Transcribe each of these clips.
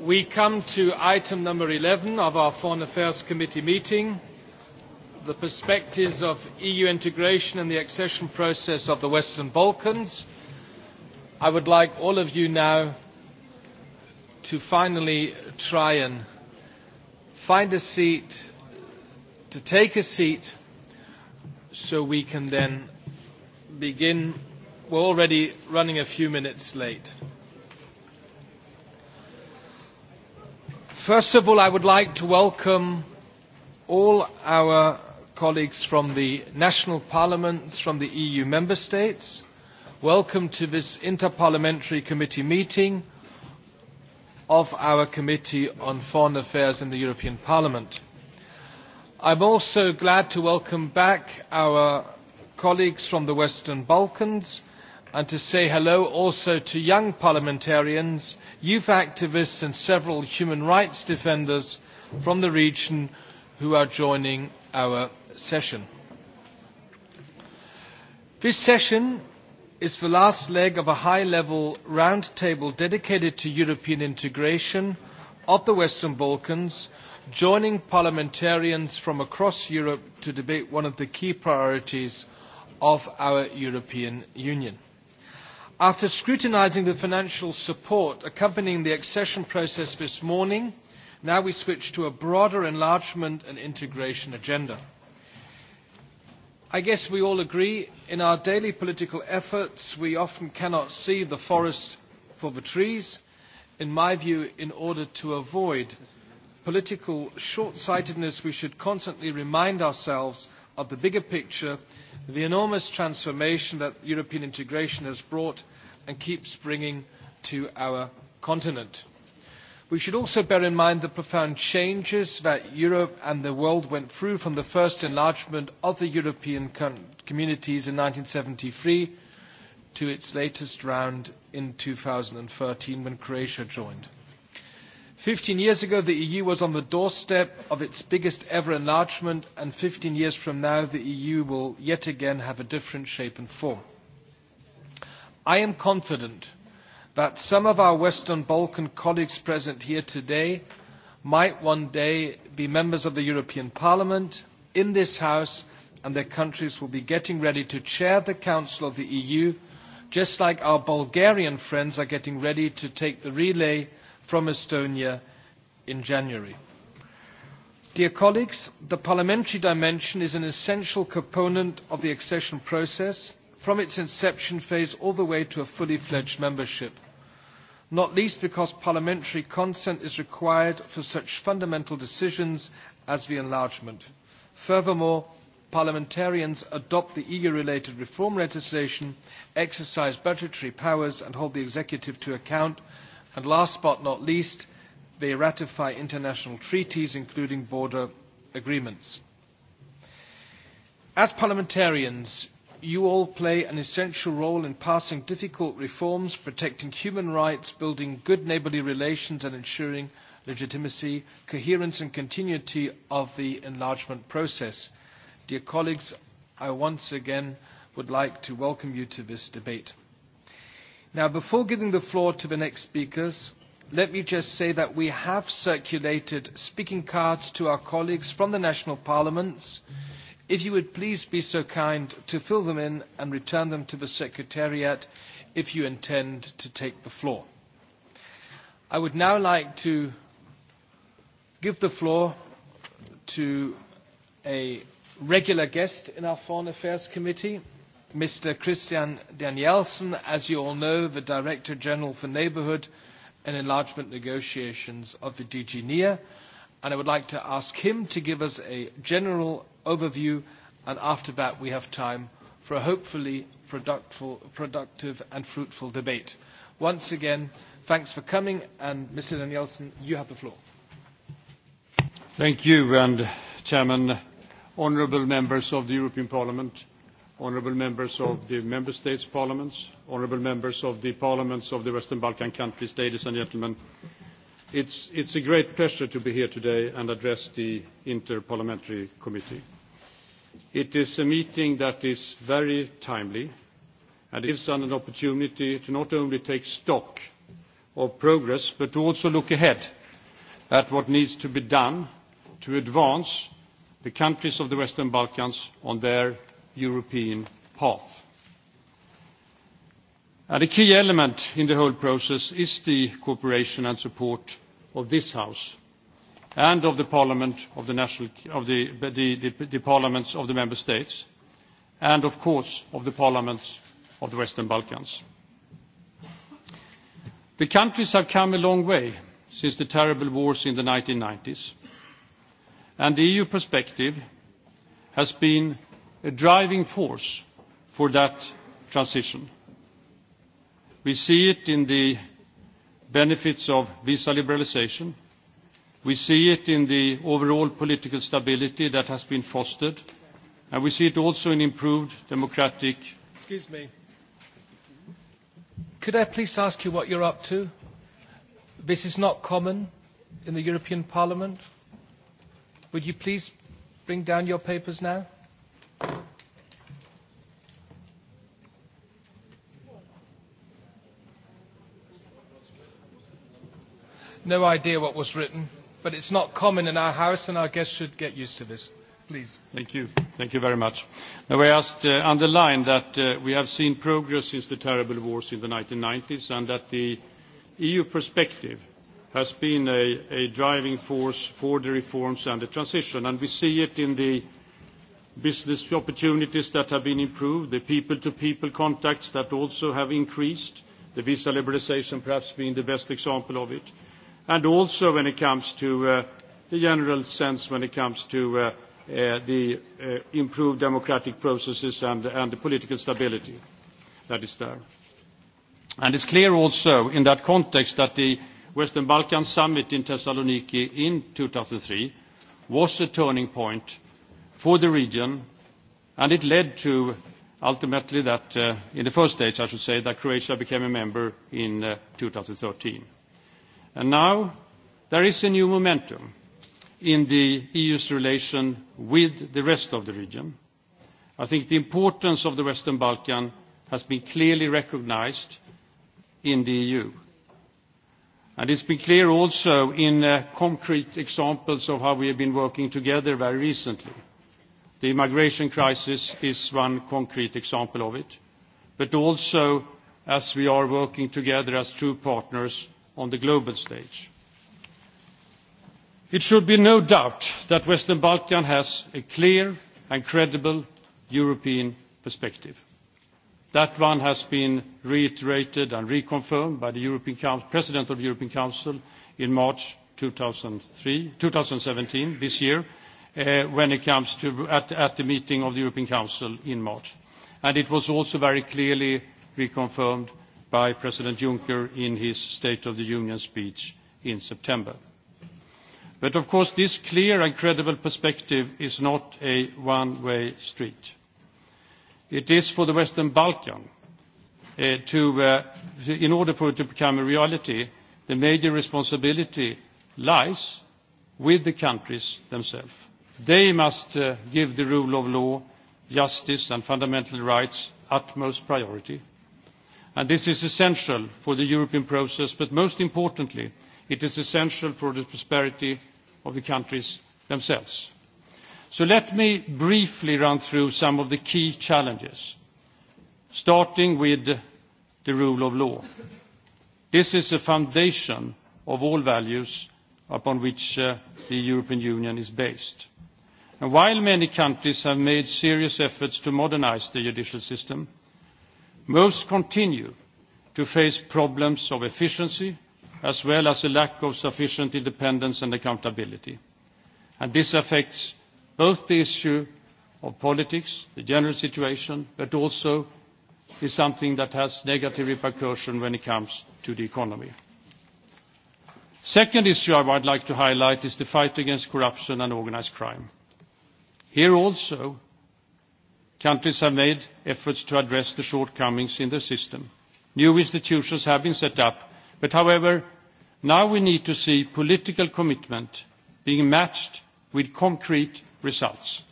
We come to item number 11 of our Foreign Affairs Committee meeting, the perspectives of EU integration and the accession process of the Western Balkans. I would like all of you now to finally try and find a seat, to take a seat, so we can then begin. We're already running a few minutes late. First of all, I would like to welcome all our colleagues from the national parliaments from the EU member states. Welcome to this interparliamentary committee meeting of our Committee on Foreign Affairs in the European Parliament. I'm also glad to welcome back our colleagues from the Western Balkans and to say hello also to young parliamentarians youth activists and several human rights defenders from the region who are joining our session. This session is the last leg of a high-level roundtable dedicated to European integration of the Western Balkans, joining parliamentarians from across Europe to debate one of the key priorities of our European Union. After scrutinising the financial support accompanying the accession process this morning, now we switch to a broader enlargement and integration agenda. I guess we all agree in our daily political efforts we often cannot see the forest for the trees, in my view, in order to avoid political short-sightedness, we should constantly remind ourselves of the bigger picture the enormous transformation that European integration has brought and keeps bringing to our continent. We should also bear in mind the profound changes that Europe and the world went through from the first enlargement of the European communities in 1973 to its latest round in 2013 when Croatia joined. 15 years ago, the EU was on the doorstep of its biggest ever enlargement, and 15 years from now, the EU will yet again have a different shape and form. I am confident that some of our Western Balkan colleagues present here today might one day be members of the European Parliament in this House, and their countries will be getting ready to chair the Council of the EU, just like our Bulgarian friends are getting ready to take the relay from Estonia in January. Dear colleagues, the parliamentary dimension is an essential component of the accession process from its inception phase all the way to a fully fledged membership, not least because parliamentary consent is required for such fundamental decisions as the enlargement. Furthermore, parliamentarians adopt the EU-related reform legislation, exercise budgetary powers and hold the executive to account – And last but not least, they ratify international treaties, including border agreements. As parliamentarians, you all play an essential role in passing difficult reforms, protecting human rights, building good neighbourly relations, and ensuring legitimacy, coherence, and continuity of the enlargement process. Dear colleagues, I once again would like to welcome you to this debate. Now, before giving the floor to the next speakers, let me just say that we have circulated speaking cards to our colleagues from the national parliaments. If you would please be so kind to fill them in and return them to the Secretariat if you intend to take the floor. I would now like to give the floor to a regular guest in our Foreign Affairs Committee, Mr. Christian Danielsen, as you all know, the Director General for Neighbourhood and Enlargement Negotiations of the DG NIA, e and I would like to ask him to give us a general overview, and after that we have time for a hopefully productive and fruitful debate. Once again, thanks for coming, and Mr. Danielsen, you have the floor. Thank you, and Chairman, honourable members of the European Parliament honourable members of the member states' parliaments, honourable members of the parliaments of the Western Balkan countries, ladies and gentlemen, it's, it's a great pleasure to be here today and address the Interparliamentary Committee. It is a meeting that is very timely and gives us an opportunity to not only take stock of progress, but to also look ahead at what needs to be done to advance the countries of the Western Balkans on their European path. a key element in the whole process is the cooperation and support of this House and of the Parliament of the, national, of the, the parliaments of the member states, and of course, of the parliaments of the Western Balkans. The countries have come a long way since the terrible wars in the 1990s, and the EU perspective has been a driving force for that transition. We see it in the benefits of visa liberalization. We see it in the overall political stability that has been fostered, and we see it also in improved democratic. Excuse me. Could I please ask you what you're up to? This is not common in the European Parliament. Would you please bring down your papers now? No idea what was written, but it's not common in our house, and our guests should get used to this. Please. Thank you. Thank you very much. Now, I just uh, underline that uh, we have seen progress since the terrible wars in the 1990s, and that the EU perspective has been a, a driving force for the reforms and the transition. And we see it in the business opportunities that have been improved, the people-to-people contacts that also have increased, the visa liberalisation perhaps being the best example of it. And also when it comes to uh, the general sense, when it comes to uh, uh, the improved democratic processes and, the political stability that is there. And it's clear also in that context that the Western Balkans Summit in Thessaloniki in 2003 was a turning point for the region, and it led to ultimately that, uh, in the first stage, I should say, that Croatia became a member in 2013. Uh, and now there is a new momentum in the EU's relation with the rest of the region. I think the importance of the Western Balkan has been clearly recognized in the EU. And it's been clear also in uh, concrete examples of how we have been working together very recently. The migration crisis is one concrete example of it, but also as we are working together as true partners on the global stage. It should be no doubt that Western Balkan has a clear and credible European perspective. That one has been reiterated and reconfirmed by the President of the European Council in March 2017, this year, Uh, when it comes to at, the meeting of the European Council in March. And it was also very clearly reconfirmed by President Juncker in his State of the Union speech in September. But of course, this clear and credible perspective is not a one-way street. It is for the Western Balkan uh, to, uh, in order for it to become a reality, the major responsibility lies with the countries themselves. They must uh, give the rule of law, justice and fundamental rights utmost priority. And this is essential for the European process, but most importantly, it is essential for the prosperity of the countries themselves. So let me briefly run through some of the key challenges, starting with the rule of law. This is a foundation of all values upon which uh, the European Union is based while many countries have made serious efforts to modernize the judicial system, most continue to face problems of efficiency as well as a lack of sufficient independence and accountability. And this affects both the issue of politics, the general situation, but also is something that has negative repercussion when it comes to the economy. Second issue I would like to highlight is the fight against corruption and organized crime. Here also, countries have made efforts to address the shortcomings in the system. New institutions have been set up, but however, now we need to see political commitment being matched with concrete results.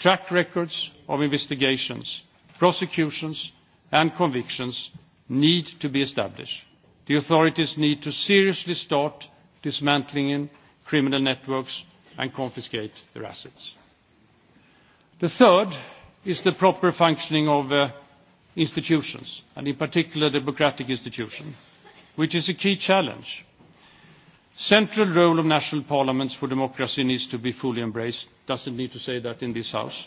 Track records of investigations, prosecutions, and convictions need to be established. The authorities need to seriously start dismantling criminal networks and confiscate their assets. The third is the proper functioning of uh, institutions, and in particular democratic institution, which is a key challenge. Central role of national parliaments for democracy needs to be fully embraced. Doesn't need to say that in this house.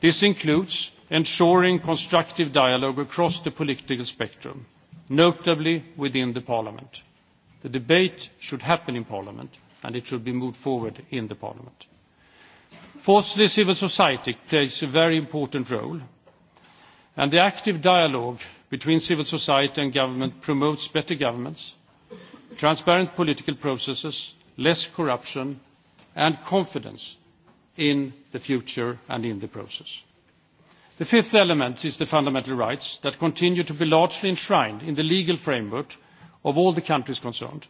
This includes ensuring constructive dialogue across the political spectrum, notably within the parliament. The debate should happen in parliament, and it should be moved forward in the parliament. Fourthly, civil society plays a very important role, and the active dialogue between civil society and government promotes better governments, transparent political processes, less corruption, and confidence in the future and in the process. The fifth element is the fundamental rights that continue to be largely enshrined in the legal framework of all the countries concerned.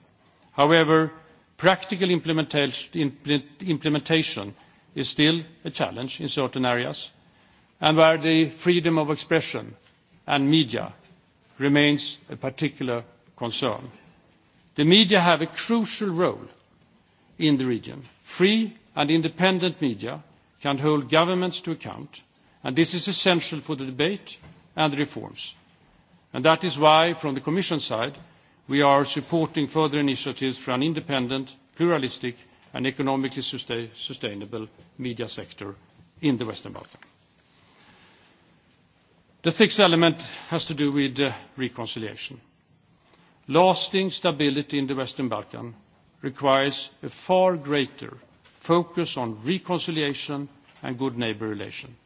However, practical implementation is still a challenge in certain areas, and where the freedom of expression and media remains a particular concern. The media have a crucial role in the region. Free and independent media can hold governments to account, and this is essential for the debate and the reforms. that is why, from the Commission side, we are supporting further initiatives for an independent, pluralistic an economically sustainable media sector in the Western Balkans. The sixth element has to do with uh, reconciliation. Lasting stability in the Western Balkans requires a far greater focus on reconciliation and good neighbor relation.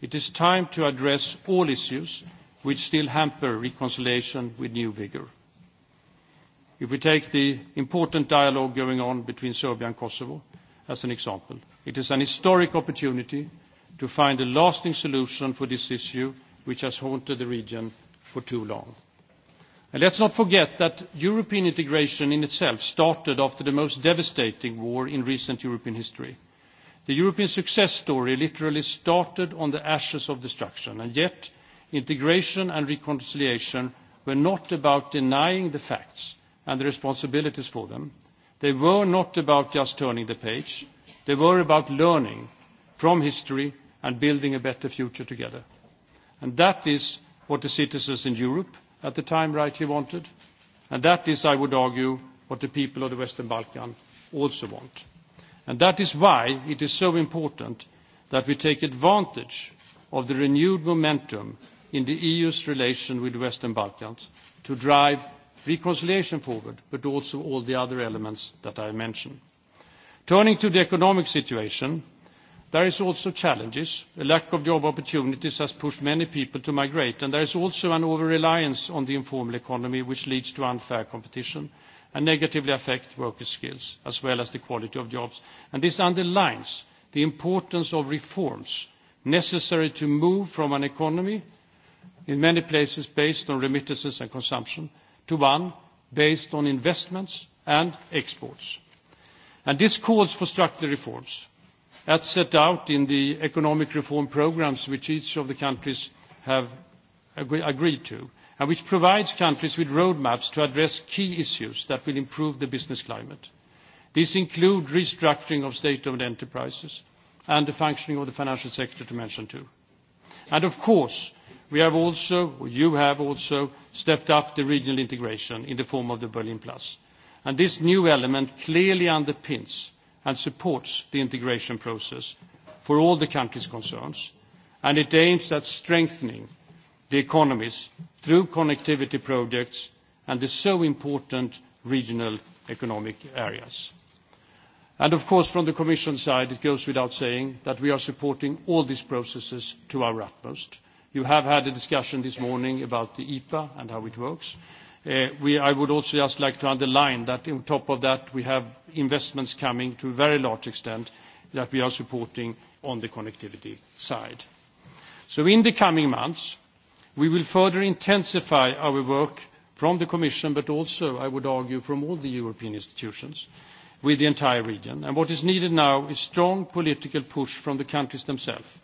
It is time to address all issues which still hamper reconciliation with new vigor. If we take the important dialogue going on between Serbia and Kosovo as an example, it is an historic opportunity to find a lasting solution for this issue, which has haunted the region for too long. And let's not forget that European integration in itself started after the most devastating war in recent European history. The European success story literally started on the ashes of destruction, and yet integration and reconciliation were not about denying the facts and the responsibilities for them. They were not about just turning the page. They were about learning from history and building a better future together. And That is what the citizens in Europe at the time rightly wanted, and that is, I would argue, what the people of the Western Balkans also want. And That is why it is so important that we take advantage of the renewed momentum in the EU's relation with the Western Balkans to drive reconciliation forward, but also all the other elements that I mentioned. Turning to the economic situation, there is also challenges. A lack of job opportunities has pushed many people to migrate, and there is also an over-reliance on the informal economy, which leads to unfair competition and negatively affect worker skills as well as the quality of jobs. this underlines the importance of reforms necessary to move from an economy in many places based on remittances and consumption to 1 based on investments and exports. And this calls for structural reforms as set out in the economic reform programs which each of the countries have agreed to, and which provides countries with roadmaps to address key issues that will improve the business climate. These include restructuring of state-owned enterprises and the functioning of the financial sector, to mention two. And of course, We have also, or you have also, stepped up the regional integration in the form of the Berlin Plus. this new element clearly underpins and supports the integration process for all the countries concerned, and it aims at strengthening the economies through connectivity projects and the so important regional economic areas. of course, from the Commission side, it goes without saying that we are supporting all these processes to our utmost You have had a discussion this morning about the EPA and how it works. Uh, I would also just like to underline that on top of that, we have investments coming to a very large extent that we are supporting on the connectivity side. in the coming months, we will further intensify our work from the Commission, but also, I would argue, from all the European institutions with the entire region. what is needed now is strong political push from the countries themselves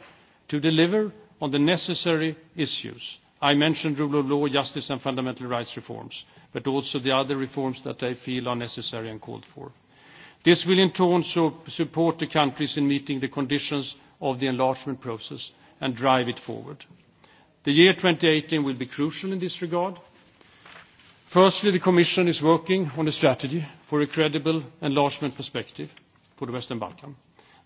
to deliver on the necessary issues. I mentioned rule of law, justice and fundamental rights reforms, but also the other reforms that they feel are necessary and called for. This will in turn support the countries in meeting the conditions of the enlargement process and drive it forward. The year 2018 will be crucial in this regard. Firstly, the Commission is working on a strategy for a credible enlargement perspective for the Western Balkans.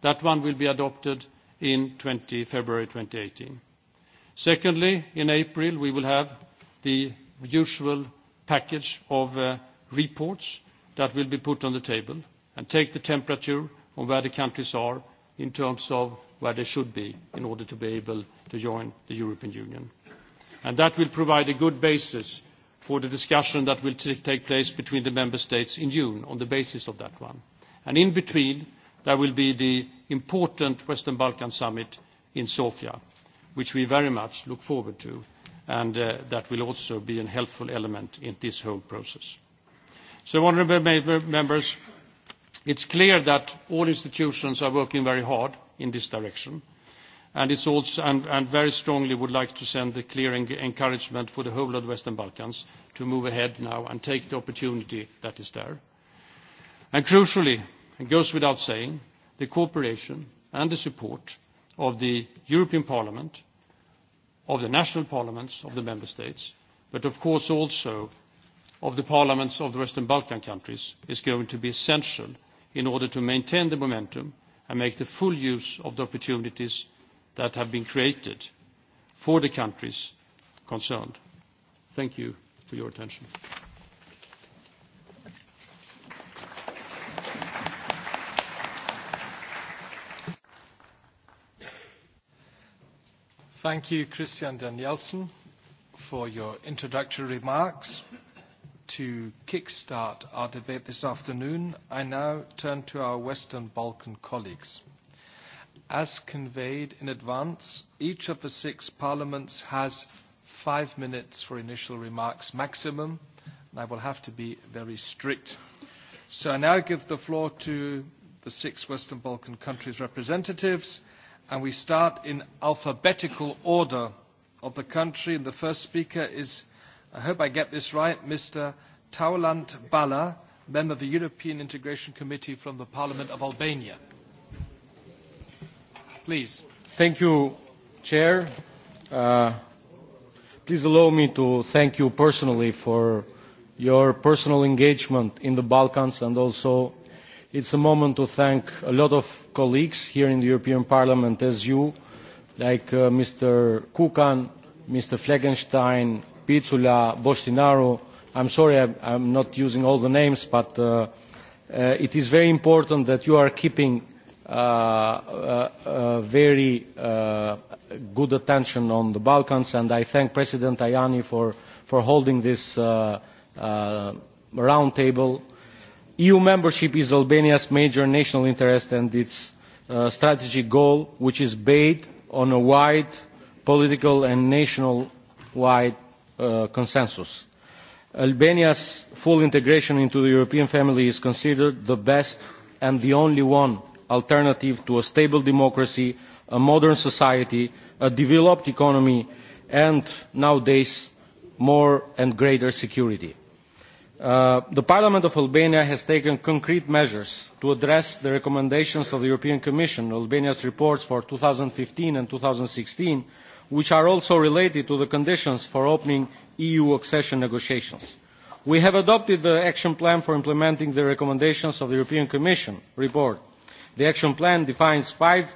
That one will be adopted in 20, February 2018. Secondly, in April, we will have the usual package of uh, reports that will be put on the table and take the temperature on where the countries are in terms of where they should be in order to be able to join the European Union. And that will provide a good basis for the discussion that will take place between the member states in June on the basis of that one. And in between, there will be the important Western Balkan summit in Sofia which we very much look forward to, and uh, that will also be a helpful element in this whole process. Honorable members, it's clear that all institutions are working very hard in this direction, and very strongly would like to send a clear encouragement for the whole of Western Balkans to move ahead now and take the opportunity that is there. Crucially, it goes without saying, the cooperation and the support of the European Parliament, of the national parliaments of the member states, but of course also of the parliaments of the Western Balkan countries, is going to be essential in order to maintain the momentum and make the full use of the opportunities that have been created for the countries concerned. Thank you for your attention. Thank you, Christian Danielsen, for your introductory remarks. To kickstart our debate this afternoon, I now turn to our Western Balkan colleagues. As conveyed in advance, each of the six parliaments has five minutes for initial remarks maximum, and I will have to be very strict. I now give the floor to the six Western Balkan countries' representatives – and we start in alphabetical order of the country. And the first speaker is, I hope I get this right, Mr. Taulant Bala, member of the European Integration Committee from the Parliament of Albania. Please. Thank you, Chair. Uh, please allow me to thank you personally for your personal engagement in the Balkans and also it is a moment to thank a lot of colleagues here in the European Parliament as you, like uh, Mr. Kukan, Mr. Fleckenstein, Pizzula, Bostinaro. am sorry I, am not using all the names, but uh, Uh, it is very important that you are keeping uh, uh, very uh, good attention on the Balkans, and I thank President Tajani for, for holding this uh, uh, roundtable eu membership is albania's major national interest and its uh, strategic goal which is based on a wide political and nationwide uh, consensus. albania's full integration into the european family is considered the best and the only one alternative to a stable democracy a modern society a developed economy and nowadays more and greater security Uh, the Parliament of Albania has taken concrete measures to address the recommendations of the European Commission, Albania's reports for two thousand and fifteen and and two thousand sixteen which are also related to the conditions for opening EU accession negotiations. We have adopted the action plan for implementing the recommendations of the European Commission report. The action plan defines five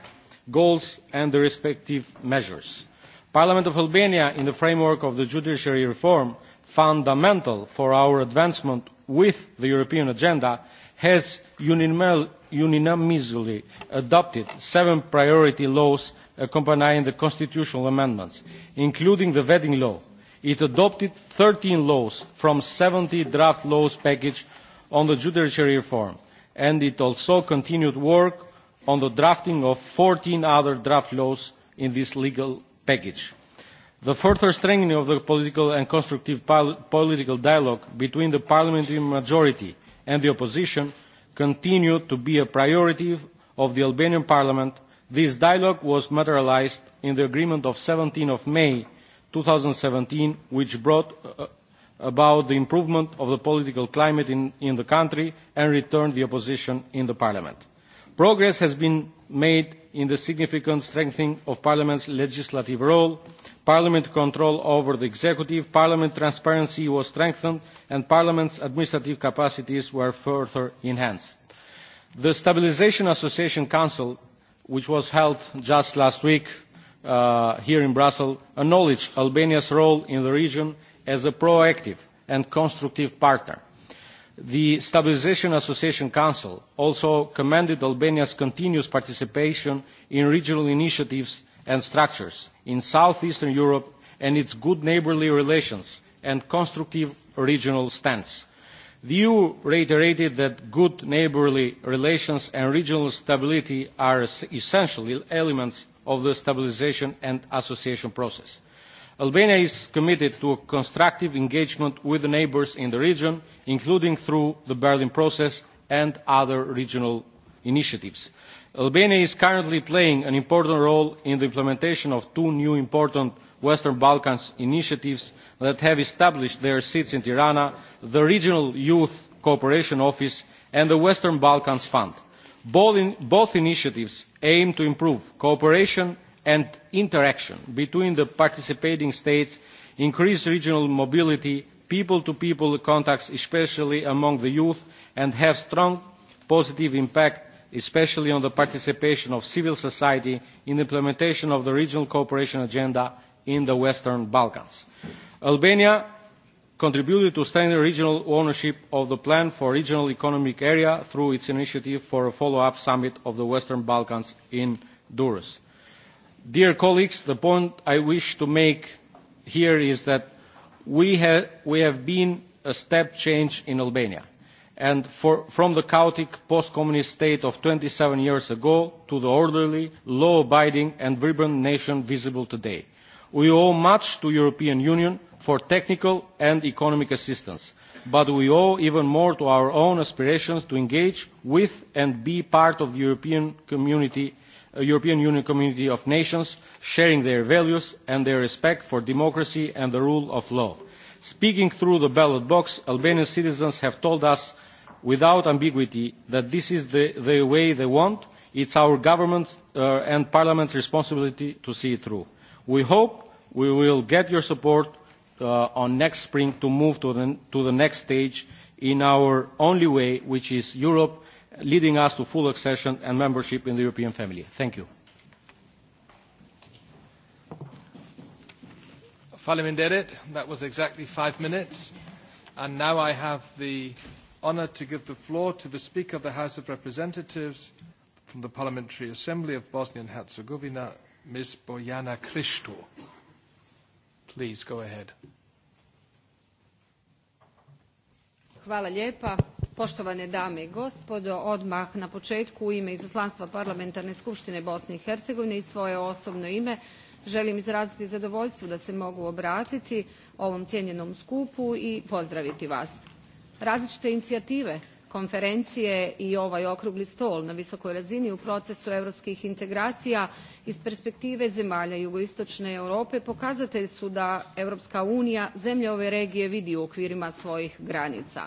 goals and the respective measures. Parliament of Albania, in the framework of the judiciary reform, fundamental for our advancement with the European agenda, has unanimously adopted seven priority laws accompanying the constitutional amendments, including the vetting law. It adopted 13 laws from 70 draft laws package on the judiciary reform, and it also continued work on the drafting of 14 other draft laws in this legal package. The further strengthening of the political and constructive political dialogue between the parliamentary majority and the opposition continued to be a priority of the Albanian parliament. This dialogue was materialised in the agreement of 17 of May 2017, which brought uh, about the improvement of the political climate in, in the country and returned the opposition in the parliament. Progress has been made in the significant strengthening of parliament's legislative role Parliament control over the executive, Parliament transparency was strengthened, and Parliament's administrative capacities were further enhanced. The Stabilisation Association Council, which was held just last week uh, here in Brussels, acknowledged Albania's role in the region as a proactive and constructive partner. The Stabilisation Association Council also commended Albania's continuous participation in regional initiatives and structures in southeastern Europe and its good neighbourly relations and constructive regional stance. The EU reiterated that good neighbourly relations and regional stability are essential e-, elements of the stabilisation and association process. Albania is committed to a constructive engagement with the neighbours in the region, including through the Berlin process and other regional initiatives. Albania is currently playing an important role in the implementation of two new important Western Balkans initiatives that have established their seats in Tirana, the Regional Youth Cooperation Office and the Western Balkans Fund. Both, in, both initiatives aim to improve cooperation and interaction between the participating states, increase regional mobility, people-to-people -people contacts, especially among the youth, and have strong positive impact especially on the participation of civil society in the implementation of the regional cooperation agenda in the Western Balkans. Albania contributed to strengthen regional ownership of the plan for the regional economic area through its initiative for a follow-up summit of the Western Balkans in durres. Dear colleagues, the point I wish to make here is that we, ha we have been a step change in Albania and for, from the chaotic post-communist state of 27 years ago to the orderly, law-abiding and vibrant nation visible today. We owe much to European Union for technical and economic assistance, but we owe even more to our own aspirations to engage with and be part of the European community uh, European Union community of nations, sharing their values and their respect for democracy and the rule of law. Speaking through the ballot box, Albanian citizens have told us without ambiguity that this is the, the way they want. It's our government's uh, and parliament's responsibility to see it through. We hope we will get your support uh, on next spring to move to the, to the next stage in our only way, which is Europe leading us to full accession and membership in the European family. Thank you. Parliament did it. That was exactly five minutes. And now I have the honoured to give the floor to the Speaker of the House of Representatives from the Parliamentary Assembly of Bosnia and Herzegovina, Ms. Bojana Kristo. Please go ahead. Hvala lijepa. Poštovane dame i gospodo, odmah na početku u ime Izaslanstva Parlamentarne skupštine Bosne i Hercegovine i svoje osobno ime želim izraziti zadovoljstvo da se mogu obratiti ovom cijenjenom skupu i pozdraviti vas različite inicijative konferencije i ovaj okrugli stol na visokoj razini u procesu europskih integracija iz perspektive zemalja jugoistočne Europe pokazatelj su da Europska unija zemlje ove regije vidi u okvirima svojih granica.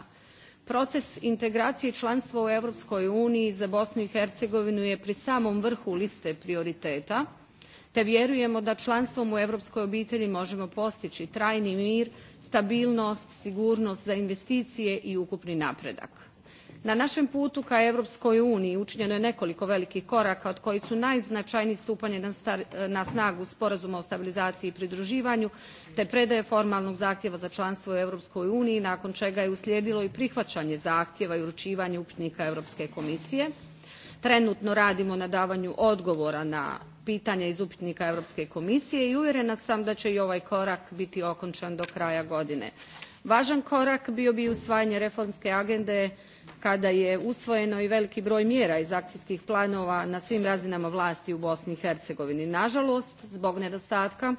Proces integracije i članstva u Europskoj uniji za Bosnu i Hercegovinu je pri samom vrhu liste prioriteta te vjerujemo da članstvom u europskoj obitelji možemo postići trajni mir stabilnost, sigurnost za investicije i ukupni napredak. Na našem putu ka Europskoj uniji učinjeno je nekoliko velikih koraka od kojih su najznačajniji stupanje na, snagu sporazuma o stabilizaciji i pridruživanju te predaje formalnog zahtjeva za članstvo u Europskoj uniji nakon čega je uslijedilo i prihvaćanje zahtjeva i uručivanje upitnika Europske komisije. Trenutno radimo na davanju odgovora na pitanja iz upitnika Europske komisije i uvjerena sam da će i ovaj korak biti okončan do kraja godine. Važan korak bio bi i usvajanje reformske agende kada je usvojeno i veliki broj mjera iz akcijskih planova na svim razinama vlasti u Bosni i Hercegovini. Nažalost, zbog nedostatka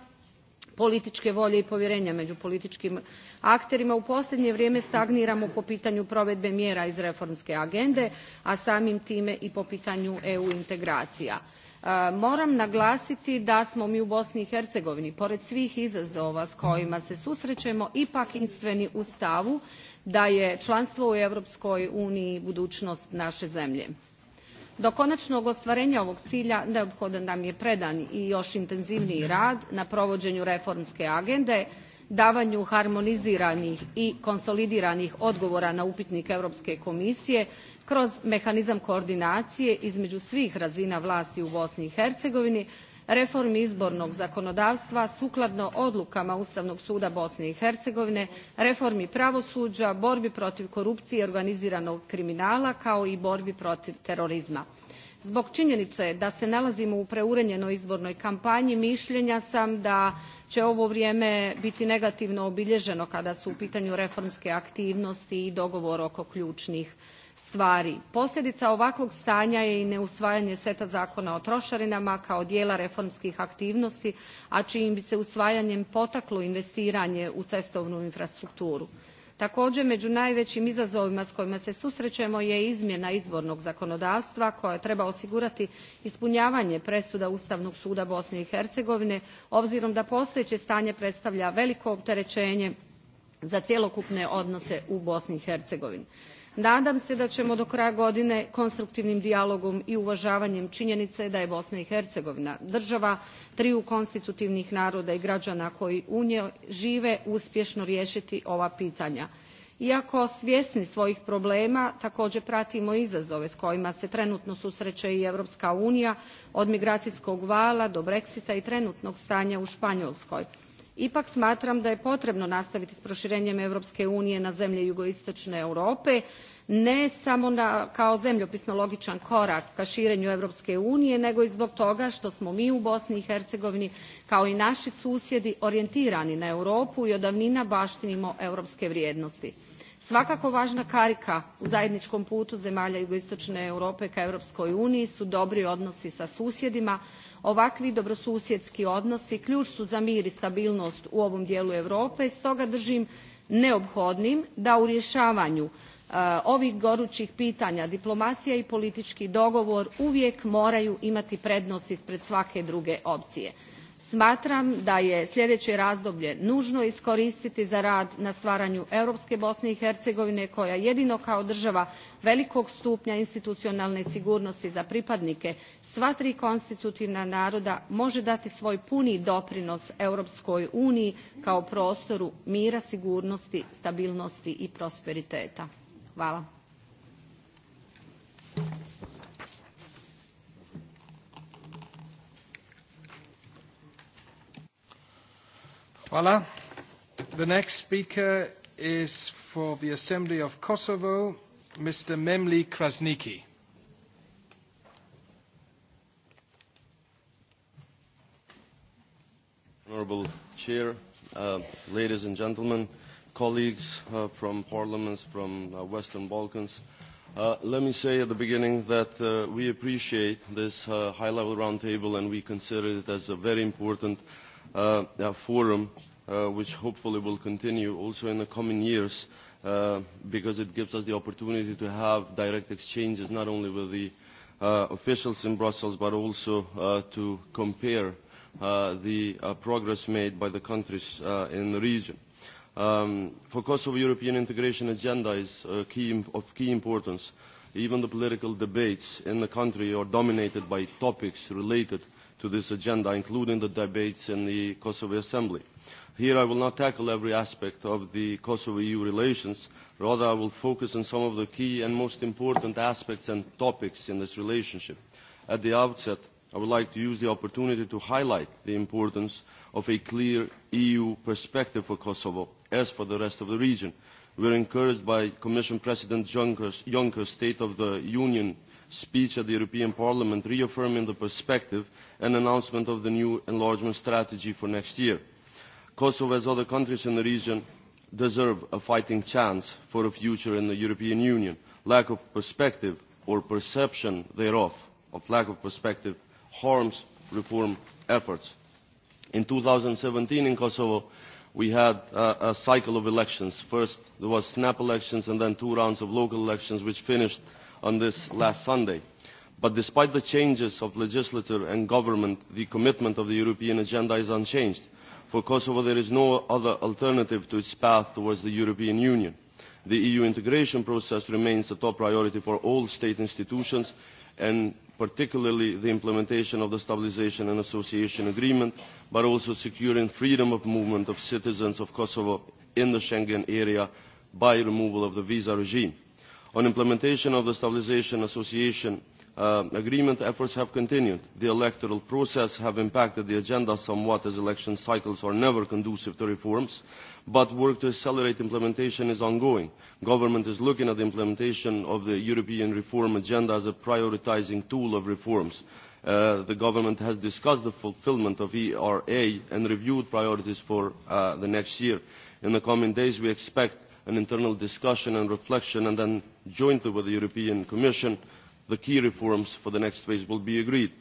političke volje i povjerenja među političkim akterima u posljednje vrijeme stagniramo po pitanju provedbe mjera iz reformske agende, a samim time i po pitanju EU integracija. Uh, moram naglasiti da smo mi u Bosni i Hercegovini, pored svih izazova s kojima se susrećemo, ipak jedinstveni u stavu da je članstvo u Europskoj uniji budućnost naše zemlje. Do konačnog ostvarenja ovog cilja neophodan nam je predan i još intenzivniji rad na provođenju reformske agende, davanju harmoniziranih i konsolidiranih odgovora na upitnik Europske komisije kroz mehanizam koordinacije između svih razina vlasti u Bosni i Hercegovini, reformi izbornog zakonodavstva sukladno odlukama Ustavnog suda Bosne i Hercegovine, reformi pravosuđa, borbi protiv korupcije i organiziranog kriminala kao i borbi protiv terorizma. Zbog činjenice da se nalazimo u preurenjenoj izbornoj kampanji mišljenja sam da će ovo vrijeme biti negativno obilježeno kada su u pitanju reformske aktivnosti i dogovor oko ključnih stvari. Posljedica ovakvog stanja je i neusvajanje seta zakona o trošarinama kao dijela reformskih aktivnosti, a čijim bi se usvajanjem potaklo investiranje u cestovnu infrastrukturu. Također među najvećim izazovima s kojima se susrećemo je izmjena izbornog zakonodavstva koja treba osigurati ispunjavanje presuda Ustavnog suda Bosne i Hercegovine obzirom da postojeće stanje predstavlja veliko opterećenje za cjelokupne odnose u Bosni i Hercegovini. Nadam se da ćemo do kraja godine konstruktivnim dijalogom i uvažavanjem činjenice da je Bosna i Hercegovina država triju konstitutivnih naroda i građana koji u njoj žive uspješno riješiti ova pitanja. Iako svjesni svojih problema, također pratimo izazove s kojima se trenutno susreće i Europska unija, od migracijskog vala do Brexita i trenutnog stanja u Španjolskoj ipak smatram da je potrebno nastaviti s proirenjem europske unije na zemlje jugoistone europe ne samo kao zemljopisno logian korak ka irenju europske unije nego i zbog toga to smo mi u bosni i hercegovini kao i nai susjedi orijentirani na europu i od davnina batinimo europske vrijednosti svakako vana karika u zajednikom putu zemalja jugoistone europe ka europskoj uniji su dobri odnosi sa susjedima Ovakvi dobrosusjedski odnosi ključ su za mir i stabilnost u ovom dijelu Europe, stoga držim neophodnim da u rješavanju e, ovih gorućih pitanja diplomacija i politički dogovor uvijek moraju imati prednost ispred svake druge opcije. Smatram da je sljedeće razdoblje nužno iskoristiti za rad na stvaranju europske Bosne i Hercegovine koja jedino kao država velikog stupnja institucionalne sigurnosti za pripadnike sva tri konstitutivna naroda može dati svoj puni doprinos Europskoj uniji kao prostoru mira, sigurnosti, stabilnosti i prosperiteta. Hvala. Hvala. The next speaker is for the Assembly of Kosovo, Mr. Memli Krasniki. Honorable Chair, uh, ladies and gentlemen, colleagues uh, from parliaments from uh, Western Balkans, uh, let me say at the beginning that uh, we appreciate this uh, high-level roundtable and we consider it as a very important uh, uh, forum uh, which hopefully will continue also in the coming years uh, Uh, because it gives us the opportunity to have direct exchanges not only with the uh, officials in Brussels but also uh, to compare uh, the uh, progress made by the countries uh, in the region. Um, for Kosovo, European integration agenda is uh, key, of key importance. Even the political debates in the country are dominated by topics related to this agenda, including the debates in the Kosovo Assembly. Uh, Here I will not tackle every aspect of the Kosovo-EU relations. Rather, I will focus on some of the key and most important aspects and topics in this relationship. At the outset, I would like to use the opportunity to highlight the importance of a clear EU perspective for Kosovo, as for the rest of the region. We are encouraged by Commission President Juncker's, Juncker's State of the Union speech at the European Parliament reaffirming the perspective and announcement of the new enlargement strategy for next year. Kosovo, as other countries in the region, deserve a fighting chance for a future in the European Union. Lack of perspective or perception thereof, of lack of perspective, harms reform efforts. In 2017 in Kosovo, we had a, a cycle of elections. First, there was snap elections and then two rounds of local elections, which finished on this last Sunday. But despite the changes of legislature and government, the commitment of the European agenda is unchanged For Kosovo, there is no other alternative to its path towards the European Union. The EU integration process remains a top priority for all state institutions, and particularly the implementation of the Stabilization and Association Agreement, but also securing freedom of movement of citizens of Kosovo in the Schengen area by removal of the visa regime. On implementation of the Stabilization Association uh, agreement efforts have continued. The electoral process have impacted the agenda somewhat as election cycles are never conducive to reforms, but work to accelerate implementation is ongoing. Government is looking at the implementation of the European reform agenda as a prioritizing tool of reforms. Uh, the government has discussed the fulfillment of ERA and reviewed priorities for uh, the next year. In the coming days, we expect an internal discussion and reflection, and then jointly with the European Commission, the key reforms for the next phase will be agreed.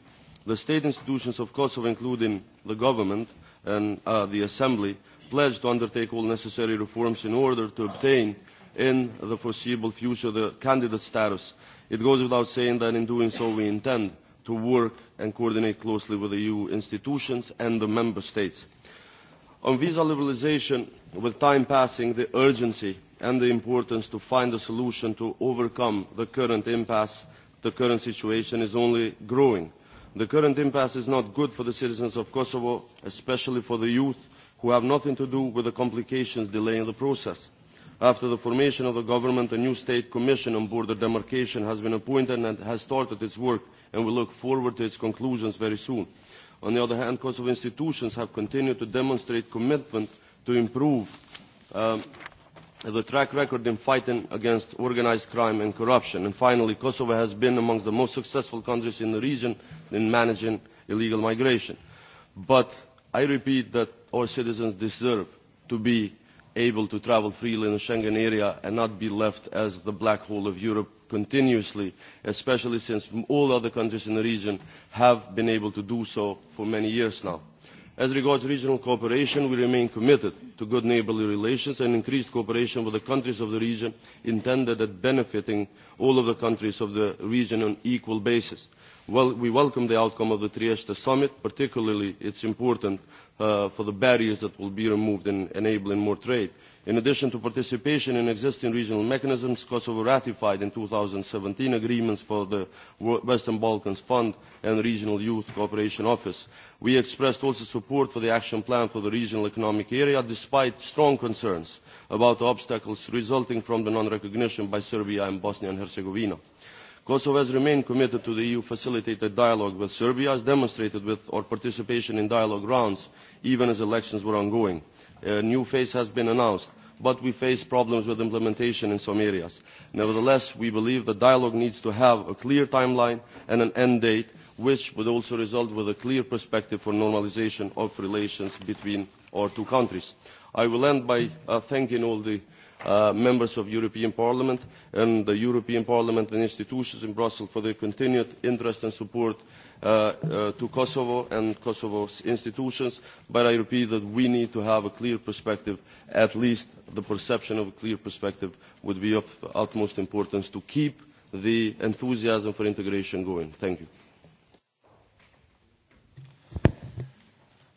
The state institutions of Kosovo, including the government and uh, the assembly, pledged to undertake all necessary reforms in order to obtain in the foreseeable future the candidate status. It goes without saying that in doing so we intend to work and coordinate closely with the EU institutions and the member states. On visa liberalisation, with time passing, the urgency and the importance to find a solution to overcome the current impasse the current situation is only growing. The current impasse is not good for the citizens of Kosovo, especially for the youth, who have nothing to do with the complications delaying the process. After the formation of the government, a new state commission on border demarcation has been appointed and has started its work, and we look forward to its conclusions very soon. On the other hand, Kosovo institutions have continued to demonstrate commitment to improve uh, the track record in fighting against organised crime and corruption. And finally, Kosovo has been among the most successful countries in the region in managing illegal migration. But I repeat that our citizens deserve to be able to travel freely in the Schengen area and not be left as the black hole of Europe continuously, especially since all other countries in the region have been able to do so for many years now. As regards regional cooperation, we remain committed to good neighbourly relations and increased cooperation with the countries of the region intended at benefiting all of the countries of the region on equal basis. Well, we welcome the outcome of the Trieste summit, particularly it's important uh, for the barriers that will be removed in enabling more trade. In addition to participation in existing regional mechanisms, Kosovo ratified in 2017 agreements for the Western Balkans Fund and Regional Youth Cooperation Office. We expressed also support for the action plan for the regional economic area, despite strong concerns about the obstacles resulting from the non-recognition by Serbia and Bosnia and Herzegovina. Kosovo has remained committed to the EU-facilitated dialogue with Serbia, as demonstrated with our participation in dialogue rounds, even as elections were ongoing a new phase has been announced, but we face problems with implementation in some areas. Nevertheless, we believe the dialogue needs to have a clear timeline and an end date, which would also result with a clear perspective for normalization of relations between our two countries. I will end by uh, thanking all the uh, members of European Parliament and the European Parliament and institutions in Brussels for their continued interest and support Uh, uh, to Kosovo and Kosovo's institutions, but I repeat that we need to have a clear perspective, at least the perception of a clear perspective would be of utmost importance to keep the enthusiasm for integration going. Thank you.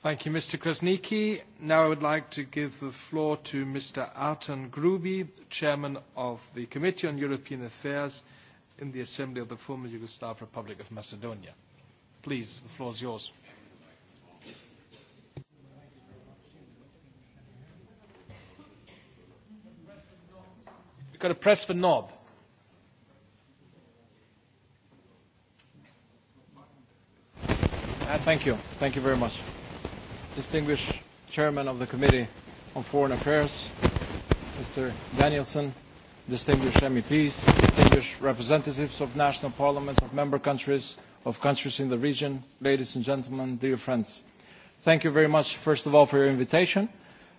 Thank you, Mr. Krasniki. Now I would like to give the floor to Mr. Artan Grubi, Chairman of the Committee on European Affairs in the Assembly of the former Yugoslav Republic of Macedonia. Please, the floor is yours. You've got to press the knob. Uh, thank you. Thank you very much. Distinguished Chairman of the Committee on Foreign Affairs, Mr. Danielson, distinguished MEPs, distinguished representatives of national parliaments of member countries, of countries in the region. Ladies and gentlemen, dear friends, thank you very much, first of all, for your invitation,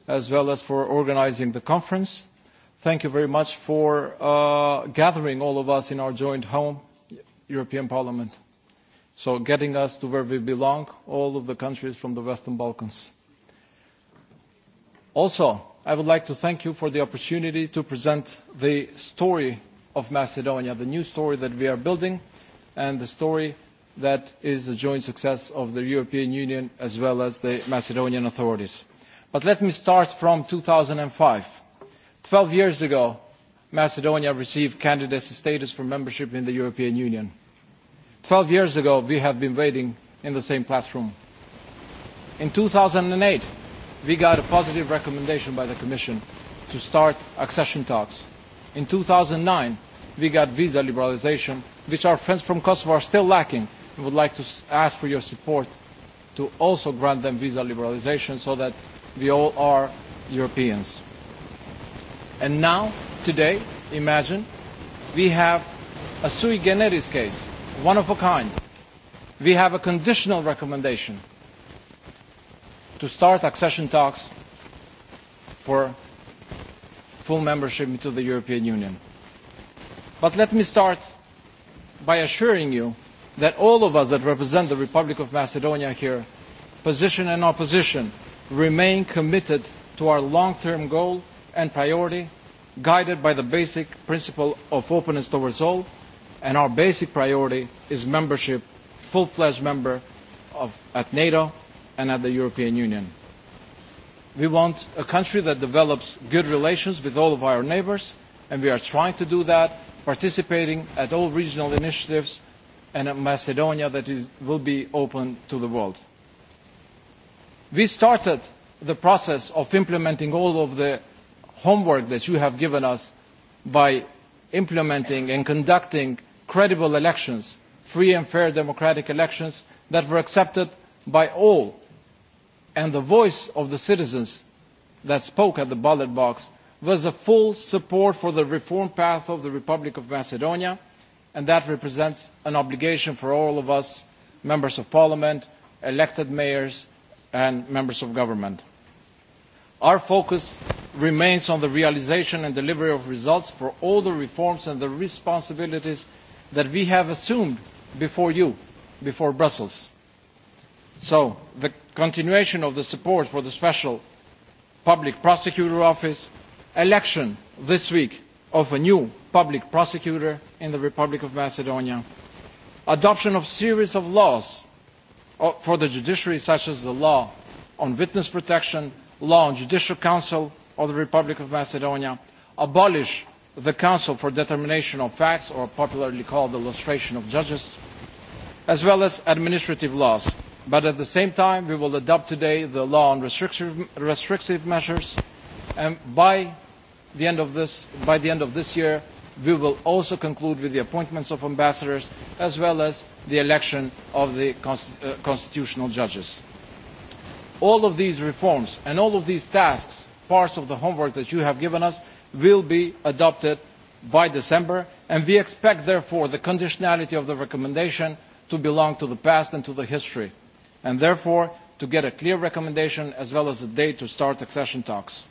as well as for organizing the conference. Thank you very much for uh, gathering all of us in our joint home, European Parliament. So getting us to where we belong, all of the countries from the Western Balkans. Also, I would like to thank you for the opportunity to present the story of Macedonia, the new story that we are building, and the story that is a joint success of the European Union as well as the Macedonian authorities. But let me start from 2005. Twelve years ago, Macedonia received candidacy status for membership in the European Union. Twelve years ago, we have been waiting in the same classroom. In 2008, we got a positive recommendation by the Commission to start accession talks. In 2009, we got visa liberalization, which our friends from Kosovo are still lacking we would like to ask for your support to also grant them visa liberalization so that we all are Europeans. And now, today, imagine, we have a sui generis case, one of a kind. We have a conditional recommendation to start accession talks for full membership into the European Union. But let me start by assuring you that all of us that represent the Republic of Macedonia here, position and opposition, remain committed to our long-term goal and priority, guided by the basic principle of openness towards all, and our basic priority is membership, full-fledged member of, at NATO and at the European Union. We want a country that develops good relations with all of our neighbors, and we are trying to do that, participating at all regional initiatives and a Macedonia that is, will be open to the world. We started the process of implementing all of the homework that you have given us by implementing and conducting credible elections, free and fair democratic elections that were accepted by all. And the voice of the citizens that spoke at the ballot box was a full support for the reform path of the Republic of Macedonia and that represents an obligation for all of us, members of parliament, elected mayors and members of government. Our focus remains on the realization and delivery of results for all the reforms and the responsibilities that we have assumed before you, before Brussels. So the continuation of the support for the Special Public Prosecutor Office, election this week of a new public prosecutor in the Republic of Macedonia, adoption of series of laws uh, for the judiciary, such as the law on witness protection, law on judicial council of the Republic of Macedonia, abolish the Council for Determination of Facts, or popularly called the Lustration of Judges, as well as administrative laws. But at the same time, we will adopt today the law on restrictive, restrictive measures, and um, by the end of this, by the end of this year, we will also conclude with the appointments of ambassadors as well as the election of the uh, constitutional judges. All of these reforms and all of these tasks, parts of the homework that you have given us, will be adopted by December, and we expect, therefore, the conditionality of the recommendation to belong to the past and to the history, and therefore to get a clear recommendation as well as a date to start accession talks.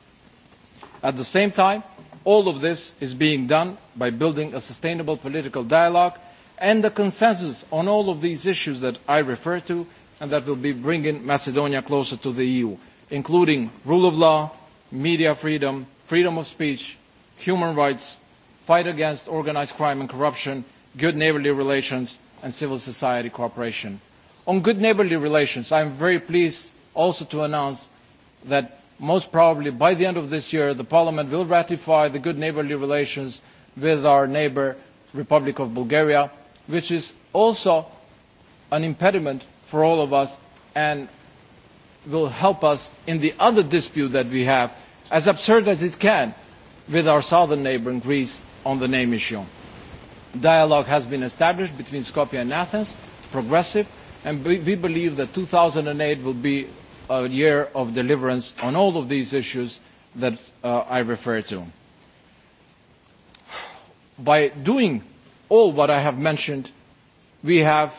At the same time, all of this is being done by building a sustainable political dialogue and a consensus on all of these issues that I refer to and that will be bringing Macedonia closer to the EU, including rule of law, media freedom, freedom of speech, human rights, fight against organised crime and corruption, good neighbourly relations, and civil society cooperation. On good neighbourly relations, I am very pleased also to announce that most probably by the end of this year, the parliament will ratify the good neighborly relations with our neighbor, Republic of Bulgaria, which is also an impediment for all of us and will help us in the other dispute that we have, as absurd as it can, with our southern neighbor in Greece on the name issue. Dialogue has been established between Skopje and Athens, progressive, and we believe that 2008 will be a year of deliverance on all of these issues that uh, I refer to. By doing all what I have mentioned, we have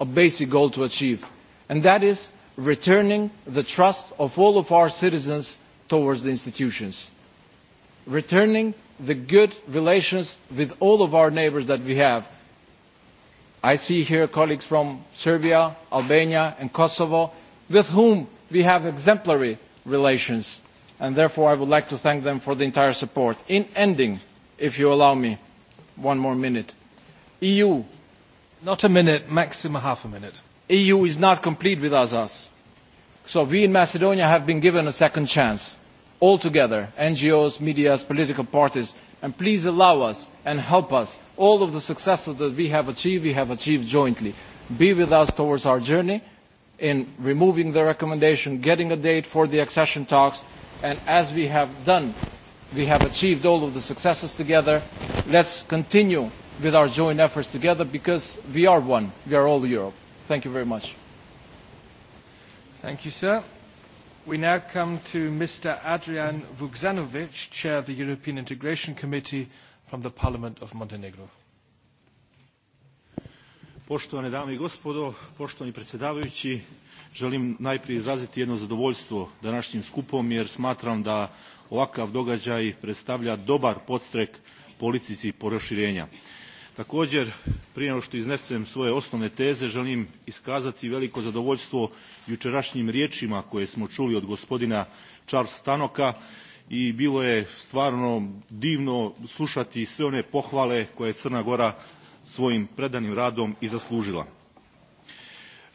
a basic goal to achieve, and that is returning the trust of all of our citizens towards the institutions, returning the good relations with all of our neighbors that we have. I see here colleagues from Serbia, Albania, and Kosovo, with whom we have exemplary relations, and therefore I would like to thank them for the entire support. In ending, if you allow me one more minute, EU. Not a minute, maximum half a minute. EU is not complete without us. So we in Macedonia have been given a second chance, all together, NGOs, media, political parties, and please allow us and help us. All of the successes that we have achieved, we have achieved jointly. Be with us towards our journey in removing the recommendation, getting a date for the accession talks, and as we have done, we have achieved all of the successes together. Let's continue with our joint efforts together because we are one. We are all Europe. Thank you very much. Thank you, sir. We now come to Mr. Adrian Vuksanovic, Chair of the European Integration Committee from the Parliament of Montenegro. Poštovane dame i gospodo, poštovani predsjedavajući, želim najprije izraziti jedno zadovoljstvo današnjim skupom jer smatram da ovakav događaj predstavlja dobar podstrek politici poroširenja. Također, prije nego što iznesem svoje osnovne teze, želim iskazati veliko zadovoljstvo jučerašnjim riječima koje smo čuli od gospodina Charles Tanoka i bilo je stvarno divno slušati sve one pohvale koje Crna Gora svojim predanim radom i zaslužila.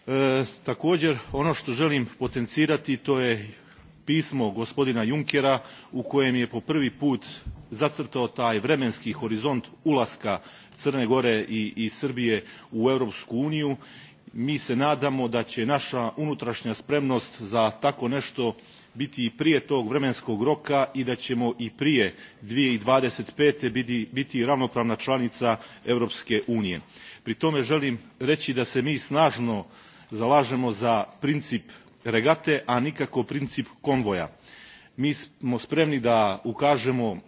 E, također, ono što želim potencirati to je pismo gospodina Junkera u kojem je po prvi put zacrtao taj vremenski horizont ulaska Crne Gore i, i Srbije u Europsku uniju. Mi se nadamo da će naša unutrašnja spremnost za tako nešto biti i prije tog vremenskog roka i da ćemo i prije 2025. biti, biti ravnopravna članica Europske unije. Pri tome želim reći da se mi snažno zalažemo za princip regate, a nikako princip konvoja. Mi smo spremni da ukažemo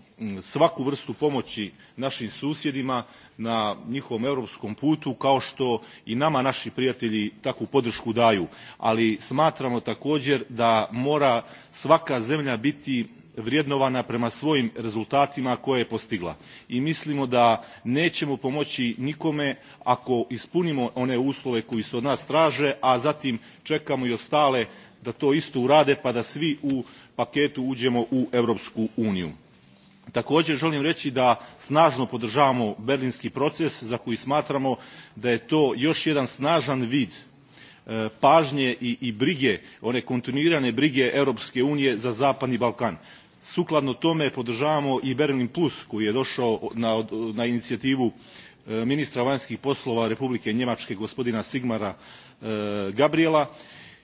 svaku vrstu pomoći našim susjedima na njihovom europskom putu, kao što i nama naši prijatelji takvu podršku daju. Ali smatramo također da mora svaka zemlja biti vrijednovana prema svojim rezultatima koje je postigla. I mislimo da nećemo pomoći nikome ako ispunimo one uslove koji se od nas traže, a zatim čekamo i ostale da to isto urade pa da svi u paketu uđemo u Europsku uniju. Također želim reći da snažno podržavamo berlinski proces za koji smatramo da je to još jedan snažan vid e, pažnje i, i brige, one kontinuirane brige Europske unije za Zapadni Balkan. Sukladno tome podržavamo i Berlin Plus koji je došao na, na inicijativu e, ministra vanjskih poslova Republike Njemačke gospodina Sigmara e, Gabriela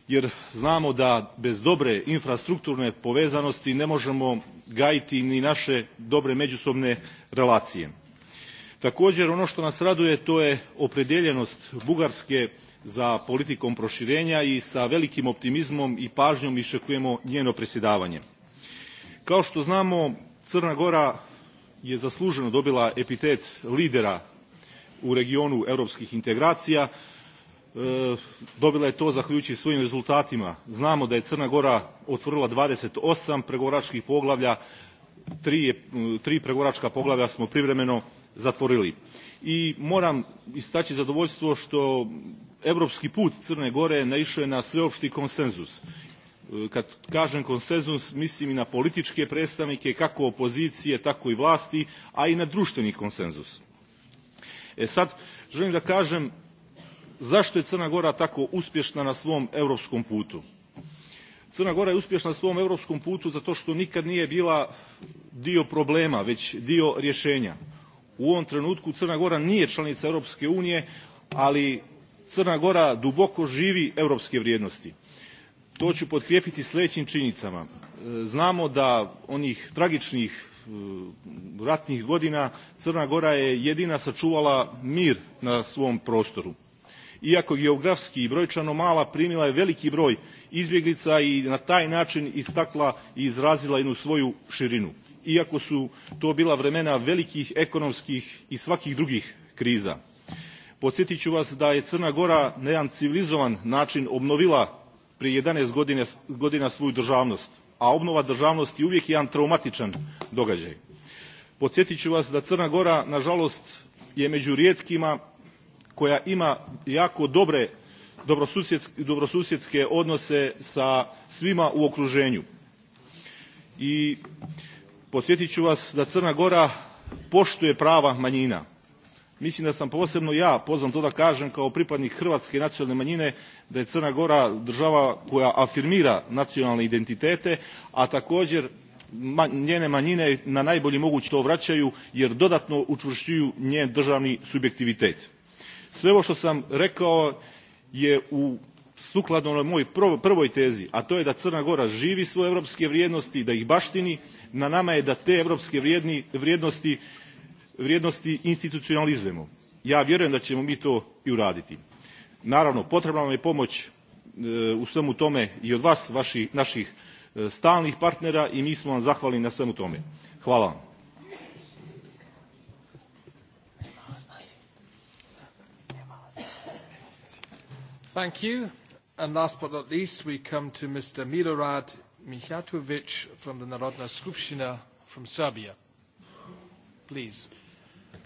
jer znamo da bez dobre infrastrukturne povezanosti ne možemo gajiti ni naše dobre međusobne relacije. Također ono što nas raduje to je opredeljenost Bugarske za politikom proširenja i sa velikim optimizmom i pažnjom iščekujemo njeno presjedavanje. Kao što znamo, Crna Gora je zasluženo dobila epitet lidera u regionu europskih integracija E, dobila je to zahvaljujući svojim rezultatima. Znamo da je Crna Gora otvorila 28 pregovoračkih poglavlja, tri, tri pregovoračka poglavlja smo privremeno zatvorili. I moram istaći zadovoljstvo što evropski put Crne Gore naišao je na sveopšti konsenzus. E, kad kažem konsenzus, mislim i na političke predstavnike, kako opozicije, tako i vlasti, a i na društveni konsenzus. E sad, želim da kažem zašto je Crna Gora tako uspješna na svom europskom putu? Crna Gora je uspješna na svom europskom putu zato što nikad nije bila dio problema, već dio rješenja. U ovom trenutku Crna Gora nije članica Europske unije, ali Crna Gora duboko živi europske vrijednosti. To ću potkrijepiti sljedećim činjenicama. E, znamo da onih tragičnih e, ratnih godina Crna Gora je jedina sačuvala mir na svom prostoru. Iako geografski i brojčano mala primila je veliki broj izbjeglica i na taj način istakla i izrazila jednu svoju širinu. Iako su to bila vremena velikih ekonomskih i svakih drugih kriza. Podsjetit ću vas da je Crna Gora na jedan civilizovan način obnovila prije 11 godine, godina svoju državnost, a obnova državnosti uvijek je jedan traumatičan događaj. Podsjetit ću vas da Crna Gora, nažalost, je među rijetkima koja ima jako dobre dobrosusjedske, odnose sa svima u okruženju. I podsjetit ću vas da Crna Gora poštuje prava manjina. Mislim da sam posebno ja pozvan to da kažem kao pripadnik hrvatske nacionalne manjine da je Crna Gora država koja afirmira nacionalne identitete, a također njene manjine na najbolji mogući to vraćaju jer dodatno učvršćuju njen državni subjektivitet sve ovo što sam rekao je u sukladno onoj moj prvoj tezi, a to je da Crna Gora živi svoje evropske vrijednosti, da ih baštini, na nama je da te evropske vrijedni, vrijednosti, vrijednosti institucionalizujemo. Ja vjerujem da ćemo mi to i uraditi. Naravno, potrebna nam je pomoć e, u svemu tome i od vas, vaših, naših e, stalnih partnera i mi smo vam zahvalni na svemu tome. Hvala vam. Thank you. last but not least, we come to Mr. Milorad Mijatovic from the Narodna skupština from Serbia. Please.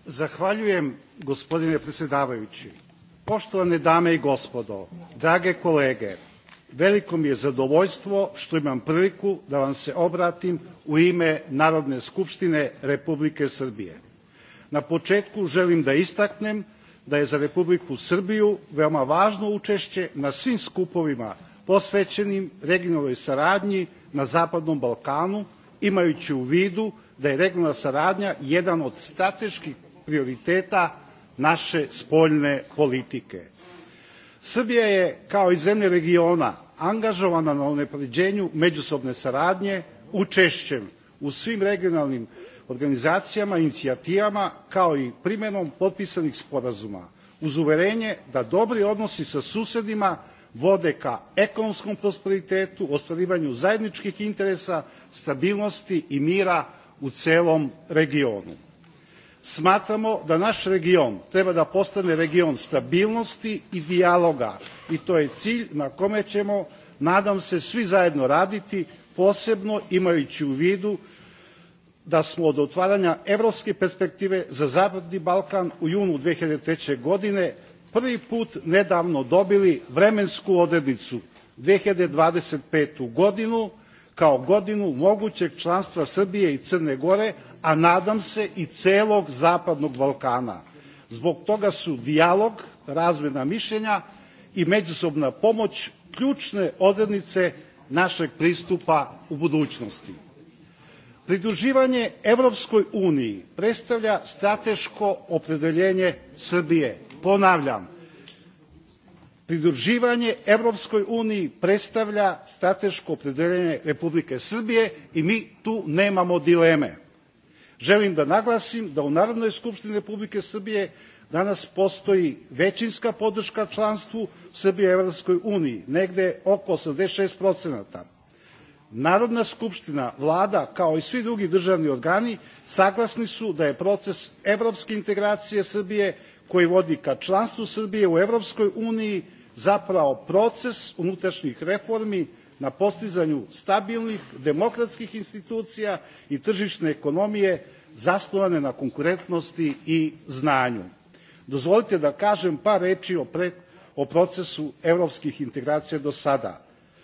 Zahvaljujem gospodine predsjedavajući. Poštovane dame i gospodo, drage kolege, veliko mi je zadovoljstvo što imam priliku da vam se obratim u ime Narodne skupštine Republike Srbije. Na početku želim da istaknem da je za Republiku Srbiju veoma važno učešće na svim skupovima posvećenim regionalnoj saradnji na Zapadnom Balkanu, imajući u vidu da je regionalna saradnja jedan od strateških prioriteta naše spoljne politike. Srbija je, kao i zemlje regiona, angažovana na unapređenju međusobne saradnje, učešćem u svim regionalnim organizacijama, inicijativama kao i primenom potpisanih sporazuma uz uverenje da dobri odnosi sa susedima vode ka ekonomskom prosperitetu, ostvarivanju zajedničkih interesa, stabilnosti i mira u celom regionu. Smatramo da naš region treba da postane region stabilnosti i dijaloga i to je cilj na kome ćemo, nadam se, svi zajedno raditi, posebno imajući u vidu da smo od otvaranja evropske perspektive za zapadni balkan u junu. 2003. godine prvi put nedavno dobili vremensku odrednicu. 2025. godinu kao godinu mogućeg članstva srbije i crne gore a nadam se i celog zapadnog balkana. zbog toga su dijalog razmena mišljenja i međusobna pomoć ključne odrednice našeg pristupa u budućnosti. Pridruživanje Europskoj uniji predstavlja strateško opredeljenje Srbije. Ponavljam, pridruživanje Europskoj uniji predstavlja strateško opredeljenje Republike Srbije i mi tu nemamo dileme. Želim da naglasim da u Narodnoj skupštini Republike Srbije danas postoji većinska podrška članstvu Srbije u Europskoj uniji, negde oko 86 procenata. Narodna skupština, vlada kao i svi drugi državni organi saglasni su da je proces evropske integracije Srbije koji vodi ka članstvu Srbije u Evropskoj uniji zapravo proces unutrašnjih reformi na postizanju stabilnih demokratskih institucija i tržišne ekonomije zasnovane na konkurentnosti i znanju. Dozvolite da kažem par reči o, pre, o procesu evropskih integracija do sada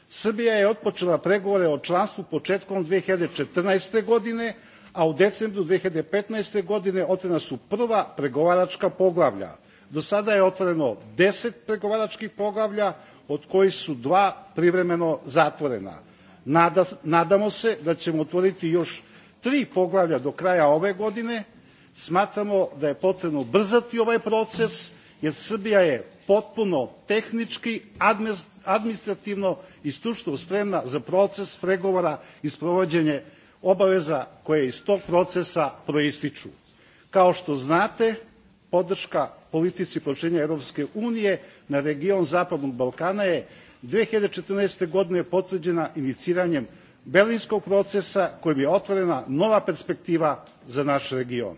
srbija je otpočela pregovore o članstvu početkom. two thousand and fourteen godine a u decembru. two thousand and fifteen godine otvorena su prva pregovaračka poglavlja. do sada je otvoreno ten pregovaračkih poglavlja od kojih su dva privremeno zatvorena. Nada, nadamo se da ćemo otvoriti još tri poglavlja do kraja ove godine. smatramo da je potrebno ubrzati ovaj proces jer srbija je potpuno tehnički, administrativno i stručno spremna za proces pregovora i sprovođenje obaveza koje iz tog procesa proističu. Kao što znate, podrška politici proširenja Europske unije na region Zapadnog Balkana je 2014. godine potvrđena iniciranjem Berlinskog procesa kojim je otvorena nova perspektiva za naš region.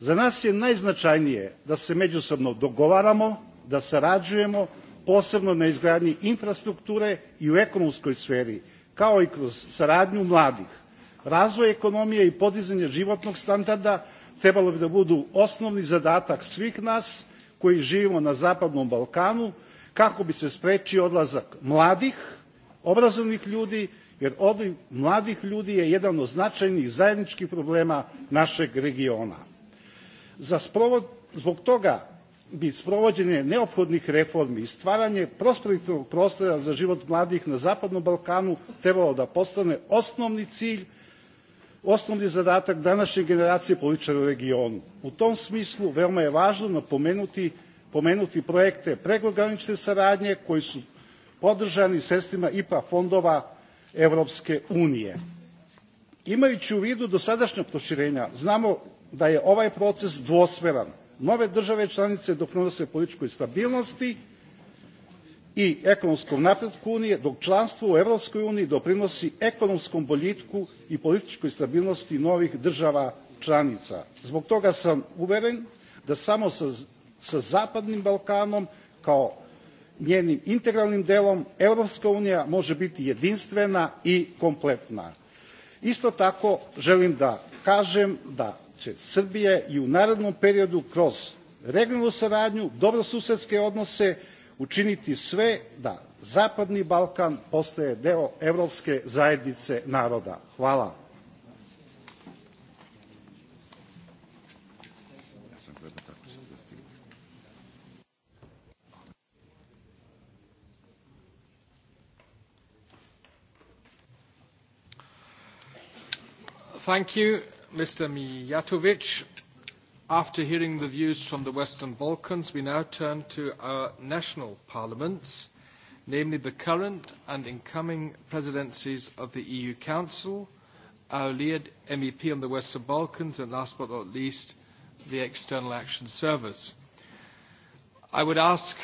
Za nas je najznačajnije da se međusobno dogovaramo, da sarađujemo, posebno na izgradnji infrastrukture i u ekonomskoj sferi, kao i kroz saradnju mladih. Razvoj ekonomije i podizanje životnog standarda trebalo bi da budu osnovni zadatak svih nas koji živimo na Zapadnom Balkanu kako bi se sprečio odlazak mladih, obrazovnih ljudi, jer odliv mladih ljudi je jedan od značajnih zajedničkih problema našeg regiona. Za sprovod, zbog toga bi sprovođenje neophodnih reformi i stvaranje prosperitetnog prostora za život mladih na Zapadnom Balkanu trebalo da postane osnovni cilj osnovni zadatak današnje generacije političara u regionu. U tom smislu veoma je važno napomenuti pomenuti projekte prekogranične saradnje koji su podržani sredstvima IPA fondova Evropske unije. Imajući u vidu dosadašnja proširenja, znamo da je ovaj proces dvosmeran. Nove države članice doprinose političkoj stabilnosti i ekonomskom napretku Unije, dok članstvo u Evropskoj uniji doprinosi ekonomskom boljitku i političkoj stabilnosti novih država članica. Zbog toga sam uveren da samo sa, sa Zapadnim Balkanom kao njenim integralnim delom Evropska unija može biti jedinstvena i kompletna. Isto tako želim da kažem da će Srbija i u narednom periodu kroz regionalnu saradnju, dobrosusedske odnose učiniti sve da Zapadni Balkan postaje deo Evropske zajednice naroda. Hvala. Thank you. Mr. Mijatovic. After hearing the views from the Western Balkans, we now turn to our national parliaments, namely the current and incoming presidencies of the EU Council, our lead MEP on the Western Balkans, and last but not least, the External Action Service. I would ask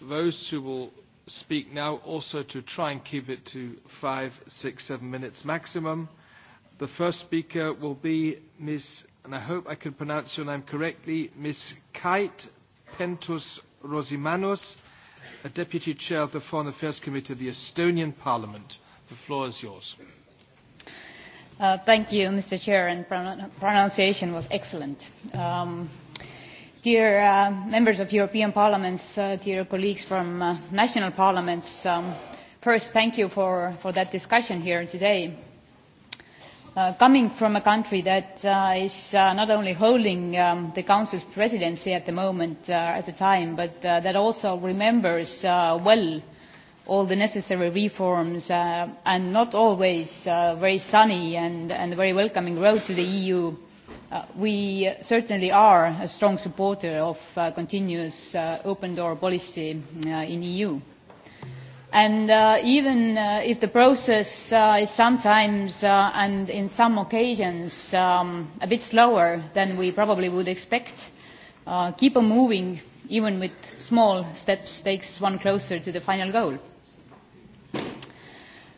those who will speak now also to try and keep it to five, six, seven minutes maximum The first speaker will be Ms., and I hope I can pronounce your name correctly, Ms. Kate Pentus Rosimanos, a Deputy Chair of the Foreign Affairs Committee of the Estonian Parliament. The floor is yours. Uh, thank you, Mr. Chair, and pronunciation was excellent. Um, dear uh, members of European Parliaments, uh, dear colleagues from uh, national parliaments, um, first, thank you for, for that discussion here today Uh, coming from a country that uh, is uh, not only holding um, the Council's presidency at the moment, uh, at the time, but uh, that also remembers uh, well all the necessary reforms uh, and not always uh, very sunny and, and very welcoming road to the EU, uh, we certainly are a strong supporter of uh, continuous uh, open door policy uh, in EU. And uh, even uh, if the process uh, is sometimes uh, and in some occasions um, a bit slower than we probably would expect, uh, keep on moving, even with small steps, takes one closer to the final goal.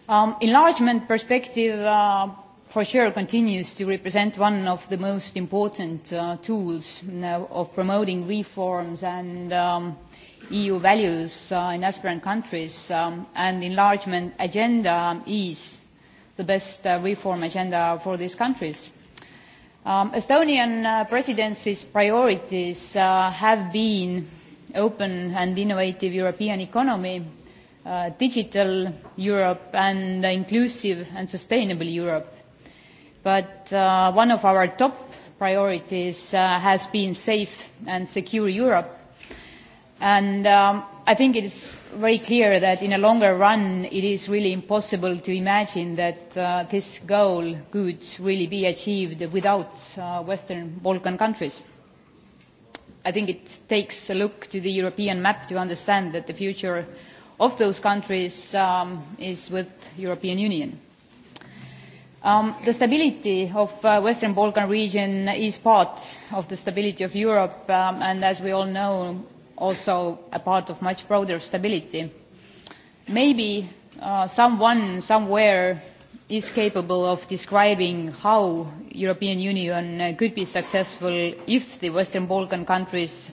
Um, enlargement perspective uh, for sure continues to represent one of the most important uh, tools you know, of promoting reforms and um, EU values uh, in aspirant countries um, and enlargement agenda um, is the best uh, reform agenda for these countries. Um, Estonian uh, presidency's priorities uh, have been open and innovative European economy, uh, digital Europe and inclusive and sustainable Europe. But uh, one of our top priorities uh, has been safe and secure Europe And um, I think it is very clear that in a longer run, it is really impossible to imagine that uh, this goal could really be achieved without uh, Western Balkan countries. I think it takes a look to the European map to understand that the future of those countries um, is with European Union. Um, the stability of uh, Western Balkan region is part of the stability of Europe, um, and as we all know, also a part of much broader stability. Maybe uh, someone somewhere is capable of describing how European Union uh, could be successful if the Western Balkan countries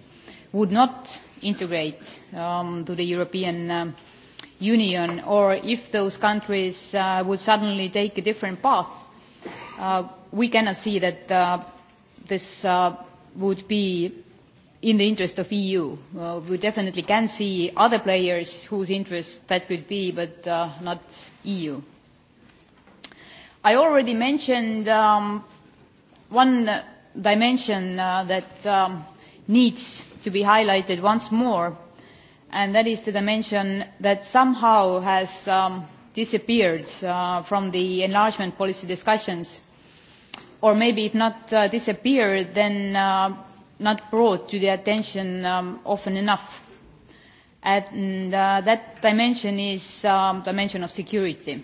would not integrate um, to the European uh, Union or if those countries uh, would suddenly take a different path. Uh, we cannot see that uh, this uh, would be in the interest of EU. Uh, we definitely can see other players whose interest that could be, but uh, not EU. I already mentioned um, one dimension uh, that um, needs to be highlighted once more, and that is the dimension that somehow has um, disappeared uh, from the enlargement policy discussions. Or maybe if not uh, disappeared, then uh, not brought to the attention um, often enough. And uh, that dimension is um, dimension of security.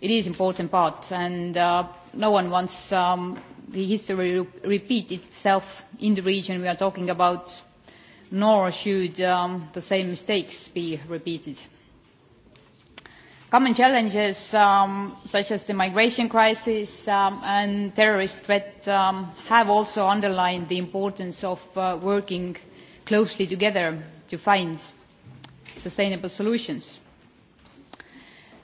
It is important part, and uh, no one wants um, the history to repeat itself in the region we are talking about, nor should um, the same mistakes be repeated. Common challenges um, such as the migration crisis um, and terrorist threat um, have also underlined the importance of uh, working closely together to find sustainable solutions.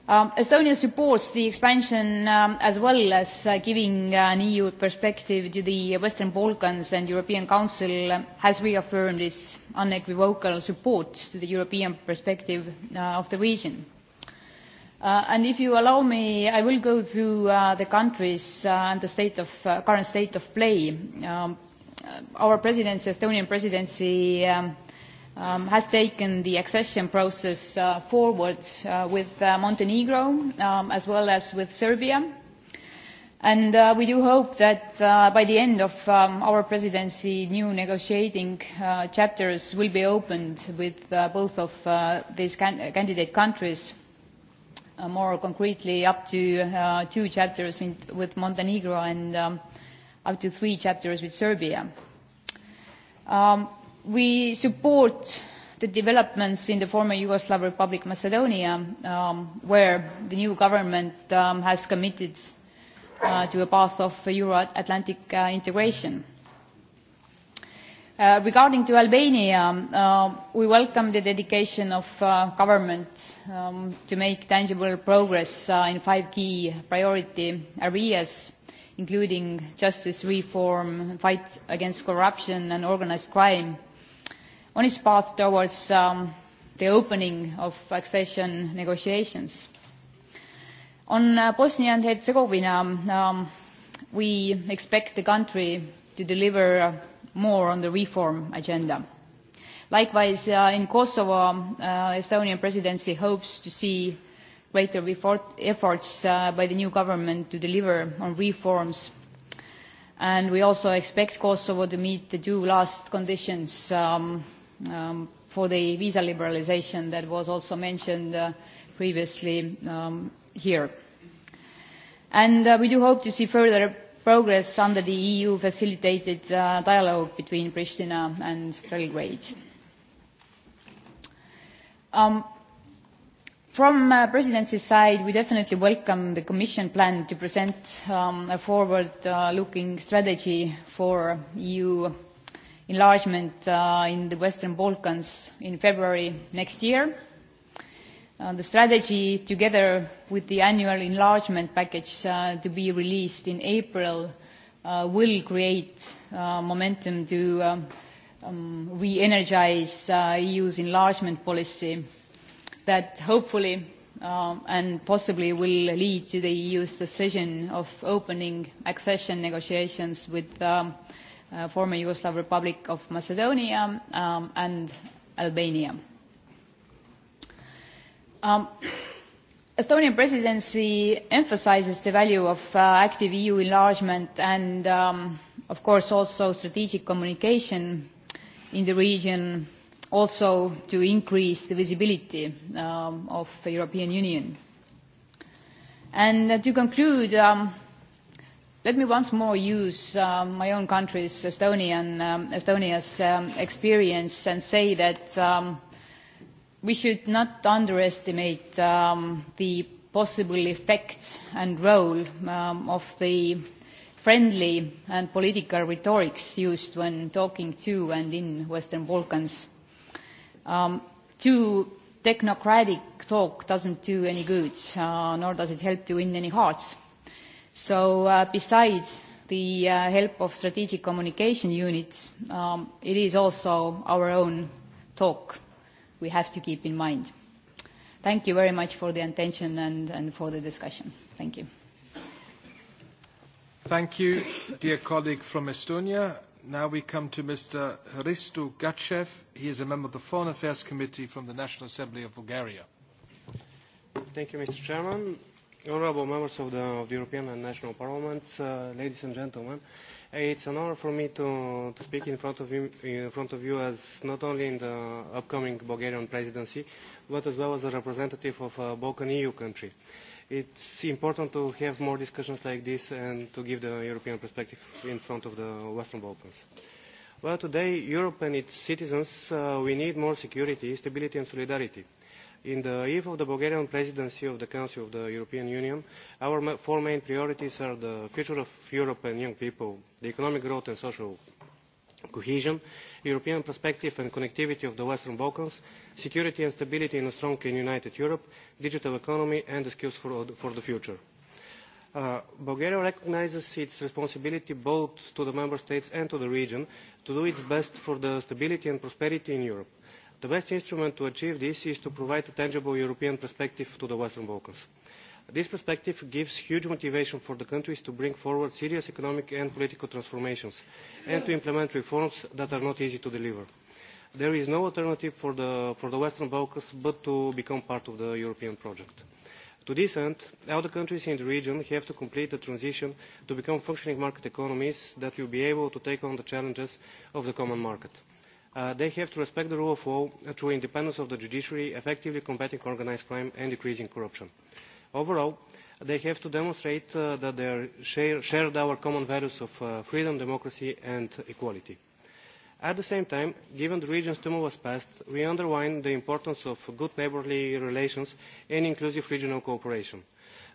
Um, Estonia supports the expansion um, as well as uh, giving an EU perspective to the Western Balkans and European Council um, has reaffirmed its unequivocal support to the European perspective uh, of the region. Uh, and if you allow me, I will go through uh, the countries uh, and the current state of play. Um, our presidency, Estonian presidency, um, um, has taken the accession process forward with Montenegro as well as with Serbia. And we do hope that by the end of our presidency, new negotiating chapters will be opened with both of these candidate countries Uh, more concretely up to uh, two chapters with Montenegro and um, up to three chapters with Serbia. Um, we support the developments in the former Yugoslav Republic Macedonia, um, where the new government um, has committed uh, to a path of Euro-Atlantic uh, integration. Uh, regarding to Albania, um, uh, we welcome the dedication of uh, government um, to make tangible progress uh, in five key priority areas, including justice reform, fight against corruption and organized crime. On its path towards um, the opening of accession negotiations. On uh, Bosnia and Herzegovina, um, um we expect the country to deliver more on the reform agenda. Likewise, uh, in Kosovo, uh, Estonian presidency hopes to see greater efforts uh, by the new government to deliver on reforms. And we also expect Kosovo to meet the two last conditions um, um, for the visa liberalisation that was also mentioned uh, previously um, here. And uh, we do hope to see further progress under the EU facilitated uh, dialogue between Pristina and Belgrade. Um, from uh, presidency side, we definitely welcome the Commission plan to present um, a forward-looking uh, strategy for EU enlargement uh, in the Western Balkans in February next year Uh, the strategy, together with the annual enlargement package uh, to be released in April, uh, will create momentum to um, um, re-energize EU's enlargement policy that hopefully um, and possibly will lead to the EU's decision of opening accession negotiations with the former Yugoslav Republic of Macedonia and Albania. Um, Estonian presidency emphasizes the value of uh, active EU enlargement and, um, of course, also strategic communication in the region, also to increase the visibility um, of the European Union. And uh, to conclude, um, let me once more use um, my own country's Estonian, um, Estonia's um, experience and say that um, we should not underestimate um, the possible effects and role um, of the friendly and political rhetorics used when talking to and in Western Balkans. Um, too technocratic talk doesn't do any good, uh, nor does it help to win any hearts. So uh, besides the uh, help of strategic communication units, it is also our own talk we have to keep in mind. Thank you very much for the attention and, and for the discussion. Thank you. Thank you, dear colleague from Estonia. Now we come to Mr. Hristo Gatchev. He is a member of the Foreign Affairs Committee from the National Assembly of Bulgaria. Thank you, Mr. Chairman. Honorable members of the, of the European and national parliaments, uh, ladies and gentlemen, it's an honor for me to, to speak in front, of you, in front of you as not only in the upcoming Bulgarian presidency, but as well as a representative of a Balkan EU country. It's important to have more discussions like this and to give the European perspective in front of the Western Balkans. Well, today, Europe and its citizens, uh, we need more security, stability and solidarity. In the eve of the Bulgarian presidency of the Council of the European Union, our four main priorities are the future of Europe and young people, the economic growth and social cohesion, European perspective and connectivity of the Western Balkans, security and stability in a strong and united Europe, digital economy and the skills for, for the future. Uh, Bulgaria recognizes its responsibility both to the member states and to the region to do its best for the stability and prosperity in Europe The best instrument to achieve this is to provide a tangible European perspective to the Western Balkans. This perspective gives huge motivation for the countries to bring forward serious economic and political transformations and to implement reforms that are not easy to deliver. There is no alternative for the, for the Western Balkans but to become part of the European project. To this end, all the countries in the region have to complete the transition to become functioning market economies that will be able to take on the challenges of the common market. Uh, they have to respect the rule of law through independence of the judiciary, effectively combating organised crime and decreasing corruption. Overall, they have to demonstrate uh, that they share, shared our common values of uh, freedom, democracy and equality. At the same time, given the region's tumultuous past, we underline the importance of good neighbourly relations and inclusive regional cooperation.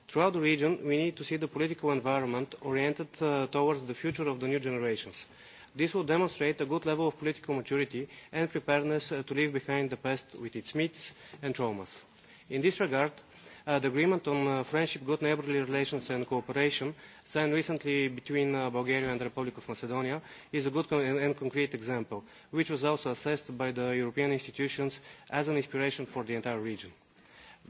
Throughout the region, we need to see the political environment oriented uh, towards the future of the new generations – This will demonstrate a good level of political maturity and preparedness uh, to leave behind the past with its myths and traumas. In this regard, Uh, the agreement on uh, friendship, good neighborly relations and cooperation signed recently between uh, Bulgaria and the Republic of Macedonia is a good con and, and concrete example, which was also assessed by the European institutions as an inspiration for the entire region.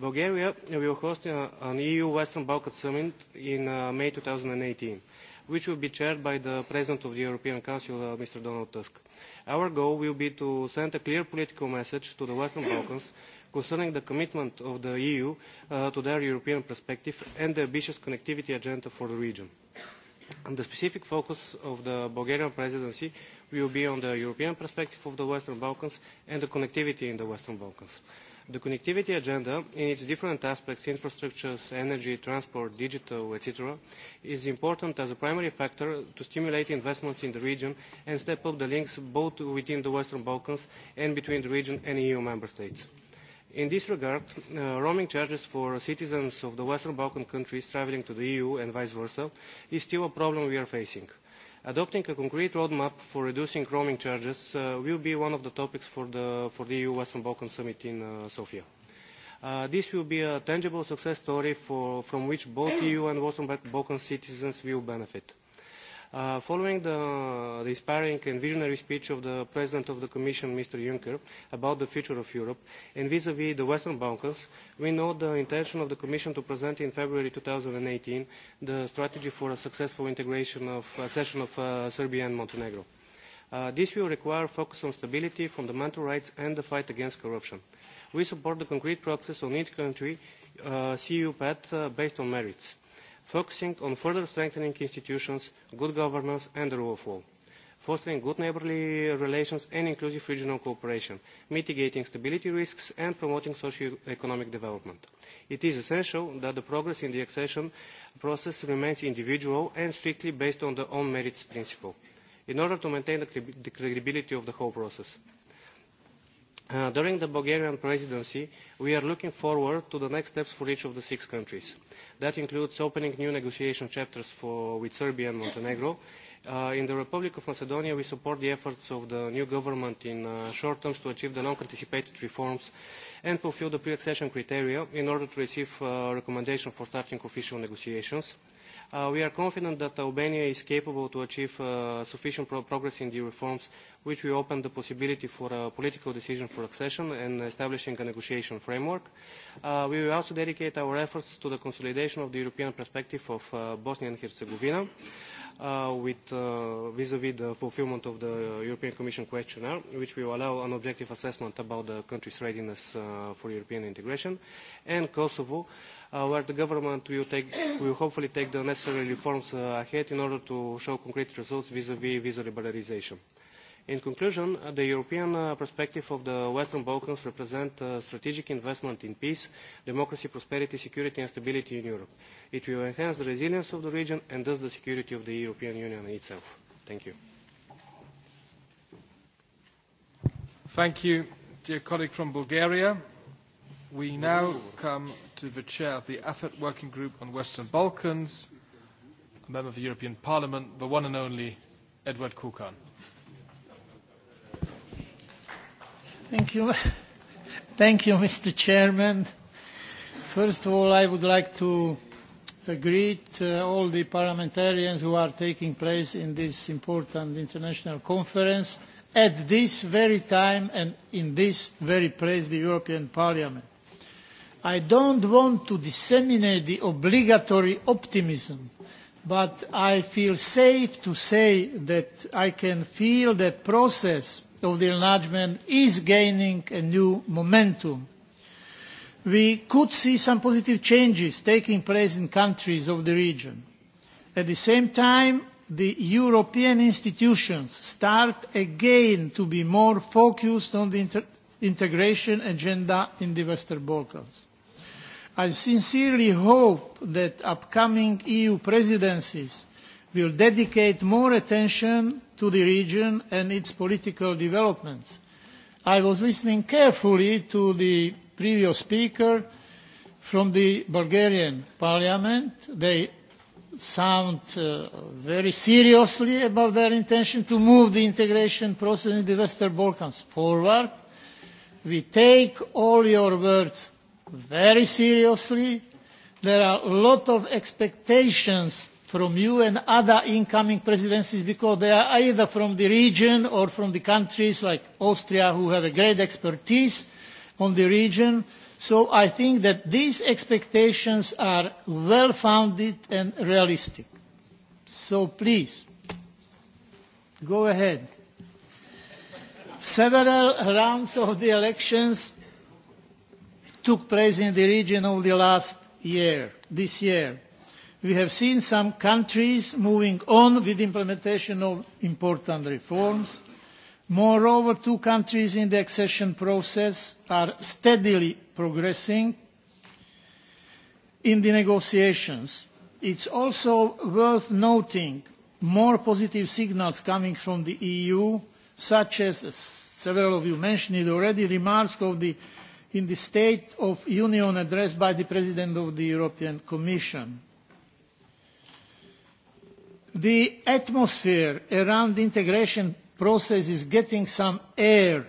Bulgaria will host uh, an EU Western Balkans Summit in uh, May 2018 which will be chaired by the President of the European Council, uh, Mr. Donald Tusk. Our goal will be to send a clear political message to the Western Balkans concerning the commitment of the EU uh, to their European perspective and the ambitious connectivity agenda for the region. And the specific focus of the Bulgarian presidency will be on the European perspective of the Western Balkans and the connectivity in the Western Balkans. Uh, The connectivity agenda, in its different aspects, infrastructures, energy, transport, digital, etc., is important as a primary factor to stimulate investments in the region and step up the links both within the Western Balkans and between the region and EU member states. In this regard, uh, roaming charges for citizens of the Western Balkan countries traveling to the EU and vice versa is still a problem we are facing. Adopting a concrete roadmap for reducing roaming charges uh, will be one of the topics for the, for the EU Western Balkan Summit in uh, Sofia. Uh, this will be a tangible success story for, from which both EU and Western Balkan citizens will benefit. Uh, following the, uh, the inspiring and visionary speech of the President of the Commission, Mr. Juncker, about the future of Europe, and vis-à-vis -vis the Western Balkans, we know the intention of the Commission to present in February 2018 the strategy for a successful integration of accession of uh, Serbia and Montenegro. Uh, this will require focus on stability, fundamental rights, and the fight against corruption. We support the concrete process on each country uh, CEU path e uh, based on merits. Uh, focusing on further strengthening institutions, good governance and the rule of law, fostering good neighbourly relations and inclusive regional cooperation, mitigating stability risks and promoting socio-economic development. It is essential that the progress in the accession process remains individual and strictly based on the own merits principle in order to maintain the credibility of the whole process. Uh, during the Bulgarian presidency, we are looking forward to the next steps for each of the six countries. That includes opening new negotiation chapters for, with Serbia and Montenegro. Uh, in the Republic of Macedonia, we support the efforts of the new government in uh, short terms to achieve the long-anticipated reforms and fulfill the pre-accession criteria in order to receive a uh, recommendation for starting official negotiations. Uh, Uh, we are confident that Albania is capable to achieve uh, sufficient pro progress in the reforms, which will open the possibility for a political decision for accession and establishing a negotiation framework. Uh, we will also dedicate our efforts to the consolidation of the European perspective of uh, Bosnia and Herzegovina uh, with vis-à-vis uh, -vis the fulfillment of the European Commission questionnaire, which will allow an objective assessment about the country's readiness uh, for European integration, and Kosovo, uh, uh, where the government will, take, will hopefully take the necessary reforms uh, ahead in order to show concrete results vis a vis -vis visa liberalization. In conclusion, uh, the European uh, perspective of the Western Balkans represents uh, strategic investment in peace, democracy, prosperity, security and stability in Europe. It will enhance the resilience of the region and thus the security of the European Union itself. Thank you. Thank you, dear colleague from Bulgaria. We now come to the chair of the AFET Working Group on Western Balkans, a member of the European Parliament, the one and only Edward Kukan. Thank you. Thank you, Mr. Chairman. First of all, I would like to uh, greet uh, all the parliamentarians who are taking place in this important international conference at this very time and in this very place, the European Parliament. I don't want to disseminate the obligatory optimism, but I feel safe to say that I can feel that process of the enlargement is gaining a new momentum. We could see some positive changes taking place in countries of the region. At the same time, the European institutions start again to be more focused on the inter integration agenda in the Western Balkans. I sincerely hope that upcoming EU presidencies will dedicate more attention to the region and its political developments. I was listening carefully to the previous speaker from the Bulgarian parliament. They sound uh, very seriously about their intention to move the integration process in the Western Balkans forward. We take all your words very seriously. There are a lot of expectations from you and other incoming presidencies because they are either from the region or from the countries like Austria who have a great expertise on the region. So I think that these expectations are well founded and realistic. So please, go ahead. Several rounds of the elections took place in the region over the last year, this year. We have seen some countries moving on with implementation of important reforms. Moreover, two countries in the accession process are steadily progressing in the negotiations. It's also worth noting more positive signals coming from the EU, such as several of you mentioned it already, remarks of the in the State of Union address by the President of the European Commission. The atmosphere around the integration process is getting some air.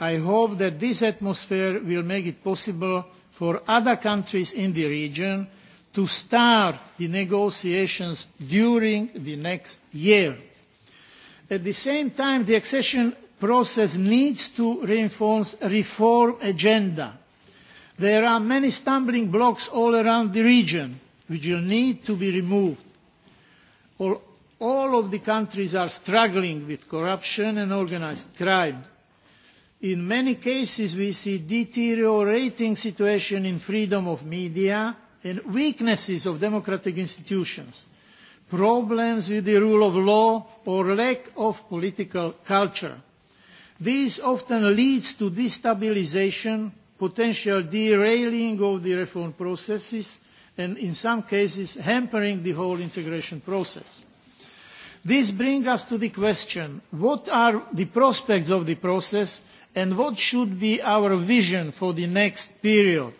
I hope that this atmosphere will make it possible for other countries in the region to start the negotiations during the next year. At the same time, the accession process needs to reinforce reform agenda. There are many stumbling blocks all around the region which will need to be removed. All, all of the countries are struggling with corruption and organised crime. In many cases we see deteriorating situation in freedom of media and weaknesses of democratic institutions, problems with the rule of law or lack of political culture This often leads to destabilization, potential derailing of the reform processes, and in some cases hampering the whole integration process. This brings us to the question, what are the prospects of the process and what should be our vision for the next period?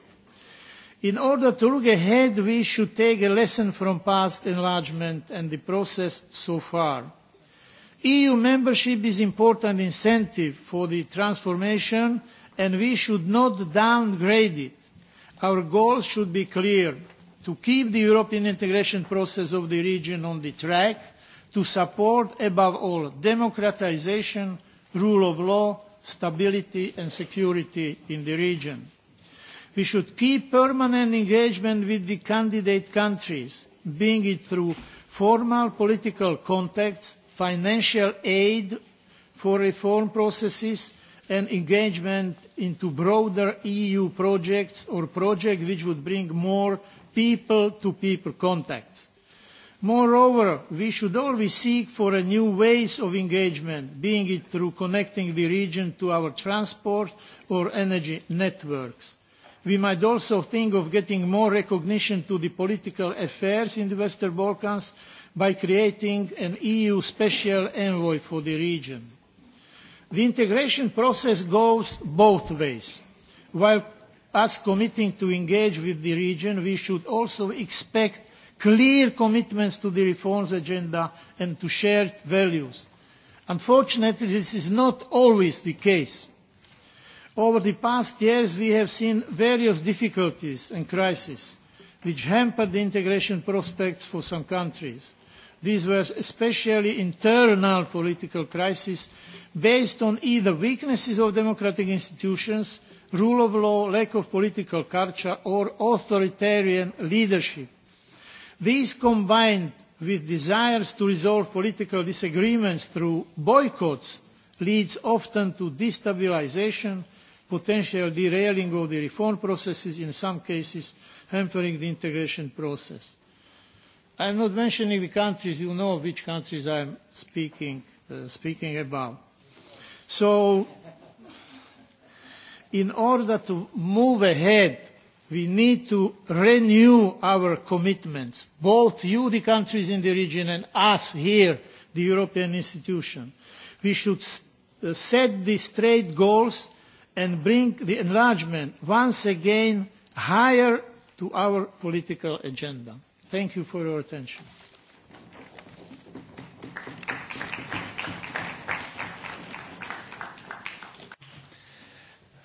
In order to look ahead, we should take a lesson from past enlargement and the process so far. EU membership is important incentive for the transformation and we should not downgrade it. Our goal should be clear, to keep the European integration process of the region on the track, to support above all democratisation, rule of law, stability and security in the region. We should keep permanent engagement with the candidate countries, being it through formal political contacts financial aid for reform processes and engagement into broader EU projects or projects which would bring more people-to-people -people contacts. Moreover, we should always seek for new ways of engagement, being it through connecting the region to our transport or energy networks. We might also think of getting more recognition to the political affairs in the Western Balkans by creating an EU special envoy for the region. The integration process goes both ways. While us committing to engage with the region, we should also expect clear commitments to the reforms agenda and to shared values. Unfortunately, this is not always the case. Over the past years, we have seen various difficulties and crises which hampered the integration prospects for some countries. These were especially internal political crises based on either weaknesses of democratic institutions, rule of law, lack of political culture, or authoritarian leadership. These combined with desires to resolve political disagreements through boycotts leads often to destabilisation potential derailing of the reform processes, in some cases hampering the integration process. I am not mentioning the countries, you know which countries I am speaking, uh, speaking about. So, in order to move ahead, we need to renew our commitments, both you, the countries in the region, and us here, the European institution. We should uh, set the straight goals and bring the enlargement once again higher to our political agenda. Thank you for your attention.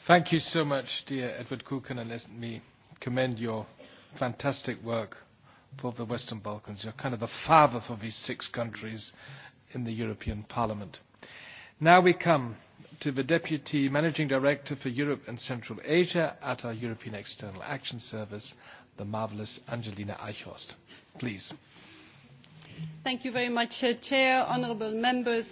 Thank you so much, dear Edward Kukan, and let me commend your fantastic work for the Western Balkans. You're kind of the father for these six countries in the European Parliament. Now we come to the Deputy Managing Director for Europe and Central Asia at our European External Action Service, the marvellous Angelina Eichhorst. Please. Thank you very much, uh, Chair, honourable members.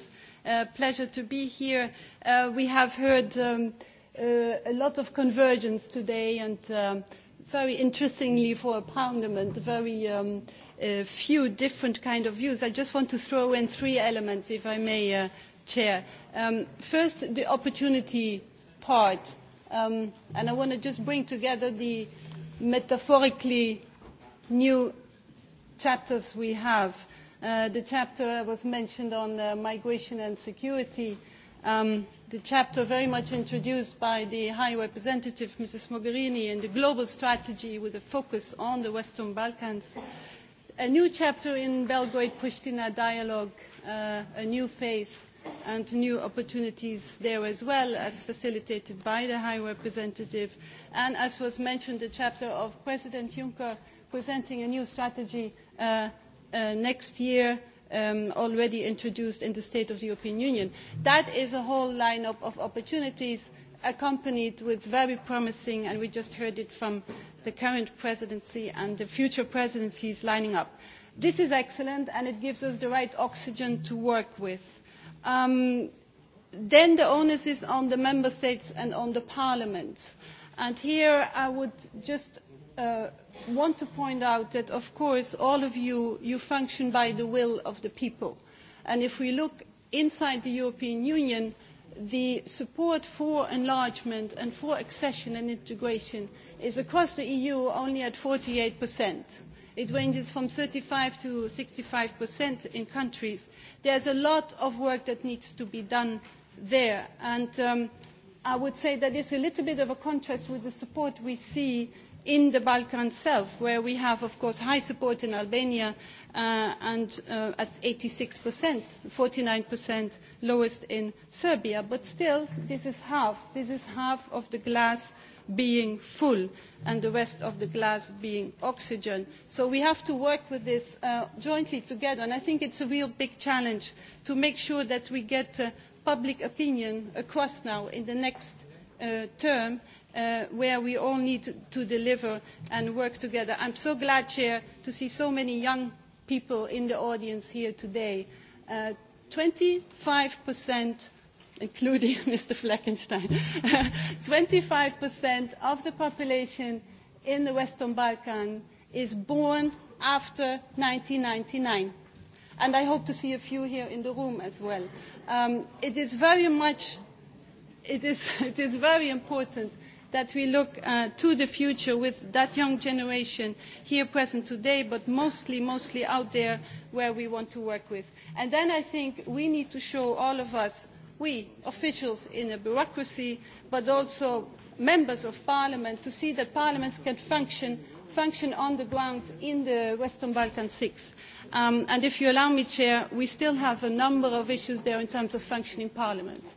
Uh, pleasure to be here. Uh, we have heard um, uh, a lot of convergence today and um, very interestingly for a parliament, very um, uh, few different kind of views. I just want to throw in three elements, if I may, Chair. Um, first, the opportunity part. Um, and I want to just bring together the metaphorically new chapters we have. Uh, the chapter was mentioned on uh, migration and security. Um, the chapter very much introduced by the High Representative, Mrs. Mogherini, and the global strategy with a focus on the Western Balkans. A new chapter in Belgrade-Pristina dialogue, uh, a new phase and new opportunities there as well as facilitated by the High Representative and as was mentioned the chapter of President Juncker presenting a new strategy uh, uh, next year um, already introduced in the State of the European Union. That is a whole lineup of opportunities accompanied with very promising, and we just heard it from the current presidency and the future presidencies lining up. This is excellent, and it gives us the right oxygen to work with um, then the onus is on the member states and on the parliaments. And here I would just uh, want to point out that, of course, all of you, you function by the will of the people. And if we look inside the European Union, the support for enlargement and for accession and integration is across the EU only at 48 percent. Uh, It ranges from 35 to 65 percent in countries. There's a lot of work that needs to be done there. And um, I would say that it's a little bit of a contrast with the support we see in the Balkans itself, where we have, of course, high support in Albania uh, and uh, at 86%, 49% lowest in Serbia. But still, this is half. This is half of the glass being full and the rest of the glass being oxygen. So we have to work with this uh, jointly together. And I think it's a real big challenge to make sure that we get uh, public opinion across now in the next uh, term Uh, where we all need to, to deliver and work together. I'm so glad, Chair, to see so many young people in the audience here today. Uh, 25% including Mr. Fleckenstein, 25% of the population in the Western Balkan is born after 1999. And I hope to see a few here in the room as well. Um, it is very much, it is, it is very important that we look uh, to the future with that young generation here present today, but mostly, mostly out there where we want to work with. And then I think we need to show all of us we officials in a bureaucracy but also members of parliament to see that parliaments can function function on the ground in the Western Balkan Six. Um, and if you allow me, Chair, we still have a number of issues there in terms of functioning parliaments.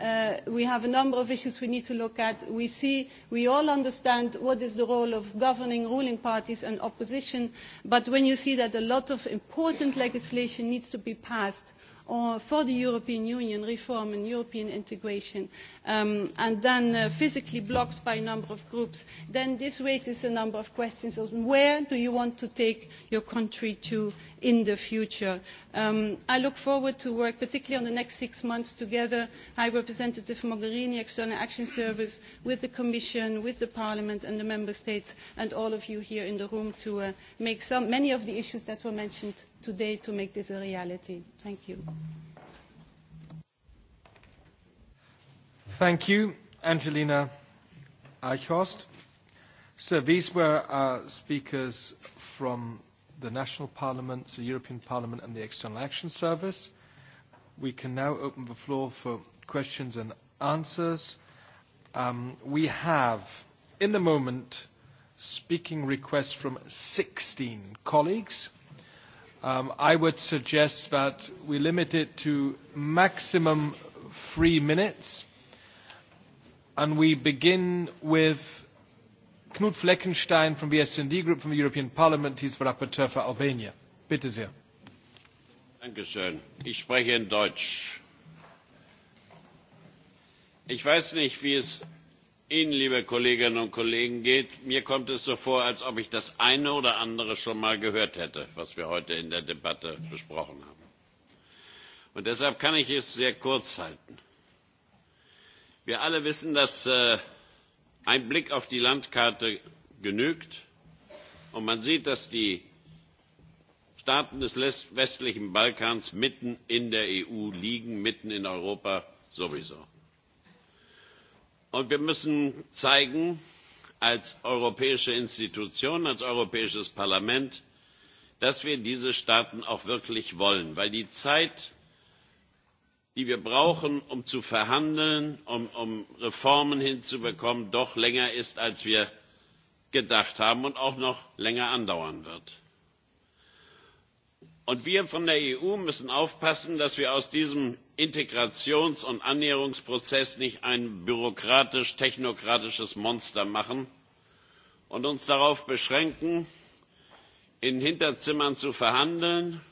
Uh, we have a number of issues we need to look at. We see, we all understand what is the role of governing ruling parties and opposition, but when you see that a lot of important legislation needs to be passed or for the European Union reform and European integration, um, and then uh, physically blocked by a number of groups, then this raises a number of questions on where do you want to take your country to in the future. Um, I look forward to work, particularly on the next six months, together, High Representative Mogherini, External Action Service, with the Commission, with the Parliament and the Member States, and all of you here in the room to uh, make some, many of the issues that were mentioned today to make this a reality. Thank you. Thank you, Angelina Eichhorst. So these were our speakers from the national parliaments, the European Parliament, and the External Action Service. We can now open the floor for questions and answers. Um, we have, in the moment, speaking requests from 16 colleagues. Um, I would suggest that we limit it to maximum three minutes, and we begin with Knut Fleckenstein from the S&D Group from the European Parliament. He's the rapporteur for Albania. Bitte sehr. Dankeschön. Ich spreche in Deutsch. Ich weiß nicht, wie es Ihnen, liebe Kolleginnen und Kollegen, geht. Mir kommt es so vor, als ob ich das eine oder andere schon mal gehört hätte, was wir heute in der Debatte besprochen haben. Und deshalb kann ich es sehr kurz halten. Wir alle wissen, dass äh, Ein Blick auf die Landkarte genügt und man sieht, dass die Staaten des westlichen Balkans mitten in der EU liegen, mitten in Europa sowieso. Und wir müssen zeigen, als europäische Institution, als Europäisches Parlament, dass wir diese Staaten auch wirklich wollen, weil die Zeit die wir brauchen, um zu verhandeln, um, um Reformen hinzubekommen, doch länger ist, als wir gedacht haben und auch noch länger andauern wird. Und wir von der EU müssen aufpassen, dass wir aus diesem Integrations- und Annäherungsprozess nicht ein bürokratisch-technokratisches Monster machen und uns darauf beschränken, in Hinterzimmern zu verhandeln,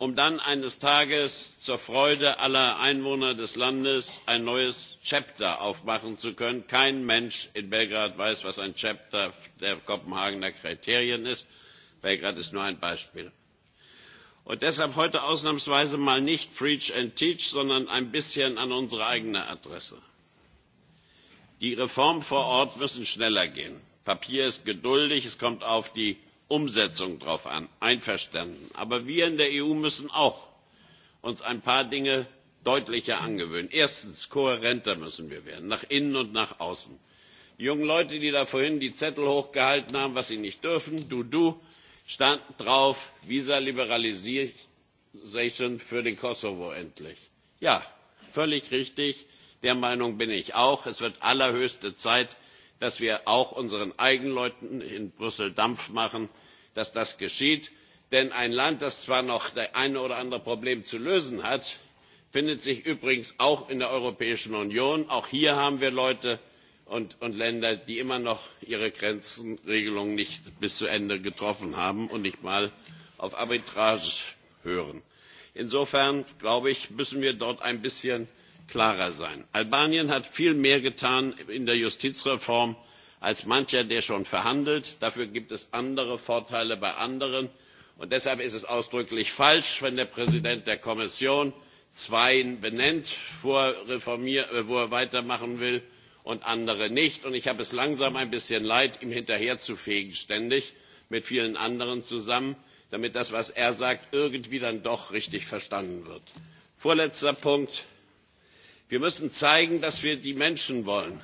um dann eines Tages zur Freude aller Einwohner des Landes ein neues Chapter aufmachen zu können. Kein Mensch in Belgrad weiß, was ein Chapter der Kopenhagener Kriterien ist. Belgrad ist nur ein Beispiel. Und deshalb heute ausnahmsweise mal nicht Preach and Teach, sondern ein bisschen an unsere eigene Adresse. Die Reformen vor Ort müssen schneller gehen. Papier ist geduldig, es kommt auf die Umsetzung drauf an. Einverstanden. Aber wir in der EU müssen auch uns ein paar Dinge deutlicher angewöhnen. Erstens, kohärenter müssen wir werden, nach innen und nach außen. Die jungen Leute, die da vorhin die Zettel hochgehalten haben, was sie nicht dürfen, du, du, stand drauf, Visa-Liberalisation für den Kosovo endlich. Ja, völlig richtig. Der Meinung bin ich auch. Es wird allerhöchste Zeit, dass wir auch unseren eigenen Leuten in Brüssel Dampf machen, dass das geschieht. Denn ein Land, das zwar noch das eine oder andere Problem zu lösen hat, findet sich übrigens auch in der Europäischen Union. Auch hier haben wir Leute und, Länder, die immer noch ihre grenzregelungen nicht bis zu Ende getroffen haben und nicht mal auf Arbitrage hören. Insofern, glaube ich, müssen wir dort ein bisschen klarer sein. Albanien hat viel mehr getan in der Justizreform als mancher, der schon verhandelt. Dafür gibt es andere Vorteile bei anderen. Und deshalb ist es ausdrücklich falsch, wenn der Präsident der Kommission zwei benennt, wo er, reformier, äh, wo er weitermachen will und andere nicht. Und ich habe es langsam ein bisschen leid, ihm hinterherzufegen ständig mit vielen anderen zusammen, damit das, was er sagt, irgendwie dann doch richtig verstanden wird. Vorletzter Punkt wir müssen zeigen dass wir die menschen wollen.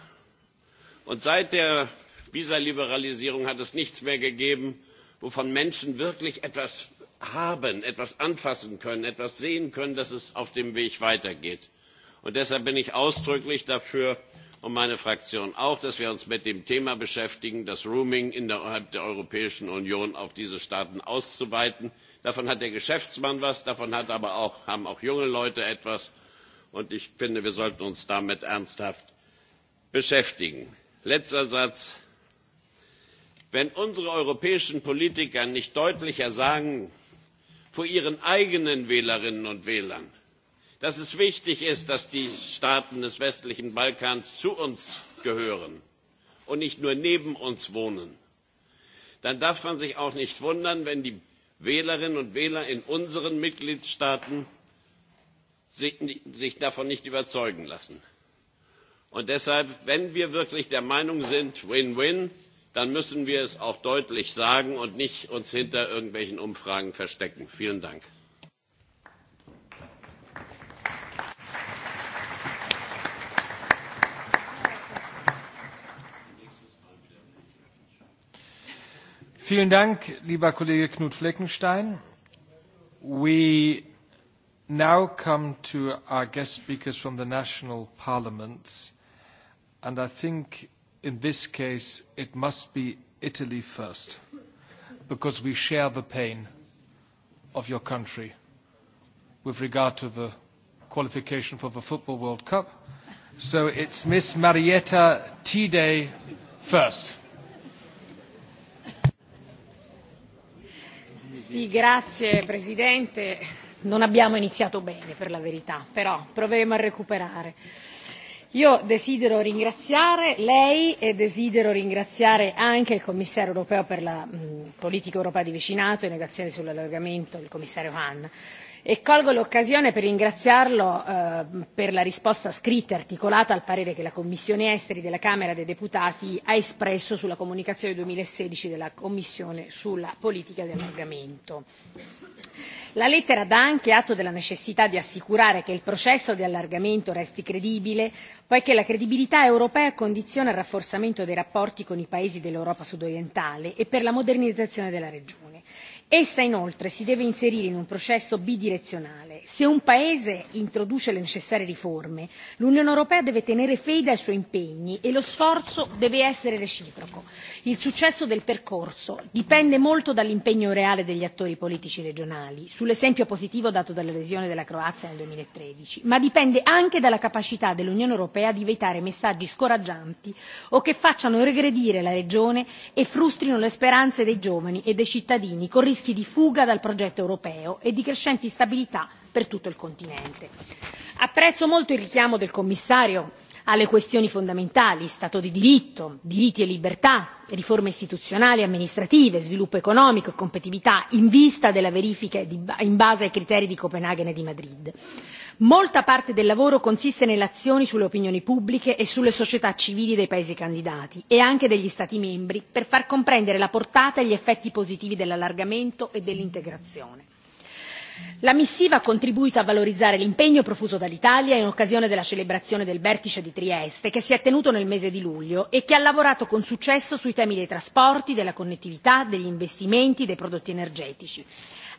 und seit der visaliberalisierung hat es nichts mehr gegeben wovon menschen wirklich etwas haben etwas anfassen können etwas sehen können dass es auf dem weg weitergeht. Und deshalb bin ich ausdrücklich dafür und meine fraktion auch dass wir uns mit dem thema beschäftigen das roaming innerhalb der europäischen union auf diese staaten auszuweiten. davon hat der geschäftsmann etwas davon haben aber auch junge leute etwas. Und ich finde, wir sollten uns damit ernsthaft beschäftigen. Letzter Satz. Wenn unsere europäischen Politiker nicht deutlicher sagen, vor ihren eigenen Wählerinnen und Wählern, dass es wichtig ist, dass die Staaten des westlichen Balkans zu uns gehören und nicht nur neben uns wohnen, dann darf man sich auch nicht wundern, wenn die Wählerinnen und Wähler in unseren Mitgliedstaaten sich, davon nicht überzeugen lassen. Und deshalb, wenn wir wirklich der Meinung sind, Win-Win, dann müssen wir es auch deutlich sagen und nicht uns hinter irgendwelchen Umfragen verstecken. Vielen Dank. Vielen Dank, lieber Kollege Knut Fleckenstein. We now come to our guest speakers from the national parliaments, and I think in this case it must be Italy first, because we share the pain of your country with regard to the qualification for the Football World Cup. So it's Miss Marietta Tide first. Sì, grazie Presidente non abbiamo iniziato bene per la verità però proveremo a recuperare. io desidero ringraziare lei e desidero ringraziare anche il commissario europeo per la politica europea di vicinato e le negoziazioni sull'allargamento il commissario hahn e colgo l'occasione per ringraziarlo eh, per la risposta scritta e articolata al parere che la Commissione Esteri della Camera dei Deputati ha espresso sulla comunicazione duemilasedici della Commissione sulla politica di allargamento. La lettera dà anche atto della necessità di assicurare che il processo di allargamento resti credibile, poiché la credibilità europea condiziona il rafforzamento dei rapporti con i paesi dell'Europa sudorientale e per la modernizzazione della regione essa inoltre si deve inserire in un processo bidirezionale se un paese introduce le necessarie riforme l'unione europea deve tenere fede ai suoi impegni e lo sforzo deve essere reciproco. il successo del percorso dipende molto dall'impegno reale degli attori politici regionali sull'esempio positivo dato dall'adesione della croazia nel duemilatredici ma dipende anche dalla capacità dell'unione europea di evitare messaggi scoraggianti o che facciano regredire la regione e frustrino le speranze dei giovani e dei cittadini con rischi di fuga dal progetto europeo e di crescente instabilità per tutto il continente. Apprezzo molto il richiamo del commissario alle questioni fondamentali stato di diritto diritti e libertà riforme istituzionali e amministrative sviluppo economico e competitività in vista della verifica e in base ai criteri di copenaghen e di madrid. molta parte del lavoro consiste nelle azioni sulle opinioni pubbliche e sulle società civili dei paesi candidati e anche degli stati membri per far comprendere la portata e gli effetti positivi dell'allargamento e dell'integrazione La missiva ha contribuito a valorizzare l'impegno profuso dall'Italia in occasione della celebrazione del vertice di Trieste che si è tenuto nel mese di luglio e che ha lavorato con successo sui temi dei trasporti, della connettività, degli investimenti, dei prodotti energetici.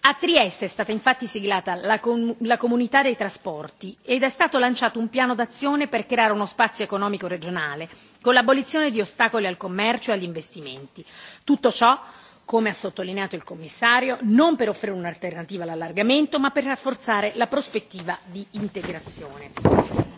A Trieste è stata infatti siglata la, com- la comunità dei trasporti ed è stato lanciato un piano d'azione per creare uno spazio economico regionale con l'abolizione di ostacoli al commercio e agli investimenti. Tutto ciò come ha sottolineato il commissario non per offrire un'alternativa all'allargamento ma per rafforzare la prospettiva di integrazione.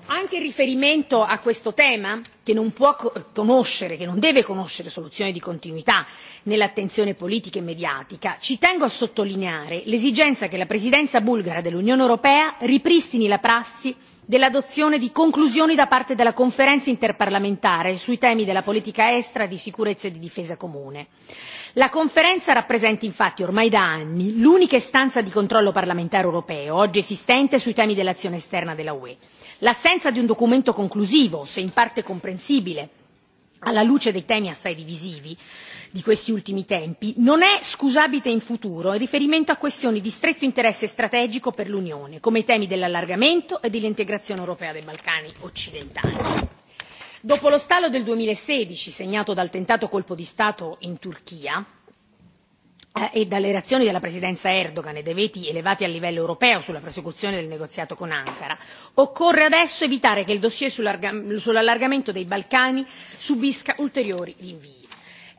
anche in riferimento a questo tema che non può conoscere che non deve conoscere soluzioni di continuità nell'attenzione politica e mediatica ci tengo a sottolineare l'esigenza che la presidenza bulgara dell'unione europea ripristini la prassi dell'adozione di conclusioni da parte della conferenza interparlamentare sui temi della politica estera, di sicurezza e di difesa comune. La conferenza rappresenta infatti ormai da anni l'unica istanza di controllo parlamentare europeo oggi esistente sui temi dell'azione esterna della UE. L'assenza di un documento conclusivo, se in parte comprensibile, alla luce dei temi assai divisivi di questi ultimi tempi, non è scusabile in futuro in riferimento a questioni di stretto interesse strategico per l'Unione, come i temi dell'allargamento e dell'integrazione europea dei Balcani occidentali. Dopo lo stallo del 2016, segnato dal tentato colpo di Stato in Turchia, Eh, e dalle reazioni della presidenza Erdogan e dei veti elevati a livello europeo sulla prosecuzione del negoziato con Ankara, occorre adesso evitare che il dossier sull'allargamento dei Balcani subisca ulteriori rinvii.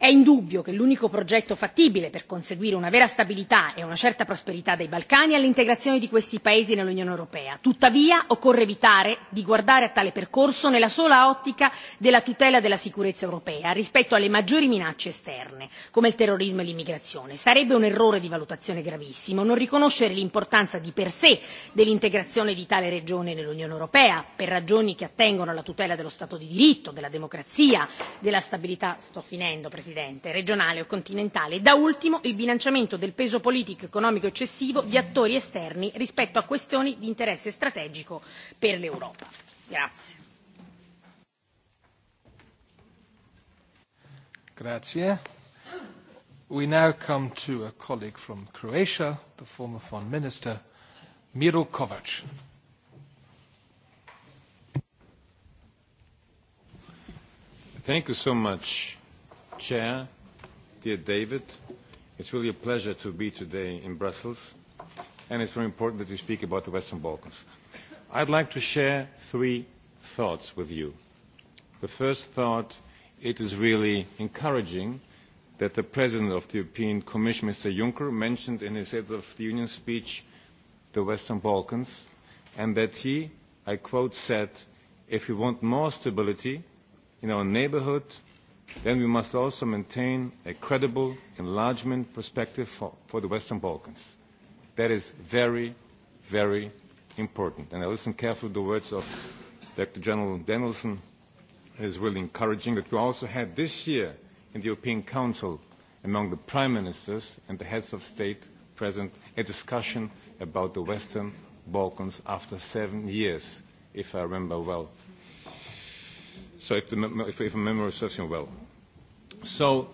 È indubbio che l'unico progetto fattibile per conseguire una vera stabilità e una certa prosperità dei Balcani è l'integrazione di questi paesi nell'Unione Europea. Tuttavia occorre evitare di guardare a tale percorso nella sola ottica della tutela della sicurezza europea rispetto alle maggiori minacce esterne, come il terrorismo e l'immigrazione. Sarebbe un errore di valutazione gravissimo non riconoscere l'importanza di per sé dell'integrazione di tale regione nell'Unione Europea, per ragioni che attengono alla tutela dello Stato di diritto, della democrazia, della stabilità, sto finendo, Presidente, regionale o continentale, e da ultimo il bilanciamento del peso politico e economico eccessivo di attori esterni rispetto a questioni di interesse strategico per l'Europa. Grazie. Grazie. We now come to a colleague from Croatia, the former Foreign Minister, Miro Kovac. Thank you so much. Chair, dear David, it's really a pleasure to be today in Brussels, and it's very important that we speak about the Western Balkans. I'd like to share three thoughts with you. The first thought, it is really encouraging that the President of the European Commission, Mr. Juncker, mentioned in his State of the Union speech the Western Balkans, and that he, I quote, said, if we want more stability in our neighborhood, then we must also maintain a credible enlargement perspective for, for the Western Balkans. That is very, very important. And I listened carefully to the words of Dr. General Danielson. It is really encouraging that we also had this year in the European Council among the prime ministers and the heads of state present a discussion about the Western Balkans after seven years, if I remember well So if, the, if, if memory serves him well. So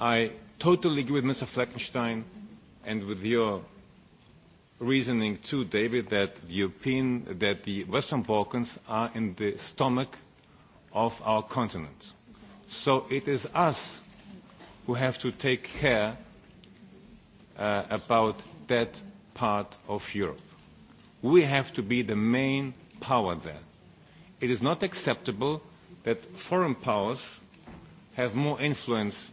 I totally agree with Mr. Fleckenstein and with your reasoning too, David, that the European, that the Western Balkans are in the stomach of our continent. So it is us who have to take care uh, about that part of Europe. We have to be the main power there. It is not acceptable that foreign powers have more influence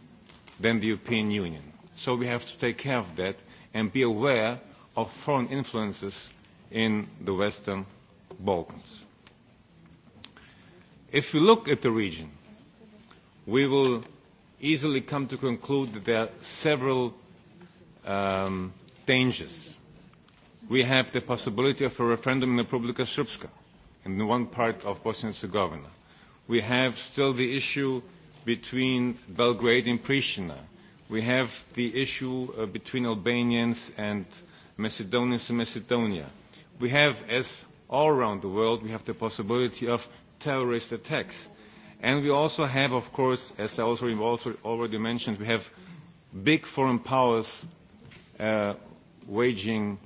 than the European Union. So we have to take care of that and be aware of foreign influences in the Western Balkans. If we look at the region, we will easily come to conclude that there are several um, dangers. We have the possibility of a referendum in the Republika Srpska, in one part of Bosnia and Herzegovina We have still the issue between Belgrade and Pristina. We have the issue uh, between Albanians and Macedonians and Macedonia. We have, as all around the world, we have the possibility of terrorist attacks. And we also have, of course, as I also, also already mentioned, we have big foreign powers uh, waging,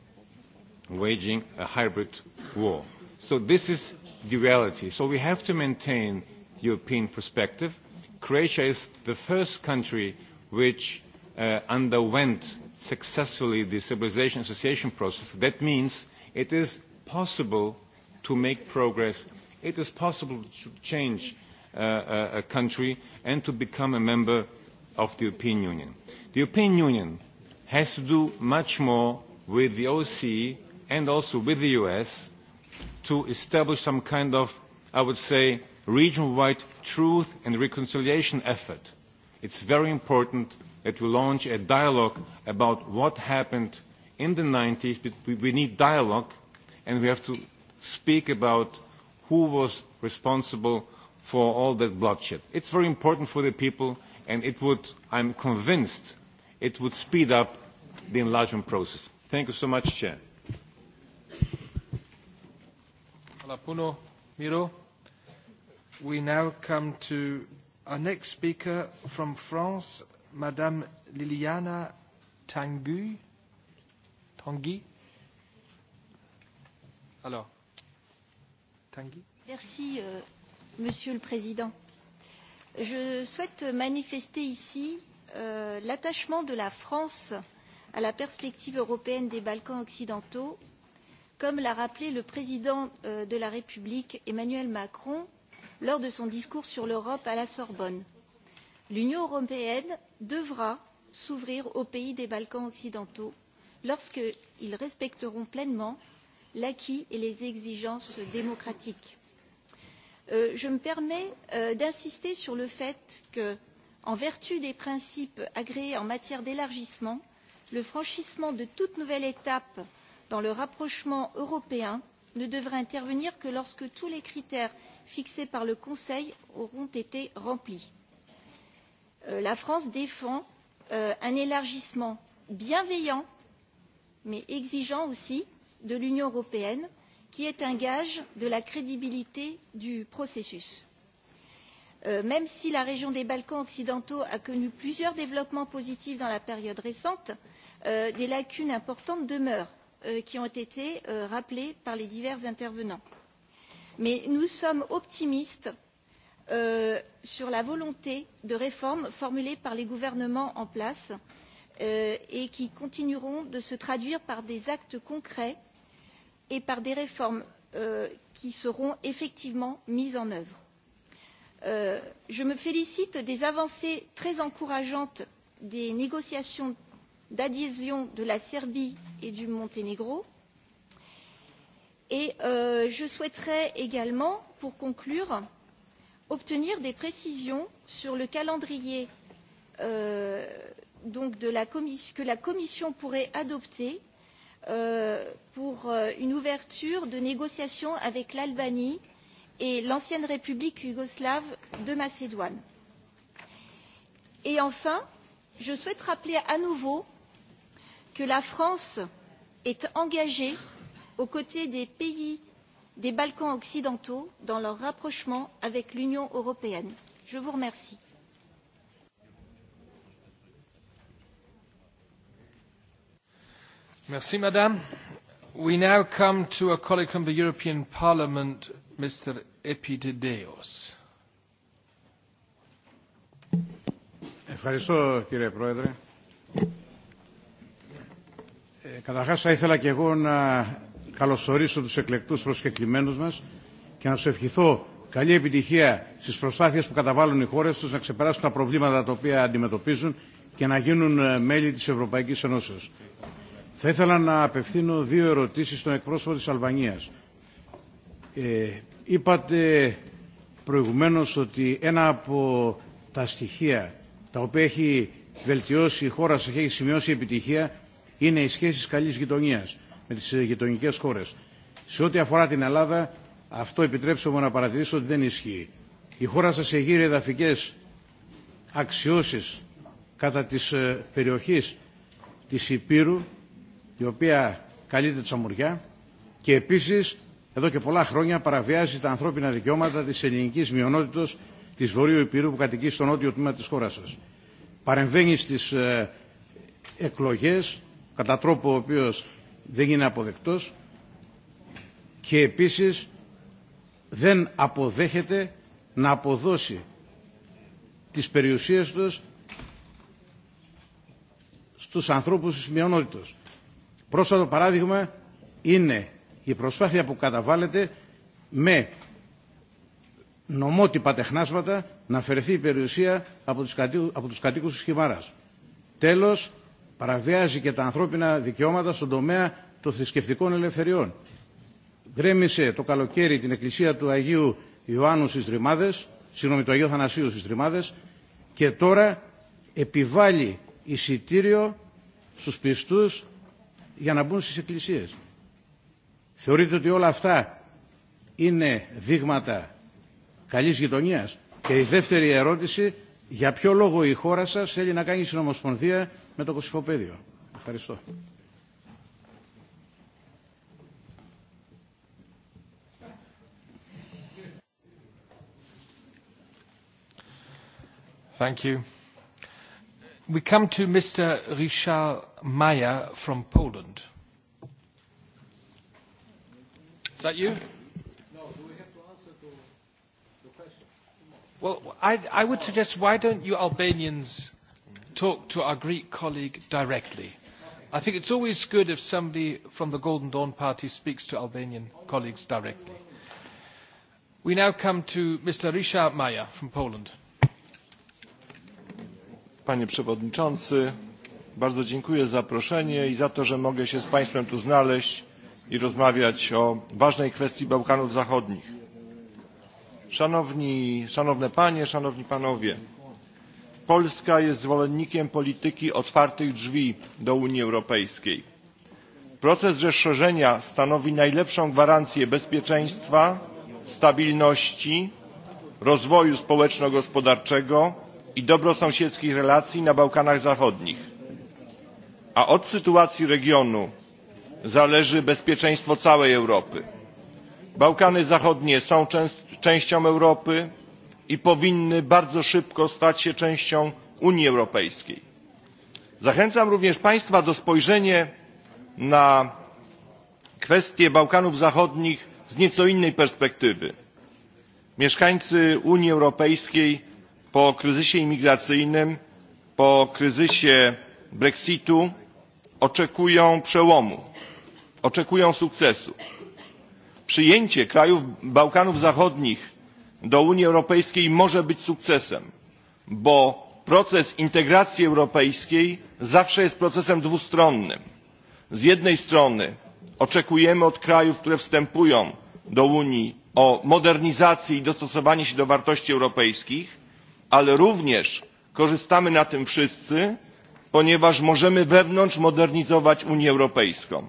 waging a hybrid war. So this is the reality. So we have to maintain European perspective. Croatia is the first country which uh, underwent successfully the stabilization association process. That means it is possible to make progress. It is possible to change uh, uh a country and to become a member of the European Union. The European Union has to do much more with the OCE and also with the US to establish some kind of, I would say, region-wide truth and reconciliation effort, it's very important that we launch a dialogue about what happened in the 90s. we need dialogue, and we have to speak about who was responsible for all that bloodshed. It's very important for the people, and it would, I'm convinced, it would speed up the enlargement process. Thank you so much, Chair. Alapuno, Miro. We now come to our next speaker from France, Madame Liliana Tanguy. Tanguy Hello. Tanguy Merci, euh, Monsieur le Président. Je souhaite manifester ici euh, l'attachement de la France à la perspective européenne des Balkans occidentaux, comme l'a rappelé le Président euh, de la République Emmanuel Macron lors de son discours sur l'Europe à la Sorbonne. L'Union européenne devra s'ouvrir aux pays des Balkans occidentaux lorsqu'ils respecteront pleinement l'acquis et les exigences démocratiques. Euh, je me permets euh, d'insister sur le fait que, en vertu des principes agréés en matière d'élargissement, le franchissement de toute nouvelle étape dans le rapprochement européen ne devrait intervenir que lorsque tous les critères fixés par le Conseil auront été remplis. Euh, la France défend euh, un élargissement bienveillant, mais exigeant aussi, de l'Union européenne, qui est un gage de la crédibilité du processus. Euh, même si la région des Balkans occidentaux a connu plusieurs développements positifs dans la période récente, des lacunes importantes demeurent Euh, qui ont été euh, rappelés par les divers intervenants. Mais nous sommes optimistes euh, sur la volonté de réforme formulée par les gouvernements en place euh, et qui continueront de se traduire par des actes concrets et par des réformes euh, qui seront effectivement mises en œuvre. Euh, je me félicite des avancées très encourageantes des négociations d'adhésion de la Serbie et du Monténégro. Et euh, je souhaiterais également, pour conclure, obtenir des précisions sur le calendrier euh, donc de la que la Commission pourrait adopter euh, pour euh, une ouverture de négociations avec l'Albanie et l'ancienne République yougoslave de Macédoine. Et enfin, je souhaite rappeler à nouveau que la France est engagée aux côtés des pays des Balkans occidentaux dans leur rapprochement avec l'Union européenne. Je vous remercie. Merci, Madame. We now come to a colleague from the European Parliament, Mr. Epitideos. Ευχαριστώ, κύριε Πρόεδρε καταρχάς θα ήθελα και εγώ να καλωσορίσω τους εκλεκτούς προσκεκλημένους μας και να σου ευχηθώ καλή επιτυχία στις προσπάθειες που καταβάλουν οι χώρες τους να ξεπεράσουν τα προβλήματα τα οποία αντιμετωπίζουν και να γίνουν μέλη της Ευρωπαϊκής Ενώσεως. Θα ήθελα να απευθύνω δύο ερωτήσεις στον εκπρόσωπο της Αλβανίας. Ε, είπατε προηγουμένως ότι ένα από τα στοιχεία τα οποία έχει βελτιώσει η χώρα σας και έχει σημειώσει επιτυχία είναι οι σχέσεις καλής γειτονίας με τις γειτονικές χώρες. Σε ό,τι αφορά την Ελλάδα, αυτό επιτρέψτε μου να παρατηρήσω ότι δεν ισχύει. Η χώρα σας εγείρει εδαφικές αξιώσεις κατά της περιοχής της Υπήρου, η οποία καλείται τσαμουριά και επίσης εδώ και πολλά χρόνια παραβιάζει τα ανθρώπινα δικαιώματα της ελληνικής μειονότητος της Βορείου Υπήρου που κατοικεί στο νότιο τμήμα της χώρας σας. Παρεμβαίνει στις εκλογές κατά τρόπο ο οποίος δεν είναι αποδεκτός και επίσης δεν αποδέχεται να αποδώσει τις περιουσίες τους στους ανθρώπους της μειονότητας. Πρόσφατο παράδειγμα είναι η προσπάθεια που καταβάλλεται με νομότυπα τεχνάσματα να αφαιρεθεί η περιουσία από τους, από τους κατοίκους της Χιμάρας. Τέλος, παραβιάζει και τα ανθρώπινα δικαιώματα στον τομέα των θρησκευτικών ελευθεριών. Γκρέμισε το καλοκαίρι την εκκλησία του Αγίου Ιωάννου στις Τριμάδες, συγγνώμη του Αγίου Θανασίου στις Τριμάδες και τώρα επιβάλλει εισιτήριο στους πιστούς για να μπουν στις εκκλησίες. Θεωρείτε ότι όλα αυτά είναι δείγματα καλής γειτονίας. Και η δεύτερη ερώτηση, για ποιο λόγο η χώρα σας θέλει να κάνει συνομοσπονδία με το κοσυφοπέδιο. Ευχαριστώ. Thank you. We come to Mr. Richard Meyer from Poland. Is that you? No, do we have to answer to the question? Well, I, I would suggest why don't you Albanians talk to our Greek colleague directly. I think it's always good if somebody from the Golden Dawn Party speaks to Albanian colleagues directly. We now come to Mr. Richard Mayer from Poland. Panie Przewodniczący, bardzo dziękuję za zaproszenie i za to, że mogę się z Państwem tu znaleźć i rozmawiać o ważnej kwestii Bałkanów Zachodnich. Szanowni, szanowne Panie, Szanowni Panowie, Polska jest zwolennikiem polityki otwartych drzwi do Unii Europejskiej. Proces rozszerzenia stanowi najlepszą gwarancję bezpieczeństwa, stabilności, rozwoju społeczno-gospodarczego i dobrosąsiedzkich relacji na Bałkanach Zachodnich. A od sytuacji regionu zależy bezpieczeństwo całej Europy. Bałkany Zachodnie są częścią Europy, i powinny bardzo szybko stać się częścią unii europejskiej. zachęcam również państwa do spojrzenia na kwestię bałkanów zachodnich z nieco innej perspektywy. mieszkańcy unii europejskiej po kryzysie imigracyjnym po kryzysie brexitu oczekują przełomu oczekują sukcesu. przyjęcie krajów bałkanów zachodnich do Unii Europejskiej może być sukcesem, bo proces integracji europejskiej zawsze jest procesem dwustronnym. Z jednej strony oczekujemy od krajów, które wstępują do Unii o i dostosowania się do wartości europejskich, ale również korzystamy na tym wszyscy, ponieważ możemy wewnątrz modernizować Unię Europejską.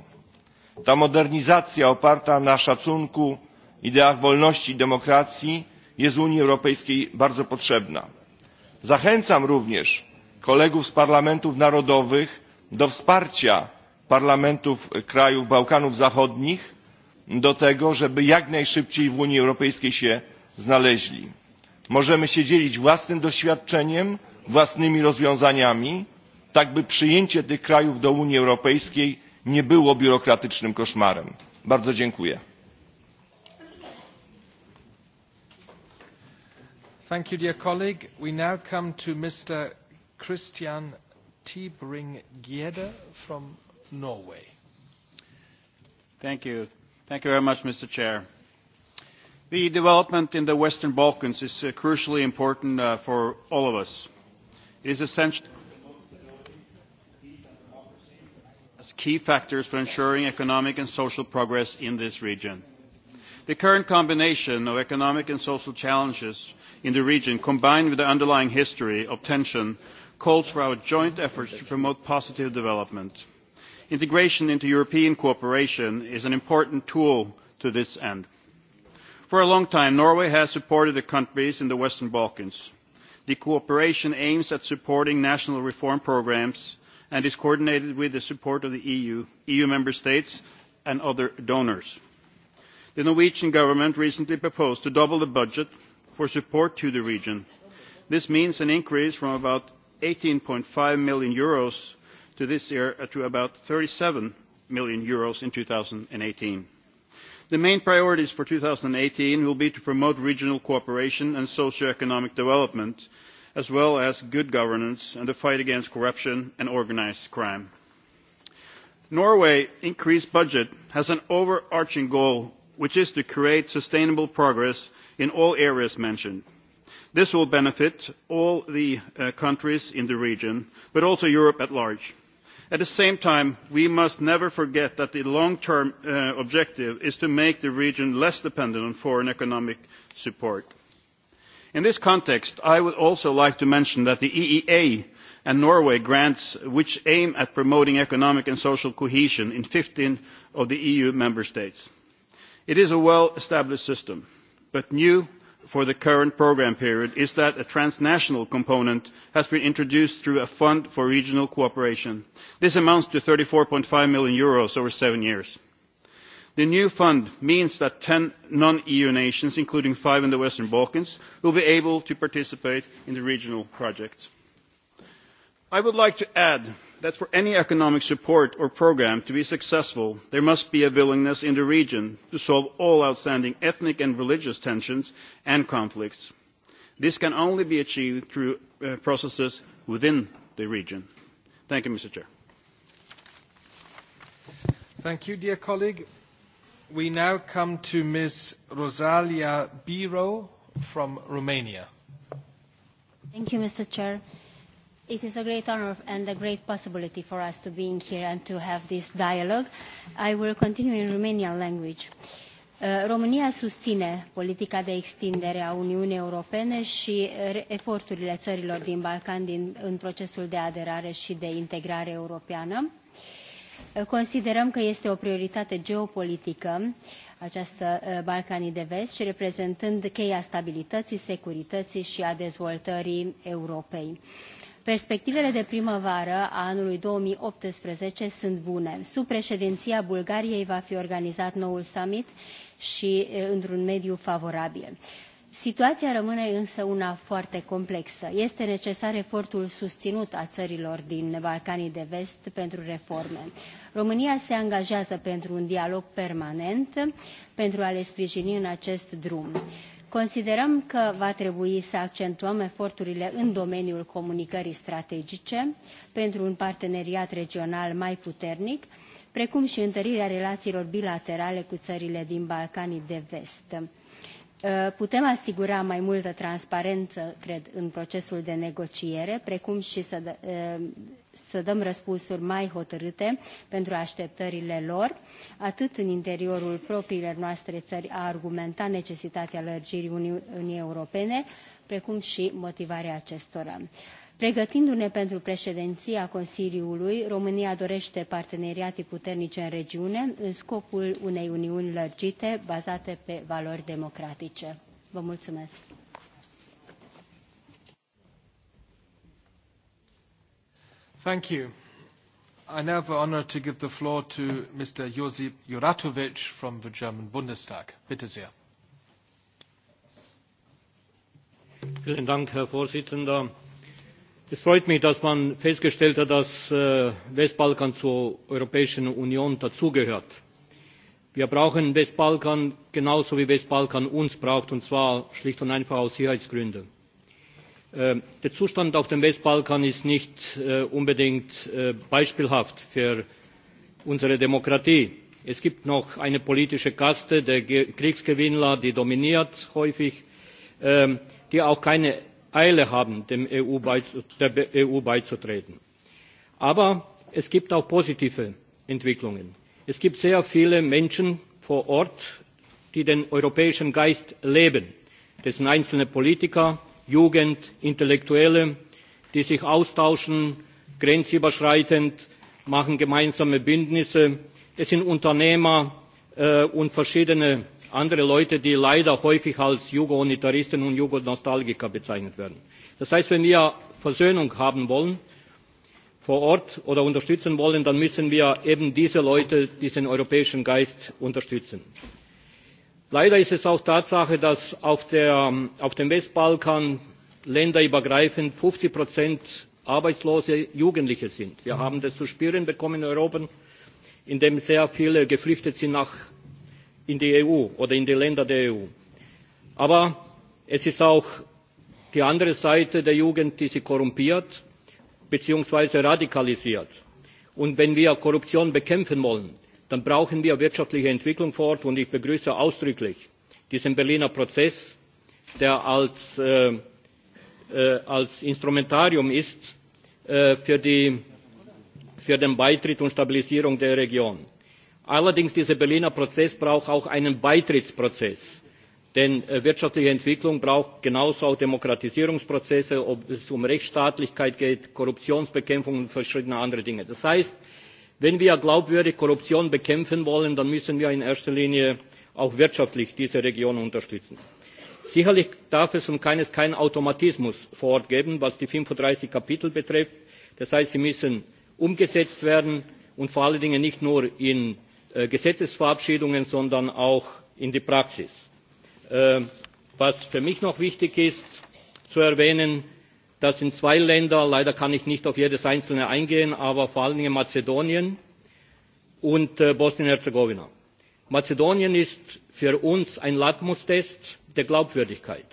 Ta modernizacja oparta na szacunku, ideach wolności i demokracji jest unii europejskiej bardzo potrzebna. zachęcam również kolegów z parlamentów narodowych do wsparcia parlamentów krajów bałkanów zachodnich do tego żeby jak najszybciej w unii europejskiej się znaleźli. możemy się dzielić własnym doświadczeniem własnymi rozwiązaniami tak by przyjęcie tych krajów do unii europejskiej nie było biurokratycznym koszmarem. bardzo dziękuję. Thank you, dear colleague. We now come to Mr. Christian Tibring-Gjedde from Norway. Thank you. Thank you very much, Mr. Chair. The development in the Western Balkans is uh, crucially important uh, for all of us. It is essential as key factors for ensuring economic and social progress in this region. The current combination of economic and social challenges in the region, combined with the underlying history of tension, calls for our joint efforts to promote positive development. Integration into European cooperation is an important tool to this end. For a long time, Norway has supported the countries in the Western Balkans. The cooperation aims at supporting national reform programs and is coordinated with the support of the EU, EU member states, and other donors. The Norwegian government recently proposed to double the budget for support to the region. This means an increase from about 18.5 million euros to this year uh, to about 37 million euros in 2018. The main priorities for 2018 will be to promote regional cooperation and socio-economic development, as well as good governance and the fight against corruption and organised crime. Norway's increased budget has an overarching goal, which is to create sustainable progress in all areas mentioned. This will benefit all the uh, countries in the region, but also Europe at large. At the same time, we must never forget that the long-term uh, objective is to make the region less dependent on foreign economic support. In this context, I would also like to mention that the EEA and Norway grants which aim at promoting economic and social cohesion in 15 of the EU member states. It is a well-established system but new for the current programme period is that a transnational component has been introduced through a fund for regional cooperation. This amounts to 34.5 million euros over seven years. The new fund means that 10 non-EU nations, including five in the Western Balkans, will be able to participate in the regional projects. I would like to add that for any economic support or programme to be successful there must be a willingness in the region to solve all outstanding ethnic and religious tensions and conflicts. this can only be achieved through uh, processes within the region. thank you mr chair. thank you dear colleague. we now come to ms rosalia biro from romania. thank you mr chair. It is a great honor and a great possibility for us to be in here and to have this dialogue. I will continue in Romanian language. Uh, România susține politica de extindere a Uniunii Europene și uh, eforturile țărilor din Balcan din, în procesul de aderare și de integrare europeană. Uh, considerăm că este o prioritate geopolitică această Balcanii de Vest și reprezentând cheia stabilității, securității și a dezvoltării Europei. Uh, Perspectivele de primăvară a anului 2018 sunt bune. Sub președinția Bulgariei va fi organizat noul summit și e, într-un mediu favorabil. Situația rămâne însă una foarte complexă. Este necesar efortul susținut a țărilor din Balcanii de Vest pentru reforme. România se angajează pentru un dialog permanent pentru a le sprijini în acest drum. Considerăm că va trebui să accentuăm eforturile în domeniul comunicării strategice pentru un parteneriat regional mai puternic, precum și întărirea relațiilor bilaterale cu țările din Balcanii de Vest. Uh, putem asigura mai multă transparență, cred, în procesul de negociere, precum și să uh, să dăm răspunsuri mai hotărâte pentru așteptările lor, atât în interiorul propriilor noastre țări a argumenta necesitatea lărgirii Uniunii Europene, precum și motivarea acestora. Pregătindu-ne pentru președinția Consiliului, România dorește parteneriate puternice în regiune, în scopul unei uniuni lărgite, bazate pe valori democratice. Vă mulțumesc! Thank you. I now have the honor to give the floor to Mr. Josip Juratovic from the German Bundestag. Bitte sehr. Vielen Dank, Herr Vorsitzender. Es freut mich, dass man festgestellt hat, dass äh, Westbalkan zur Europäischen Union dazugehört. Wir brauchen Westbalkan genauso wie Westbalkan uns braucht, und zwar schlicht und einfach aus Sicherheitsgründen. Ähm, der Zustand auf dem Westbalkan ist nicht äh, unbedingt äh, beispielhaft für unsere Demokratie. Es gibt noch eine politische Kaste der Kriegsgewinnler, die dominiert häufig, ähm, die auch keine Eile haben, dem EU der EU e beizutreten. Aber es gibt auch positive Entwicklungen. Es gibt sehr viele Menschen vor Ort, die den europäischen Geist leben, dessen einzelne Politiker Jugend, Intellektuelle, die sich austauschen, grenzüberschreitend, machen gemeinsame Bündnisse. Es sind Unternehmer äh, und verschiedene andere Leute, die leider häufig als Jugo-Unitaristen und Jugo-Nostalgiker bezeichnet werden. Das heißt, wenn wir Versöhnung haben wollen, vor Ort oder unterstützen wollen, dann müssen wir eben diese Leute, diesen europäischen Geist unterstützen. Leider ist es auch Tatsache, dass auf, der, ähm, auf dem Westbalkan länderübergreifend fünfzig arbeitslose Jugendliche sind. Wir haben das zu spüren bekommen in Europa, in dem sehr viele geflüchtet sind nach, in die EU oder in die Länder der EU. Aber es ist auch die andere Seite der Jugend, die sie korrumpiert beziehungsweise radikalisiert. Und wenn wir Korruption bekämpfen wollen, dann brauchen wir wirtschaftliche Entwicklung vor Ort. Und ich begrüße ausdrücklich diesen Berliner Prozess, der als, äh, äh, als Instrumentarium ist äh, für, die, für den Beitritt und Stabilisierung der Region. Allerdings dieser Berliner Prozess braucht auch einen Beitrittsprozess. Denn äh, wirtschaftliche Entwicklung braucht genauso auch Demokratisierungsprozesse, ob es um Rechtsstaatlichkeit geht, Korruptionsbekämpfung und verschiedene andere Dinge. Das heißt, Wenn wir glaubwürdig Korruption bekämpfen wollen, dann müssen wir in erster Linie auch wirtschaftlich diese Region unterstützen. Sicherlich darf es um keines keinen Automatismus vor Ort geben, was die fünfunddreißig Kapitel betrifft. Das heißt, sie müssen umgesetzt werden und vor allen Dingen nicht nur in äh, Gesetzesverabschiedungen, sondern auch in die Praxis. Äh, was für mich noch wichtig ist zu erwähnen, Das sind zwei Länder. Leider kann ich nicht auf jedes einzelne eingehen, aber vor allen Dingen Mazedonien und äh, Bosnien-Herzegowina. Mazedonien ist für uns ein Lackmustest der Glaubwürdigkeit.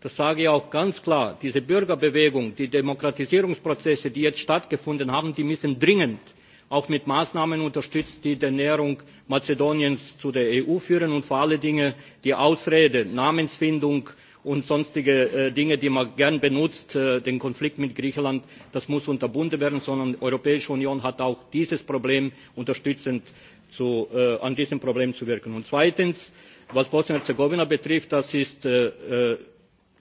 Das sage ich auch ganz klar. Diese Bürgerbewegung, die Demokratisierungsprozesse, die jetzt stattgefunden haben, die müssen dringend auch mit Maßnahmen unterstützt, die der Näherung Mazedoniens zu der EU führen und vor allen Dingen die Ausrede Namensfindung und sonstige äh, Dinge, die man gern benutzt, äh, den Konflikt mit Griechenland, das muss unterbunden werden, sondern die Europäische Union hat auch dieses Problem unterstützend zu, äh, an diesem Problem zu wirken. Und zweitens, was Bosnien-Herzegowina betrifft, das ist,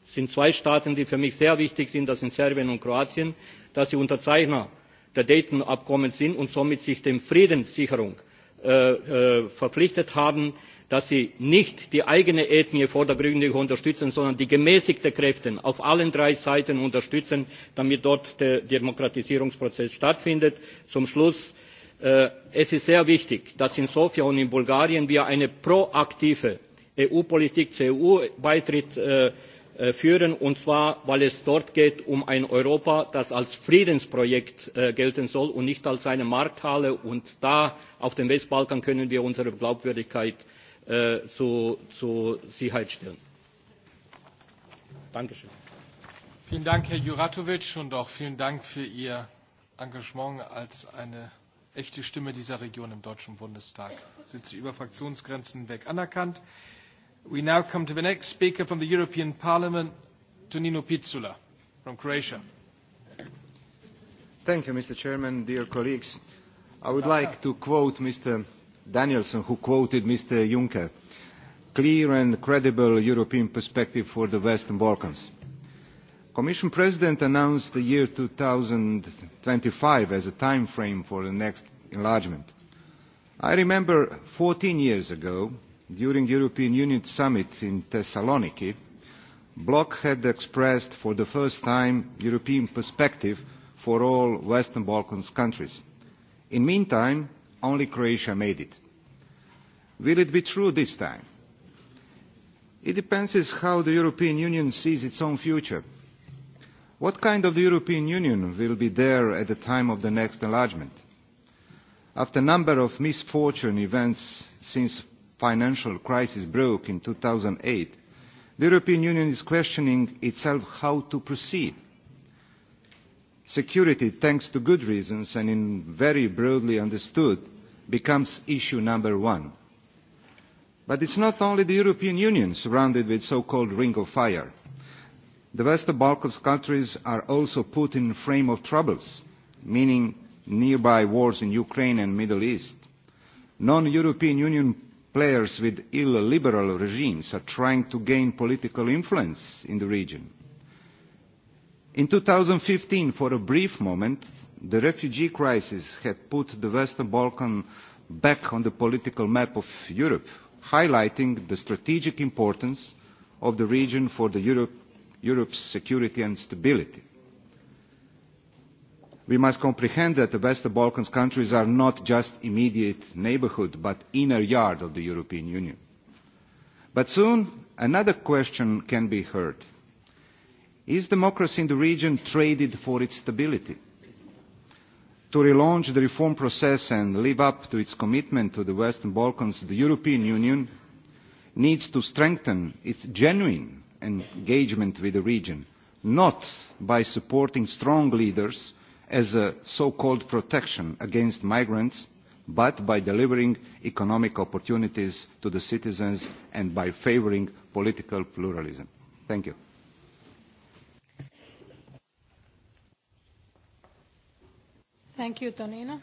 sind zwei Staaten, die für mich sehr wichtig sind, das sind Serbien und Kroatien, dass sie Unterzeichner der Dayton-Abkommen sind und somit sich dem Friedenssicherung verpflichtet haben dass sie nicht die eigene Ethnie vordergründig unterstützen, sondern die gemäßigten Kräfte auf allen drei Seiten unterstützen, damit dort der Demokratisierungsprozess stattfindet. Zum Schluss äh, Es ist sehr wichtig, dass in Sofia und in Bulgarien wir eine proaktive EU-Politik zu EU-Beitritt äh, äh, führen, und zwar, weil es dort geht um ein Europa, das als Friedensprojekt gelten soll und nicht als eine Markthalle. Und da auf dem Westbalkan können wir unsere Glaubwürdigkeit äh, zu, zu sicherstellen. Dankeschön. Vielen Dank, Herr Juratovic, und auch vielen Dank für Ihr Engagement als eine echte Stimme dieser Region im Deutschen Bundestag. Sind Sie über Fraktionsgrenzen weg anerkannt? We now come to the next speaker from the European Parliament, Tonino Pizzula from Croatia. Thank you, Mr. Chairman, dear colleagues. I would like to quote Mr. Danielson, who quoted Mr. Juncker, clear and credible European perspective for the Western Balkans. Commission President announced the year 2025 as a time frame for the next enlargement. I remember 14 years ago, during European Union summit in Thessaloniki, Bloc had expressed for the first time European perspective for all Western Balkans countries. In meantime, Only Croatia made it. Will it be true this time? It depends how the European Union sees its own future. What kind of the European Union will be there at the time of the next enlargement? After a number of misfortune events since financial crisis broke in 2008, the European Union is questioning itself how to proceed. Security, thanks to good reasons and in very broadly understood, becomes issue number one. But it's not only the European Union surrounded with so-called ring of fire. The Western Balkans countries are also put in frame of troubles, meaning nearby wars in Ukraine and Middle East. Non-European Union players with illiberal regimes are trying to gain political influence in the region. In 2015, for a brief moment, The refugee crisis had put the Western Balkans back on the political map of Europe, highlighting the strategic importance of the region for the Europe, Europe's security and stability. We must comprehend that the Western Balkans countries are not just immediate neighbourhood, but inner yard of the European Union. But soon, another question can be heard. Is democracy in the region traded for its stability? to relaunch the reform process and live up to its commitment to the Western Balkans, the European Union needs to strengthen its genuine engagement with the region, not by supporting strong leaders as a so-called protection against migrants, but by delivering economic opportunities to the citizens and by favouring political pluralism. Thank you. Thank you, Tonina.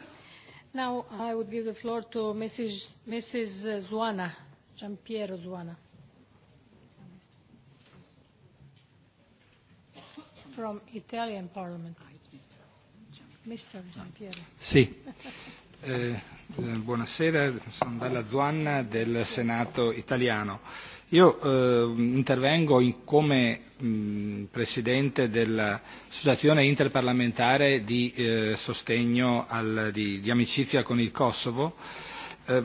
Now I would give the floor to Mrs. Mrs. Zuana, Giampiero Zuana. From Italian Parliament. Ah, Mr. Giampiero. Sì. Eh, eh buonasera, sono Bella Zuanna del Senato italiano. Io eh, intervengo in, come mh, Presidente dell'Associazione interparlamentare di eh, sostegno al, di, di amicizia con il Kosovo eh,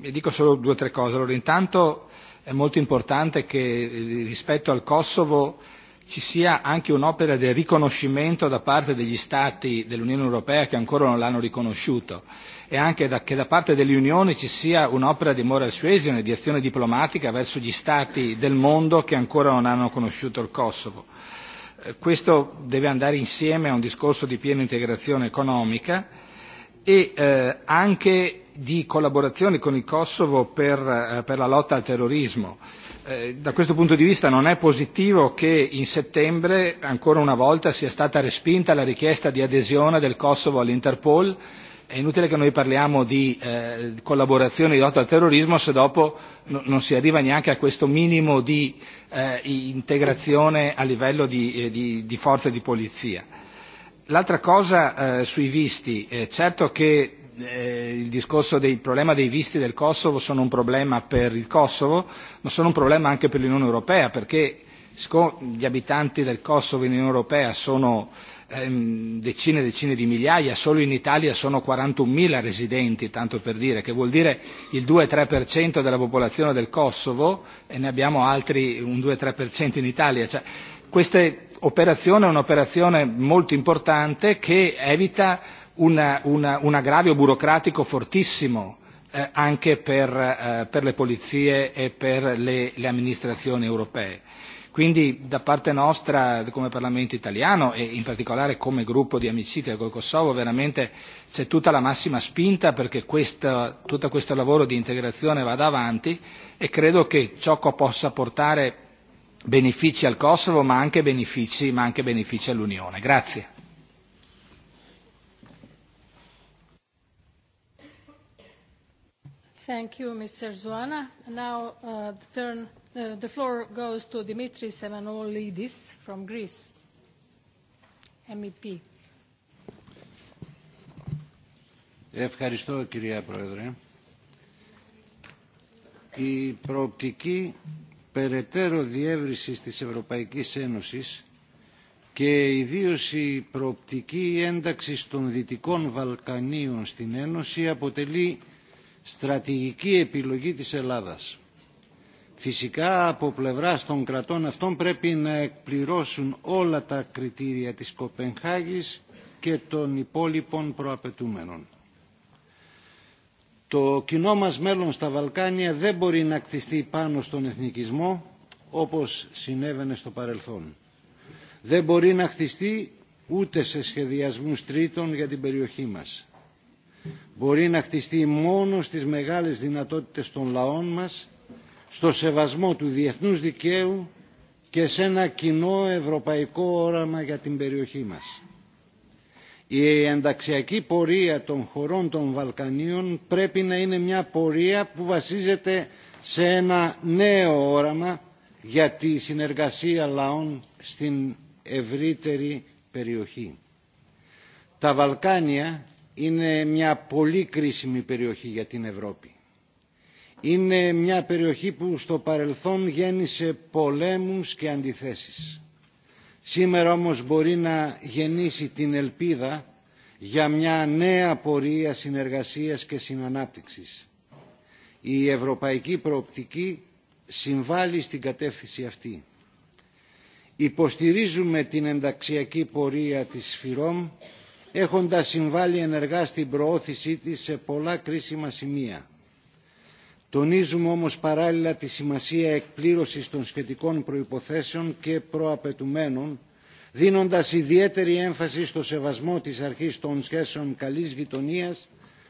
e dico solo due o tre cose. Allora, intanto è molto importante che eh, rispetto al Kosovo ci sia anche un'opera di riconoscimento da parte degli Stati dell'Unione Europea che ancora non l'hanno riconosciuto e anche da, che da parte dell'Unione ci sia un'opera di moral suasion e di azione diplomatica verso gli Stati del mondo che ancora non hanno conosciuto il Kosovo. Eh, questo deve andare insieme a un discorso di piena integrazione economica e eh, anche di collaborazione con il Kosovo per, eh, per la lotta al terrorismo. Eh, Eh, da questo punto di vista non è positivo che in settembre ancora una volta sia stata respinta la richiesta di adesione del Kosovo all'Interpol. È inutile che noi parliamo di eh, collaborazione di lotta al terrorismo se dopo no, non si arriva neanche a questo minimo di eh, integrazione a livello di, eh, di, di forze di polizia. L'altra cosa eh, sui visti, eh, certo che eh, il discorso del problema dei visti del Kosovo sono un problema per il Kosovo, ma sono un problema anche per l'Unione Europea, perché gli abitanti del Kosovo in Unione Europea sono ehm, decine e decine di migliaia, solo in Italia sono 41.000 residenti, tanto per dire, che vuol dire il 2-3% della popolazione del Kosovo e ne abbiamo altri un 2-3% in Italia. Cioè, questa operazione è un'operazione molto importante che evita una, una, un aggravio burocratico fortissimo eh, anche per, eh, per le polizie e per le, le amministrazioni europee. Quindi da parte nostra, come Parlamento italiano e in particolare come gruppo di amicizia col Kosovo, veramente c'è tutta la massima spinta perché questa, tutto questo lavoro di integrazione vada avanti e credo che ciò possa portare benefici al Kosovo ma anche benefici, ma anche benefici all'Unione. Grazie. Thank you, Mr. Zoana. Now the, floor goes to Dimitris Semanolidis from Greece, MEP. Ευχαριστώ, κυρία Πρόεδρε. Η προοπτική περαιτέρω διεύρυνσης της Ευρωπαϊκής Ένωσης και ιδίως η προοπτική ένταξης των Δυτικών Βαλκανίων στην Ένωση αποτελεί στρατηγική επιλογή της Ελλάδας. Φυσικά από πλευρά των κρατών αυτών πρέπει να εκπληρώσουν όλα τα κριτήρια της Κοπενχάγης και των υπόλοιπων προαπαιτούμενων. Το κοινό μας μέλλον στα Βαλκάνια δεν μπορεί να κτιστεί πάνω στον εθνικισμό όπως συνέβαινε στο παρελθόν. Δεν μπορεί να χτιστεί ούτε σε σχεδιασμούς τρίτων για την περιοχή μας μπορεί να χτιστεί μόνο στις μεγάλες δυνατότητες των λαών μας, στο σεβασμό του διεθνούς δικαίου και σε ένα κοινό ευρωπαϊκό όραμα για την περιοχή μας. Η ενταξιακή πορεία των χωρών των Βαλκανίων πρέπει να είναι μια πορεία που βασίζεται σε ένα νέο όραμα για τη συνεργασία λαών στην ευρύτερη περιοχή. Τα Βαλκάνια είναι μια πολύ κρίσιμη περιοχή για την Ευρώπη. Είναι μια περιοχή που στο παρελθόν γέννησε πολέμους και αντιθέσεις. Σήμερα όμως μπορεί να γεννήσει την ελπίδα για μια νέα πορεία συνεργασίας και συνανάπτυξης. Η ευρωπαϊκή προοπτική συμβάλλει στην κατεύθυνση αυτή. Υποστηρίζουμε την ενταξιακή πορεία της ΦΥΡΟΜ έχοντας συμβάλει ενεργά στην προώθησή της σε πολλά κρίσιμα σημεία. Τονίζουμε όμως παράλληλα τη σημασία εκπλήρωσης των σχετικών προϋποθέσεων και προαπαιτουμένων, δίνοντας ιδιαίτερη έμφαση στο σεβασμό της αρχής των σχέσεων καλής γειτονίας,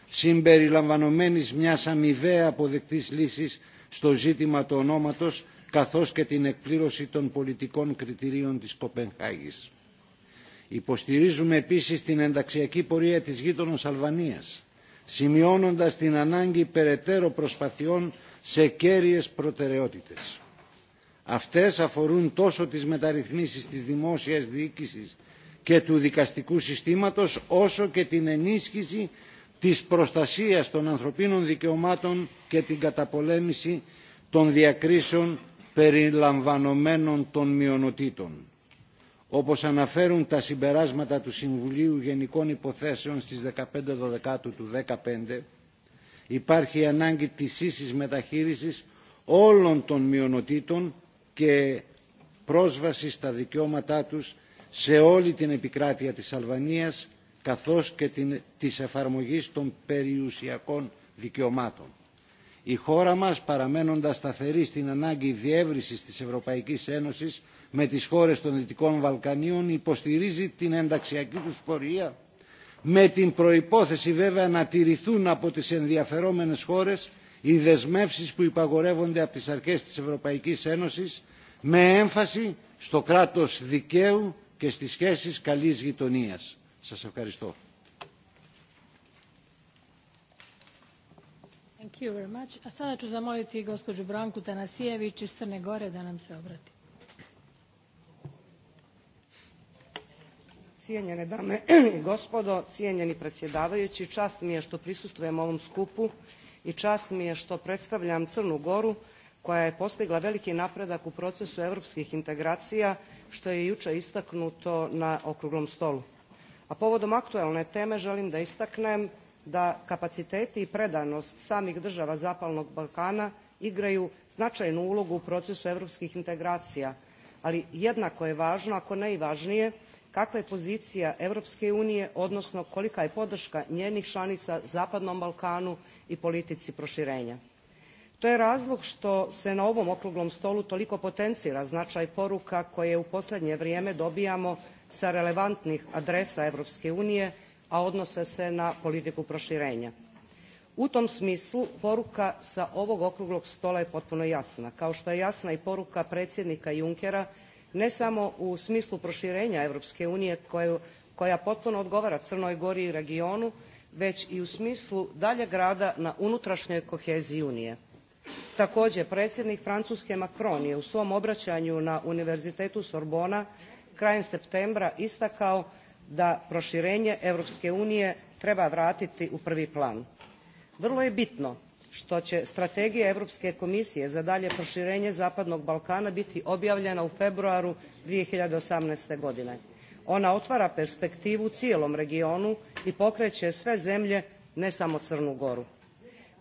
συμπεριλαμβανομένης μιας αμοιβαία αποδεκτής λύσης στο ζήτημα του ονόματος, καθώς και την εκπλήρωση των πολιτικών κριτηρίων της Κοπενχάγης. Υποστηρίζουμε επίσης την ενταξιακή πορεία της γείτονος Αλβανίας, σημειώνοντας την ανάγκη περαιτέρω προσπαθειών σε κέρυες προτεραιότητες. Αυτές αφορούν τόσο τις μεταρρυθμίσεις της δημόσιας διοίκησης και του δικαστικού συστήματος, όσο και την ενίσχυση της προστασίας των ανθρωπίνων δικαιωμάτων και την καταπολέμηση των διακρίσεων περιλαμβανομένων των μειονοτήτων όπως αναφέρουν τα συμπεράσματα του Συμβουλίου Γενικών Υποθέσεων στις 15 Δεκάτου του 2015, υπάρχει ανάγκη της ίσης μεταχείρισης όλων των μειονοτήτων και πρόσβαση στα δικαιώματά τους σε όλη την επικράτεια της Αλβανίας καθώς και την, της εφαρμογής των περιουσιακών δικαιωμάτων. Η χώρα μας παραμένοντας σταθερή στην ανάγκη διεύρυνσης της Ευρωπαϊκής Ένωσης με τις χώρες των Δυτικών Βαλκανίων υποστηρίζει την ενταξιακή τους πορεία με την προϋπόθεση βέβαια να τηρηθούν από τις ενδιαφερόμενες χώρες οι δεσμεύσεις που υπαγορεύονται από τις αρχές της Ευρωπαϊκής Ένωσης με έμφαση στο κράτος δικαίου και στις σχέσεις καλής γειτονίας. Σας ευχαριστώ. Thank you very much. A sada ću zamoliti gospođu Branku Tanasijević iz Crne Gore da nam se obrati. Cijenjene dame i gospodo, cijenjeni predsjedavajući, čast mi je što prisustujem ovom skupu i čast mi je što predstavljam Crnu Goru koja je postigla veliki napredak u procesu europskih integracija što je jučer istaknuto na okruglom stolu. A povodom aktualne teme želim da istaknem da kapaciteti i predanost samih država Zapadnog Balkana igraju značajnu ulogu u procesu europskih integracija ali jednako je važno ako ne i važnije kakva je pozicija europske unije odnosno kolika je podrška njenih članica zapadnom balkanu i politici proširenja. to je razlog što se na ovom okruglom stolu toliko potencira značaj poruka koje u posljednje vrijeme dobijamo sa relevantnih adresa europske unije a odnose se na politiku proširenja u tom smislu poruka sa ovog okruglog stola je potpuno jasna kao što je jasna i poruka predsjednika junckera ne samo u smislu proširenja europske unije koja potpuno odgovara crnoj gori i regionu već i u smislu daljeg rada na unutrašnjoj koheziji unije. također predsjednik francuske macron je u svom obraćanju na univerzitetu sorbona krajem septembra istakao da proširenje europske unije treba vratiti u prvi plan. Vrlo je bitno što će strategija Europske komisije za dalje proširenje Zapadnog Balkana biti objavljena u februaru 2018. godine. Ona otvara perspektivu cijelom regionu i pokreće sve zemlje, ne samo Crnu Goru.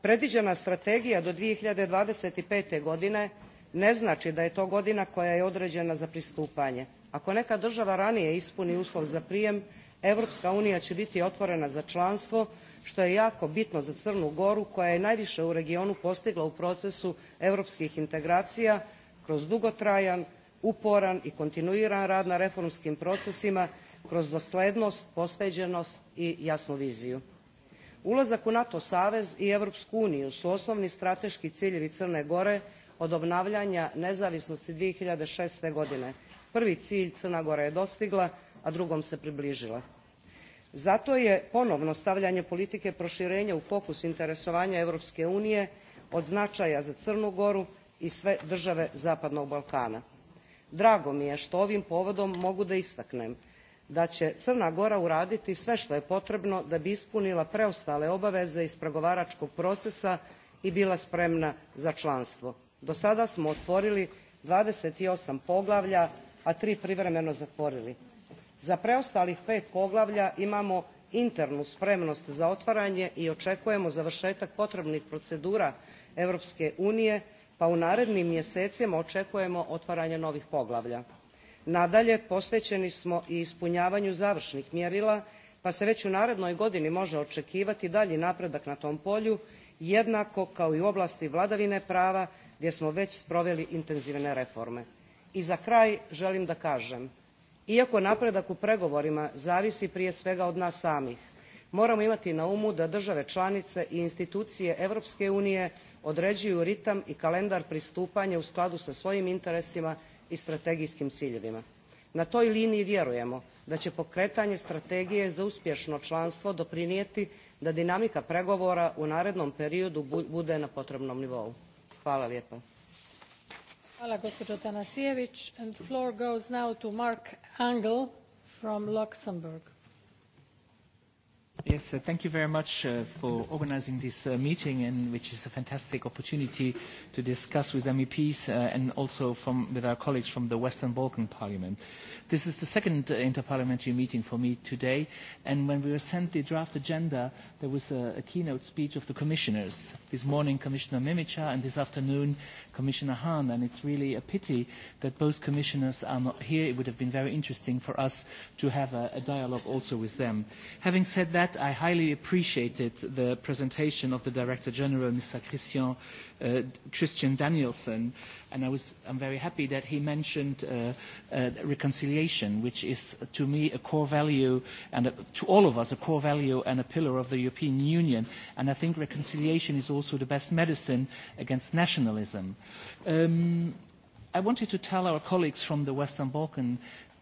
Predviđena strategija do 2025. godine ne znači da je to godina koja je određena za pristupanje. Ako neka država ranije ispuni uslov za prijem, Europska unija će biti otvorena za članstvo što je jako bitno za crnu goru koja je najviše u regionu postigla u procesu europskih integracija kroz dugotrajan uporan i kontinuiran rad na reformskim procesima kroz doslednost, posteđenost i jasnu viziju. ulazak u nato savez i europsku uniju su osnovni strateški ciljevi crne gore od obnavljanja nezavisnosti. two thousand and six godine prvi cilj crna gora je dostigla a drugom se približila zato je ponovno stavljanje politike proširenja u fokus interesovanja europske unije od značaja za crnu goru i sve države zapadnog balkana. drago mi je što ovim povodom mogu da istaknem da će crna gora uraditi sve što je potrebno da bi ispunila preostale obaveze iz pregovaračkog procesa i bila spremna za članstvo. do sada smo otvorili twenty eight poglavlja a three privremeno zatvorili. Za preostalih pet poglavlja imamo internu spremnost za otvaranje i očekujemo završetak potrebnih procedura Europske unije pa u narednim mjesecima očekujemo otvaranje novih poglavlja. Nadalje, posvećeni smo i ispunjavanju završnih mjerila pa se već u narednoj godini može očekivati dalji napredak na tom polju jednako kao i u oblasti vladavine prava gdje smo već sproveli intenzivne reforme. I za kraj želim da kažem iako napredak u pregovorima zavisi prije svega od nas samih moramo imati na umu da države članice i institucije europske unije određuju ritam i kalendar pristupanja u skladu sa svojim interesima i strategijskim ciljevima. na toj liniji vjerujemo da će pokretanje strategije za uspješno članstvo doprinijeti da dinamika pregovora u narednom periodu bude na potrebnom nivou. hvala lijepa. Hvala, gospođo And floor goes now to Mark Angel from Luxembourg. Yes, uh, thank you very much uh, for organizing this uh, meeting, and which is a fantastic opportunity to discuss with MEPs uh, and also from, with our colleagues from the Western Balkan Parliament. This is the second uh, interparliamentary meeting for me today, and when we were sent the draft agenda, there was a, a keynote speech of the commissioners. This morning, Commissioner Mimica, and this afternoon, Commissioner Hahn, and it's really a pity that both commissioners are not here. It would have been very interesting for us to have a, a dialogue also with them. Having said that, I highly appreciated the presentation of the Director General, Mr. Christian, uh, Christian Danielson, and I was, I'm very happy that he mentioned uh, uh, reconciliation, which is to me a core value, and a, to all of us a core value and a pillar of the European Union. And I think reconciliation is also the best medicine against nationalism. Um, I wanted to tell our colleagues from the Western Balkan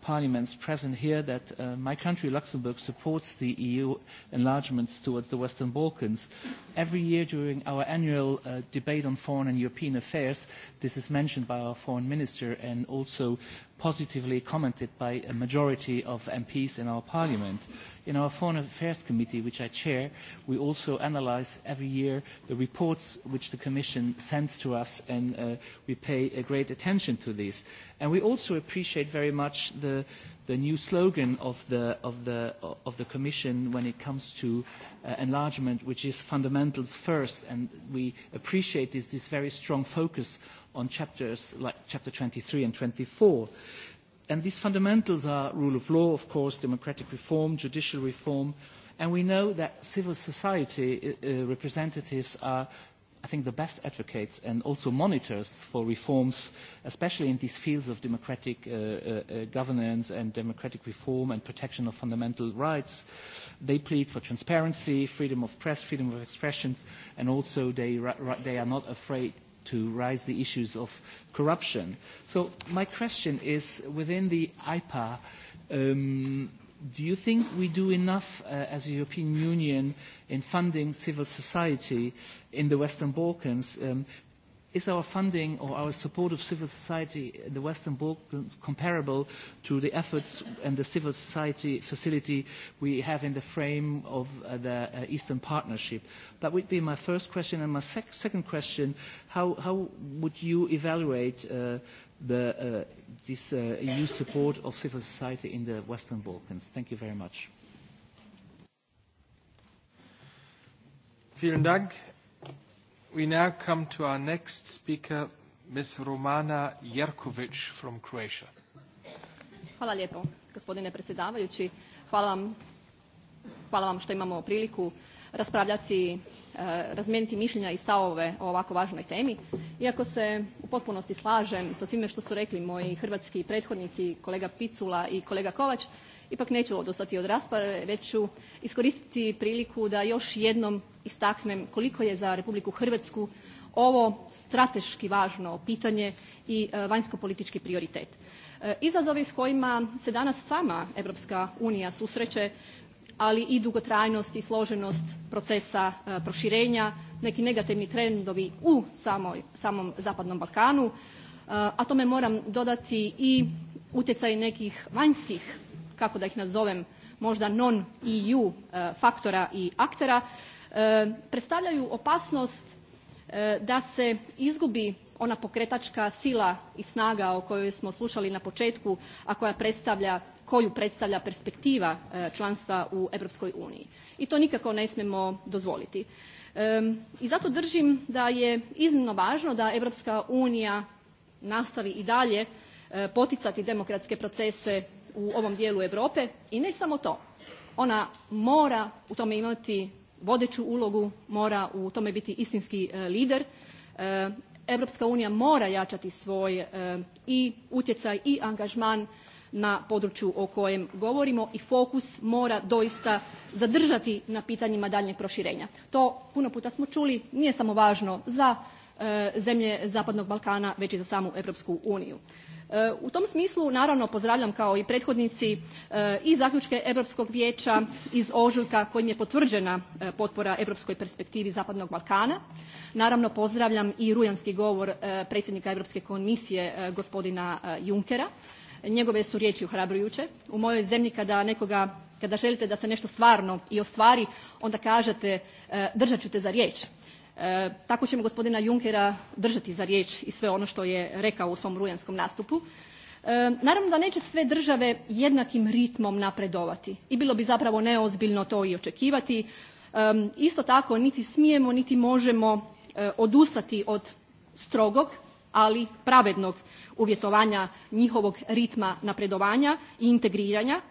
parliaments present here that uh, my country, Luxembourg, supports the EU enlargements towards the Western Balkans. Every year during our annual uh, debate on foreign and European affairs, this is mentioned by our foreign minister and also positively commented by a majority of MPs in our parliament. In our Foreign Affairs Committee, which I chair, we also analyze every year the reports which the Commission sends to us, and uh, we pay a great attention to these. And we also appreciate very much the, the new slogan of the, of, the, of the Commission when it comes to uh, enlargement, which is fundamentals first. And we appreciate this, this very strong focus on chapters like chapter 23 and 24. And these fundamentals are rule of law, of course, democratic reform, judicial reform, and we know that civil society uh, uh representatives are I think, the best advocates and also monitors for reforms, especially in these fields of democratic uh, uh, uh, governance and democratic reform and protection of fundamental rights. They plead for transparency, freedom of press, freedom of expressions, and also they, they are not afraid to raise the issues of corruption. So my question is, within the IPA, um, do you think we do enough uh, as a European Union in funding civil society in the Western Balkans? Um, Is our funding or our support of civil society in the Western Balkans comparable to the efforts and the civil society facility we have in the frame of uh, the uh, Eastern Partnership? That would be my first question. And my sec second question, how, how would you evaluate uh, the, uh, this uh, EU support of civil society in the Western Balkans? Thank you very much. Vielen Dank. We now come to our next speaker, Ms. Romana Jerković from Croatia. Hvala lijepo, gospodine predsjedavajući. Hvala vam, hvala vam što imamo priliku raspravljati, e, razmijeniti mišljenja i stavove o ovako važnoj temi. Iako se u potpunosti slažem sa svime što su rekli moji hrvatski prethodnici, kolega Picula i kolega Kovač, ipak neću odustati od rasprave, već ću iskoristiti priliku da još jednom istaknem koliko je za Republiku Hrvatsku ovo strateški važno pitanje i e, vanjskopolitički prioritet. E, izazovi s kojima se danas sama Europska unija susreće, ali i dugotrajnost i složenost procesa e, proširenja, neki negativni trendovi u samoj, samom Zapadnom Balkanu, a tome moram dodati i utjecaj nekih vanjskih, kako da ih nazovem, možda non-EU faktora i aktera, E, predstavljaju opasnost e, da se izgubi ona pokretačka sila i snaga o kojoj smo slušali na početku, a koja predstavlja, koju predstavlja perspektiva e, članstva u Europskoj uniji. I to nikako ne smemo dozvoliti. I zato držim da je iznimno važno da Europska unija nastavi i dalje poticati demokratske procese u ovom dijelu Europe i ne samo to. Ona mora u tome imati vodeću ulogu, mora u tome biti istinski e, lider. Europska unija mora jačati svoj e, i utjecaj i angažman na području o kojem govorimo i fokus mora doista zadržati na pitanjima daljnjeg proširenja. To puno puta smo čuli, nije samo važno za E, zemlje Zapadnog Balkana već i za samu Europsku uniju. E, u tom smislu naravno pozdravljam kao i prethodnici e, i zaključke Europskog vijeća iz ožujka kojim je potvrđena potpora europskoj perspektivi Zapadnog Balkana. Naravno pozdravljam i rujanski govor predsjednika Europske komisije gospodina Junckera. Njegove su riječi ohrabrujuće. U mojoj zemlji kada nekoga kada želite da se nešto stvarno i ostvari, onda kažete držat ću te za riječ. E, tako ćemo gospodina Junkera držati za riječ i sve ono što je rekao u svom rujanskom nastupu. E, naravno da neće sve države jednakim ritmom napredovati i bilo bi zapravo neozbiljno to i očekivati. E, isto tako niti smijemo niti možemo odustati od strogog, ali pravednog uvjetovanja njihovog ritma napredovanja i integriranja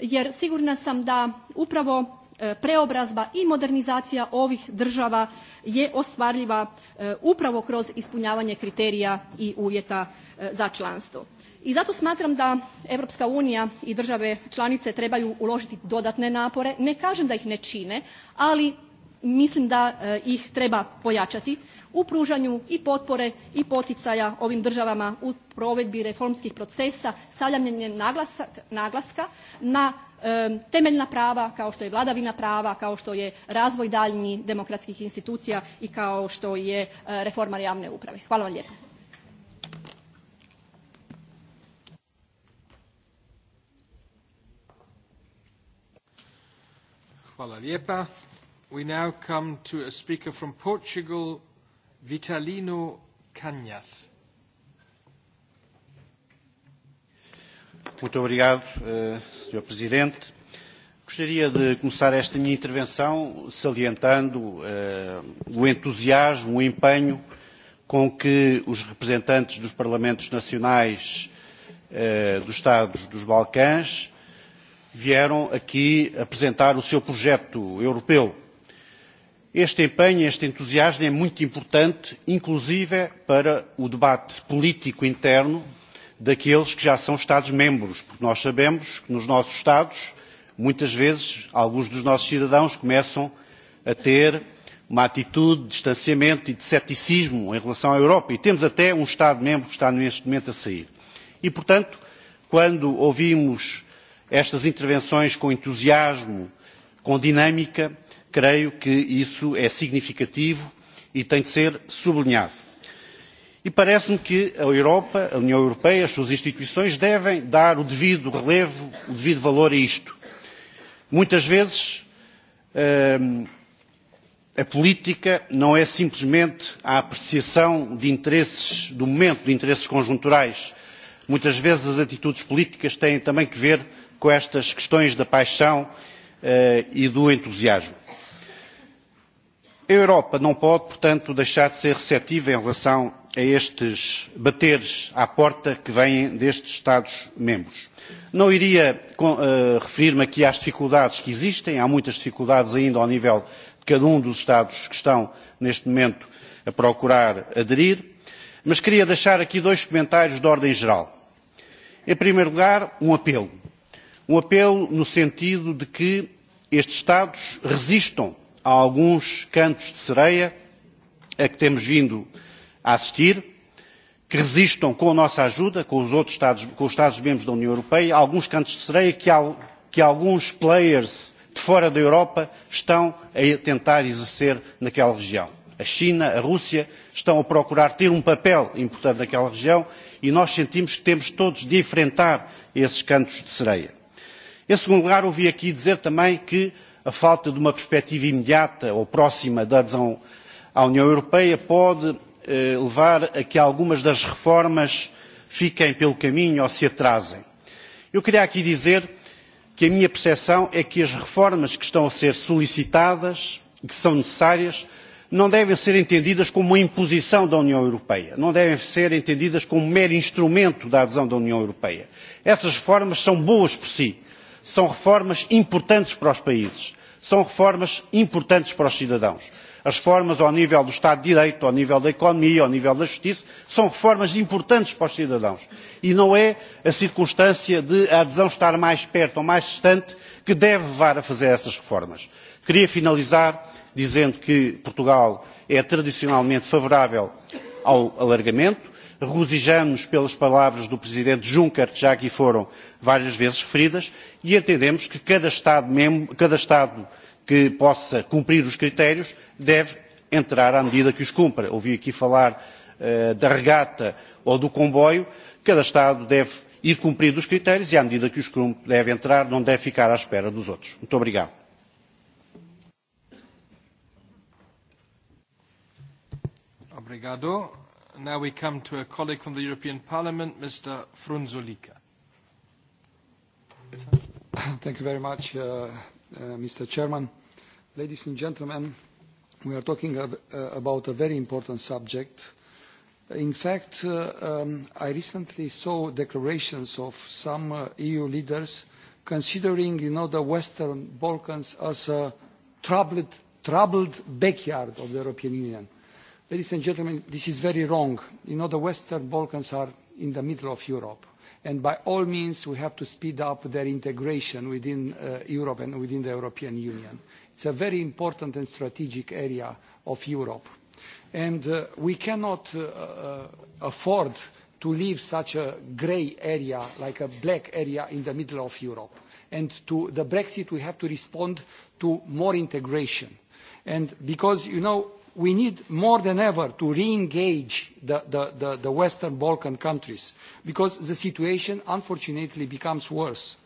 jer sigurna sam da upravo E, preobrazba i modernizacija ovih država je ostvarljiva e, upravo kroz ispunjavanje kriterija i uvjeta e, za članstvo. I zato smatram da Europska unija i države članice trebaju uložiti dodatne napore. Ne kažem da ih ne čine, ali mislim da ih treba pojačati u pružanju i potpore i poticaja ovim državama u provedbi reformskih procesa, stavljanjem naglaska na Ehm, temeljna prava kao što je vladavina prava, kao što je razvoj daljnji demokratskih institucija i kao što je e, reforma javne uprave. Hvala vam lijepa. Hvala lijepa. We now come to a speaker from Portugal, Vitalino Canhas. Muito obrigado, eh, Sr. Presidente. Gostaria de começar esta minha intervenção salientando uh, o entusiasmo, o empenho com que os representantes dos parlamentos nacionais uh, dos Estados dos Balcãs vieram aqui apresentar o seu projeto europeu. Este empenho, este entusiasmo é muito importante, inclusive para o debate político interno daqueles que já são Estados-membros, porque nós sabemos que nos nossos Estados, muitas vezes, alguns dos nossos cidadãos começam a ter uma atitude de distanciamento e de ceticismo em relação à Europa. E temos até um Estado-membro que está neste momento a sair. E, portanto, quando ouvimos estas intervenções com entusiasmo, com dinâmica, creio que isso é significativo e tem de ser sublinhado. E parece-me que a Europa, a União Europeia, as suas instituições devem dar o devido relevo, o devido valor a isto. Muitas vezes eh, a política não é simplesmente a apreciação de interesses do momento, de interesses conjunturais. Muitas vezes as atitudes políticas têm também que ver com estas questões da paixão eh, e do entusiasmo. A Europa não pode, portanto, deixar de ser receptiva em relação a estes bateres à porta que vêm destes Estados-membros. Não iria uh, referir-me aqui às dificuldades que existem, há muitas dificuldades ainda ao nível de cada um dos Estados que estão, neste momento, a procurar aderir, mas queria deixar aqui dois comentários de ordem geral. Em primeiro lugar, um apelo. Um apelo no sentido de que estes Estados resistam a alguns cantos de sereia a que temos vindo a assistir, que resistam com a nossa ajuda, com os outros Estados, com os Estados-membros da União Europeia, alguns cantos de sereia que, que alguns players de fora da Europa estão a tentar exercer naquela região. A China, a Rússia estão a procurar ter um papel importante naquela região e nós sentimos que temos todos de enfrentar esses cantos de sereia. Em segundo lugar, ouvi aqui dizer também que a falta de uma perspectiva imediata ou próxima da adesão à União Europeia pode Eh, levar a que algumas das reformas fiquem pelo caminho ou se atrasem. Eu queria aqui dizer que a minha percepção é que as reformas que estão a ser solicitadas e que são necessárias não devem ser entendidas como uma imposição da União Europeia, não devem ser entendidas como um mero instrumento da adesão da União Europeia. Essas reformas são boas por si, são reformas importantes para os países, são reformas importantes para os cidadãos As reformas ao nível do Estado de Direito, ao nível da economia, ao nível da justiça, são reformas importantes para os cidadãos. E não é a circunstância de a adesão estar mais perto ou mais distante que deve levar a fazer essas reformas. Queria finalizar dizendo que Portugal é tradicionalmente favorável ao alargamento. Regozijamos pelas palavras do Presidente Juncker, que já aqui foram várias vezes referidas, e entendemos que cada Estado, membro, cada Estado que possa cumprir os critérios deve entrar à medida que os cumpra. Ouvi aqui falar uh, da regata ou do comboio. Cada Estado deve ir cumprindo os critérios e, à medida que os cumpre, deve entrar, não deve ficar à espera dos outros. Muito obrigado. Obrigado. Now we come to a colleague from the European Parliament, Mr. Frunzulika. Thank you very much, uh, uh, Mr. Chairman. Ladies and gentlemen, we are talking uh, about a very important subject. In fact, uh, um, I recently saw declarations of some uh, EU leaders considering, you know, the Western Balkans as a troubled, backyard of the European Union. Ladies and gentlemen, this is very wrong. You know, the Western Balkans are in the middle of Europe and by all means we have to speed up their integration within Europe and within the European Union. It's a very important and strategic area of Europe. And uh, we cannot uh, uh, afford to leave such a grey area, like a black area in the middle of Europe. to the Brexit, we have to respond to more integration. because, we need more than ever to re-engage the, the Western Balkan countries because the situation unfortunately becomes worse.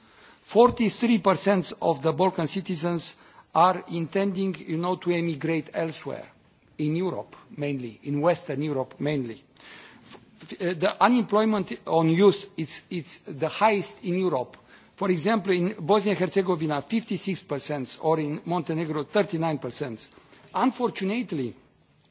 43% of the Balkan citizens are intending, you know, to emigrate elsewhere, in Europe mainly, in Western Europe mainly. Uh, the unemployment on youth, it's, the highest in Europe. For example, in Bosnia and Herzegovina, 56%, or in Montenegro, 39%. Unfortunately,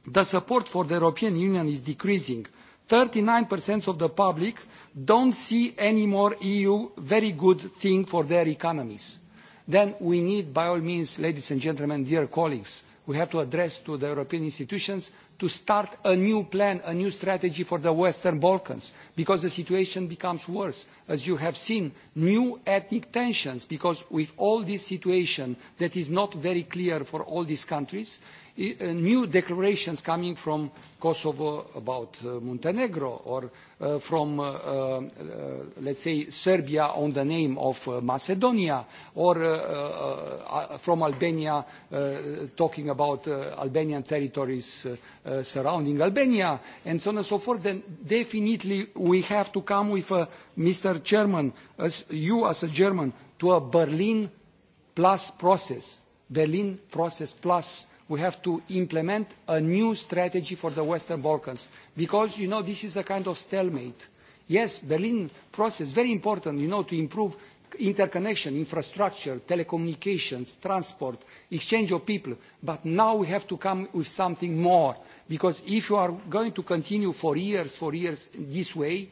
the support for the European Union is decreasing. 39% of the public don't see any more EU very good thing for their economies then we need, by all means, ladies and gentlemen, dear colleagues, we have to address to the European institutions to start a new plan, a new strategy for the Western Balkans, because the situation becomes worse. As you have seen, new ethnic tensions, because with all this situation that is not very clear for all these countries, uh, new declarations coming from Kosovo, about uh, Montenegro, or uh, from, uh, uh let's say, Serbia on the name of uh, Macedonia, or uh, from Albania, talking about Albanian territories surrounding Albania, and so on and so forth, then definitely we have to come with, uh, Mr. Chairman, as you as a German, to a Berlin plus process, Berlin process plus we have to implement a new strategy for the Western Balkans. Because, you know, this is a kind of stalemate. Yes, Berlin process, very important, you know, to improve interconnection, infrastructure, telecommunications, transport, exchange of people. But now we have to come with something more. Because if you are going to continue for years, for years this way,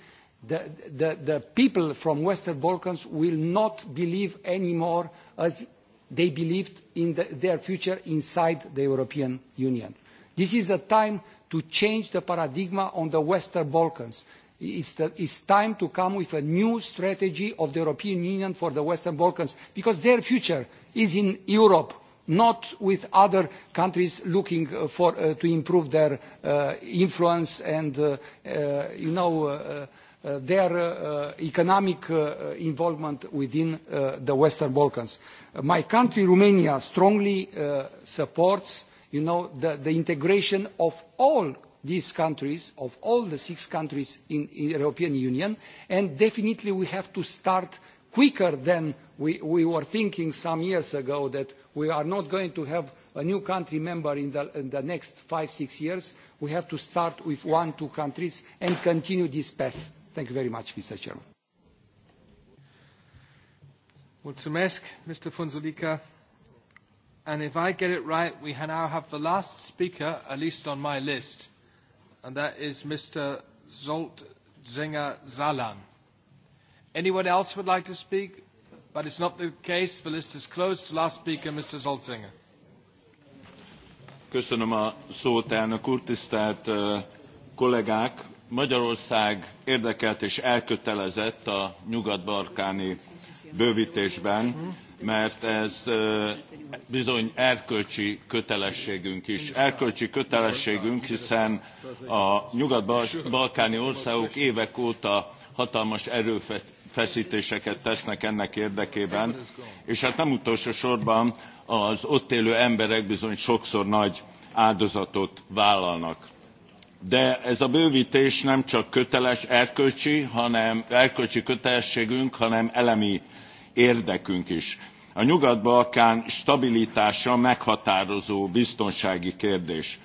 the, the, the people from Western Balkans will not believe anymore as they believed in the, their future inside the European Union. This is the time to change the paradigm on the Western Balkans. It's, the, it's time to come with a new strategy of the European Union for the Western Balkans, because their future is in Europe, not with other countries looking uh, for, uh, to improve their uh, influence and, uh, uh you know, uh, Uh, their uh, economic uh, involvement within the Western Balkans. My country, Romania, strongly supports you know, the, the integration of all these countries, of all the six countries in, the European Union, and definitely we have to start quicker than we, we were thinking some years ago that we are not going to have a new country member in the, in the next five, six years. We have to start with one, two countries and continue this path. Thank you very much, Mr. Chairman. Mulțumesc, Mr. Funzulica. And if I get it right, we now have the last speaker, at least on my list, and that is Mr. Zolt Zinger Zalan. Anyone else would like to speak? But it's not the case. The list is closed. Last speaker, Mr. Zolt Zoltzinger. Köszönöm a szót, elnök úr, tisztelt kollégák! Magyarország érdekelt és elkötelezett a nyugat-balkáni bővítésben, mert ez bizony erkölcsi kötelességünk is. Erkölcsi kötelességünk, hiszen a nyugat-balkáni országok évek óta hatalmas erőfeszítéseket tesznek ennek érdekében, és hát nem utolsó sorban az ott élő emberek bizony sokszor nagy áldozatot vállalnak de ez a bővítés nem csak köteles erkölcsi, hanem erkölcsi kötelességünk, hanem elemi érdekünk is. A Nyugat-Balkán stabilitása meghatározó biztonsági kérdés.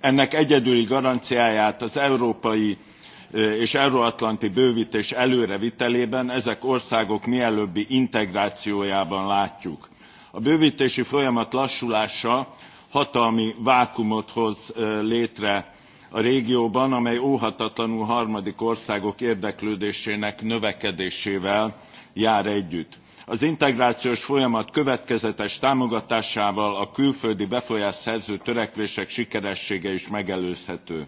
Ennek egyedüli garanciáját az európai és euróatlanti bővítés előrevitelében ezek országok mielőbbi integrációjában látjuk. A bővítési folyamat lassulása hatalmi vákumot hoz létre a régióban, amely óhatatlanul harmadik országok érdeklődésének növekedésével jár együtt. Az integrációs folyamat következetes támogatásával a külföldi befolyásszerző törekvések sikeressége is megelőzhető.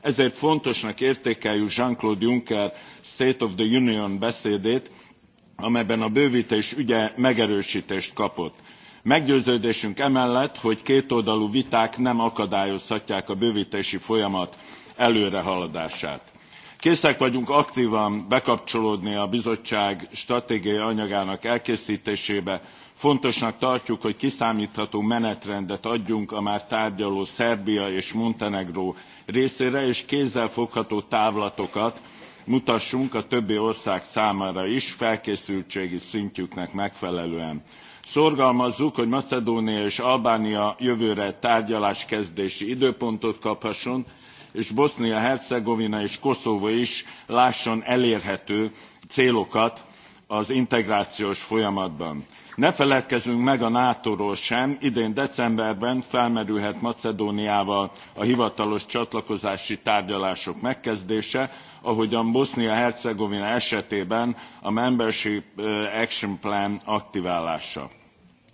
Ezért fontosnak értékeljük Jean-Claude Juncker State of the Union beszédét, amelyben a bővítés ügye megerősítést kapott Meggyőződésünk emellett, hogy kétoldalú viták nem akadályozhatják a bővítési folyamat előrehaladását. Készek vagyunk aktívan bekapcsolódni a bizottság stratégiai anyagának elkészítésébe. Fontosnak tartjuk, hogy kiszámítható menetrendet adjunk a már tárgyaló Szerbia és Montenegró részére, és kézzelfogható távlatokat mutassunk a többi ország számára is felkészültségi szintjüknek megfelelően. Szorgalmazzuk, hogy Macedónia és Albánia jövőre tárgyalás kezdési időpontot kaphasson, és Bosznia-Hercegovina és Koszovó is lásson elérhető célokat az integrációs folyamatban. Ne feledkezzünk meg a NATO-ról sem, idén decemberben felmerülhet Macedóniával a hivatalos csatlakozási tárgyalások megkezdése, ahogyan Bosznia-Hercegovina esetében a Membership Action Plan aktiválása.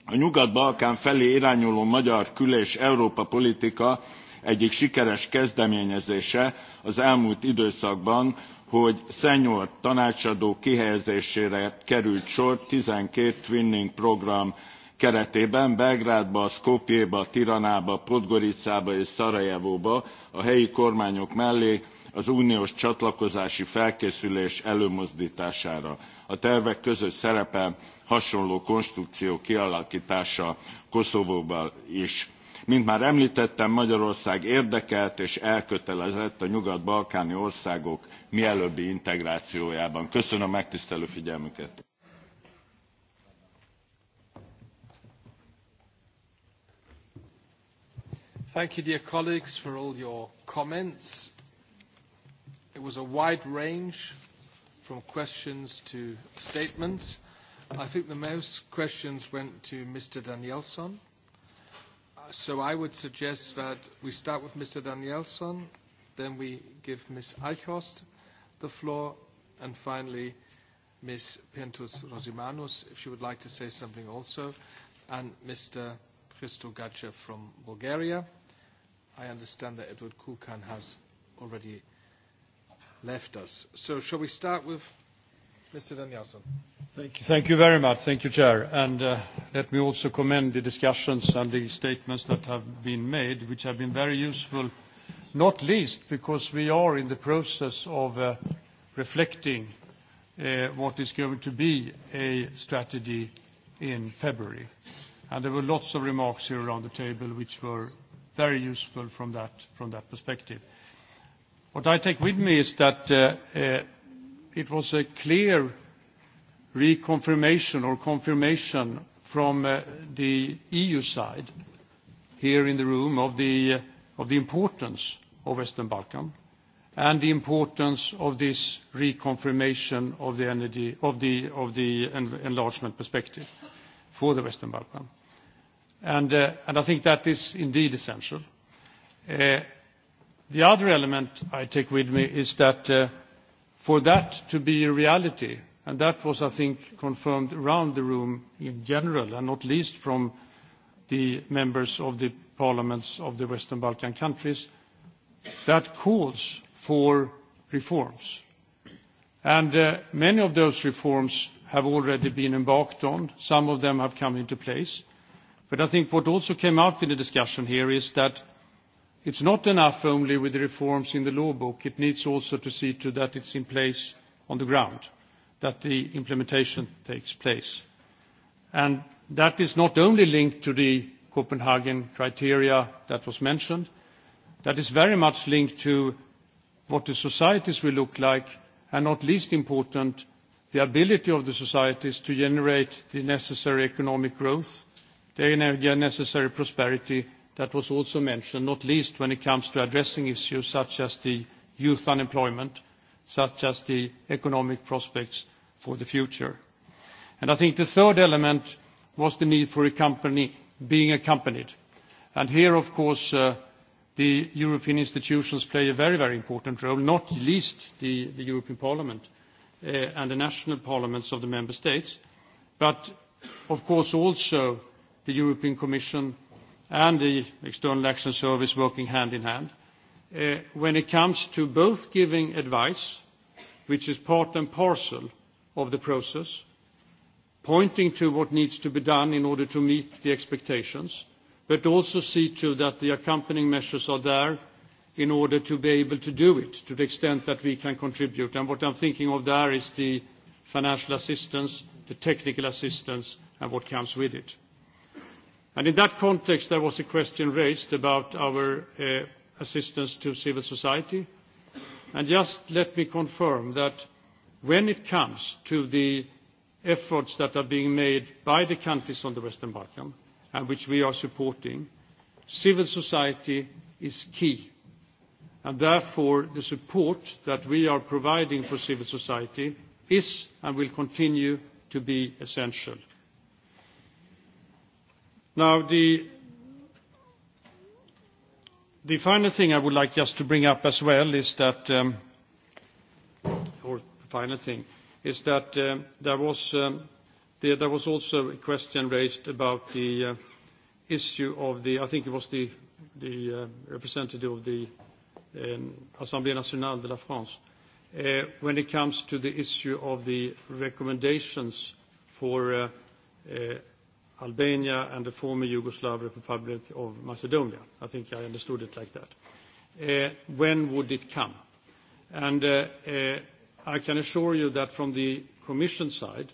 A Nyugat-Balkán felé irányuló magyar kül- és Európa politika egyik sikeres kezdeményezése az elmúlt időszakban, hogy senior tanácsadó kihelyezésére került sor 12 Twinning program keretében Belgrádba, Skopjéba, Tiranába, Podgoricába és Szarajevóba a helyi kormányok mellé az uniós csatlakozási felkészülés előmozdítására. A tervek között szerepel hasonló konstrukció kialakítása Koszovóban is. Mint már említettem, Magyarország érdekelt és elkötelezett a nyugat-balkáni országok mielőbbi integrációjában. Köszönöm a megtisztelő figyelmüket! Thank you, dear colleagues, for all your comments. It was a wide range from questions to statements. I think the most questions went to Mr. Danielson. So I would suggest that we start with Mr. Danielson, then we give Ms. Eichhorst the floor, and finally, Ms. Pintus Rosimanus, if she would like to say something also, and Mr. Christo Gacha from Bulgaria. I understand that Edward Kukan has already left us. So shall we start with Mr. Danielson? Thank you. Thank you very much. Thank you, Chair. And uh, let me also commend the discussions and the statements that have been made, which have been very useful, not least because we are in the process of uh, reflecting uh, what is going to be a strategy in February. And there were lots of remarks here around the table which were very useful from that, from that perspective. What I take with me is that uh, uh, it was a clear reconfirmation or confirmation from uh, the EU side here in the room of the, importance of Western Balkan and the importance of this reconfirmation of the, enlargement perspective for the Western Balkan. And, I think that is indeed essential. The other element I take with me is that uh, for that to be a reality, and that was, I think, confirmed around the room in general, and not least from the members of the parliaments of the Western Balkan countries, that calls for reforms. And uh, many of those reforms have already been embarked on. Some of them have come into place. But I think what also came out in the discussion here is that It's not enough only with the reforms in the law book. It needs also to see to that it's in place on the ground, that the implementation takes place. And that is not only linked to the Copenhagen criteria that was mentioned, that is very much linked to what the societies will look like, and not least important, the ability of the societies to generate the necessary economic growth, the necessary prosperity, that was also mentioned, not least when it comes to addressing issues such as the youth unemployment, such as the economic prospects for the future. I think the third element was the need for a company being accompanied. And here, of course, uh, the European institutions play a very, important role, not least the, European Parliament uh, and the national parliaments of the member states, but of course also the European Commission and the External Action Service working hand in hand. Uh, when it comes to both giving advice, which is part and parcel of the process, pointing to what needs to be done in order to meet the expectations, but also see to that the accompanying measures are there in order to be able to do it to the extent that we can contribute. And what I'm thinking of there is the financial assistance, the technical assistance, and what comes with it. And in that context, there was a question raised about our uh, assistance to civil society. And just let me confirm that when it comes to the efforts that are being made by the countries on the Western Balkans, and which we are supporting, civil society is key. And therefore, the support that we are providing for civil society is and will continue to be essential. Now, the, final thing I would like just to bring up as well is that, um, or final thing, is that um, um, there, was, also a question raised about the uh, issue of the, I think it was the, uh, representative of the Assemblée nationale de la France, uh, when it comes to the issue of the recommendations for Albania and the former Yugoslav Republic of Macedonia. I think I understood it like that. Uh, when would it come? And uh, uh, I can assure you that from the Commission side,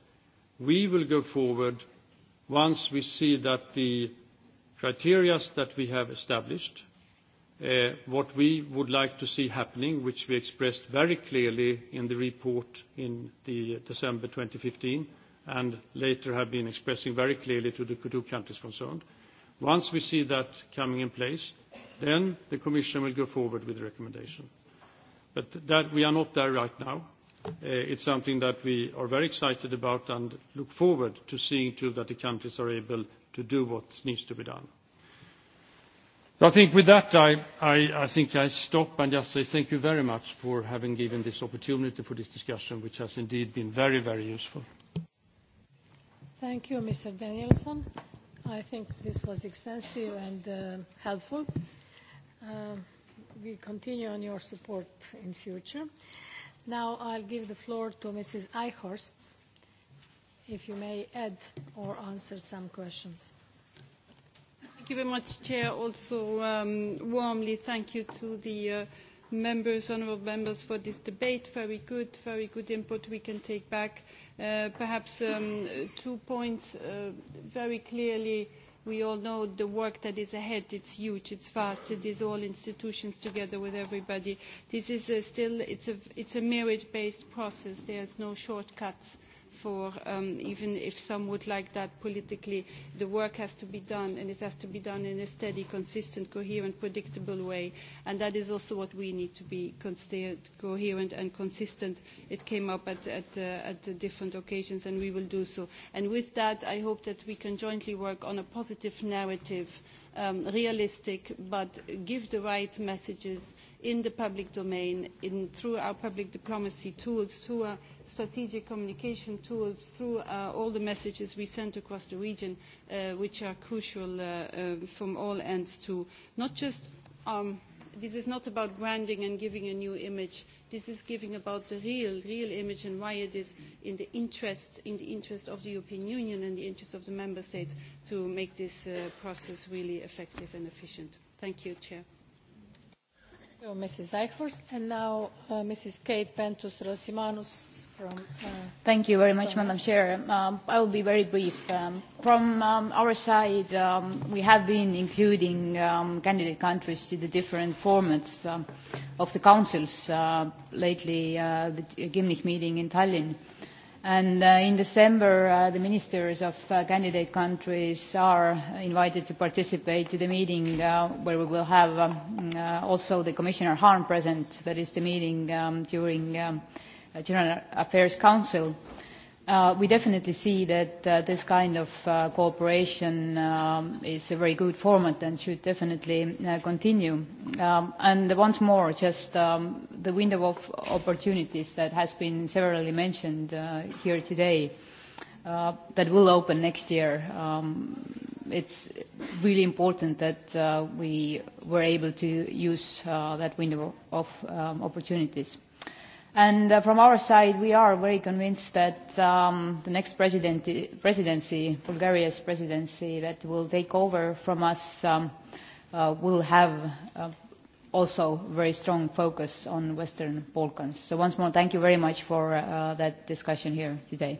we will go forward once we see that the criteria that we have established, what we would like to see happening, which we expressed very clearly in the report in the December 2015, and later have been expressing very clearly to the two countries concerned. Once we see that coming in place, then the Commission will go forward with the recommendation. But that we are not there right now. Uh, it's something that we are very excited about and look forward to seeing to that the countries are able to do what needs to be done. I think with that, I, I think I stop and just say thank you very much for having given this opportunity for this discussion, which has indeed been very, very useful. Thank you, Mr. Danielson. I think this was extensive and uh, helpful. Uh, we continue on your support in future. Now I'll give the floor to Mrs. Eichhorst, if you may add or answer some questions. Thank you very much, Chair. Also, um, warmly thank you to the uh, members, honourable members, for this debate. Very good, very good input we can take back. Uh, Uh, perhaps um, two points uh, very clearly. We all know the work that is ahead. It's huge, it's vast. It is all institutions together with everybody. This is a still, it's a, it's a merit-based process. There's no shortcuts for um, even if some would like that politically, the work has to be done and it has to be done in a steady, consistent, coherent, predictable way. And that is also what we need to be considered coherent and consistent. It came up at, at, uh, at the different occasions and we will do so. And with that, I hope that we can jointly work on a positive narrative, um, realistic, but give the right messages in the public domain, in, through our public diplomacy tools, through our strategic communication tools, through uh, all the messages we send across the region, uh, which are crucial uh, uh, from all ends to not just um, this is not about branding and giving a new image. This is giving about the real, real image and why it is in the interest, in the interest of the European Union and the interest of the member states to make this uh, process really effective and efficient. Thank you, Chair you, Mrs. Eichhorst. And now uh, Kate Pentus-Rosimanus from... Uh, Thank you very much, Stomach. Madam Chair. Um, I will be very brief. Um, from um, our side, um, we have been including um, candidate countries to the different formats um, of the councils, uh, lately uh, the Gimnich meeting in Tallinn. And uh, in December, uh, the ministers of uh, candidate countries are invited to participate to the meeting uh, where we will have um, uh, also the Commissioner Hahn present. That is the meeting um, during um, uh, General Affairs Council. Uh, Uh, we definitely see that uh, this kind of uh, cooperation um, is a very good format and should definitely continue. Um, and once more, just um, the window of opportunities that has been severally mentioned here today that will open next year. It's really important that we were able to use that window of opportunities. And uh, from our side, we are very convinced that um, the next presidency, Bulgaria's presidency that will take over from us, um, uh, will have uh, also very strong focus on Western Balkans. So once more, thank you very much for uh, that discussion here today.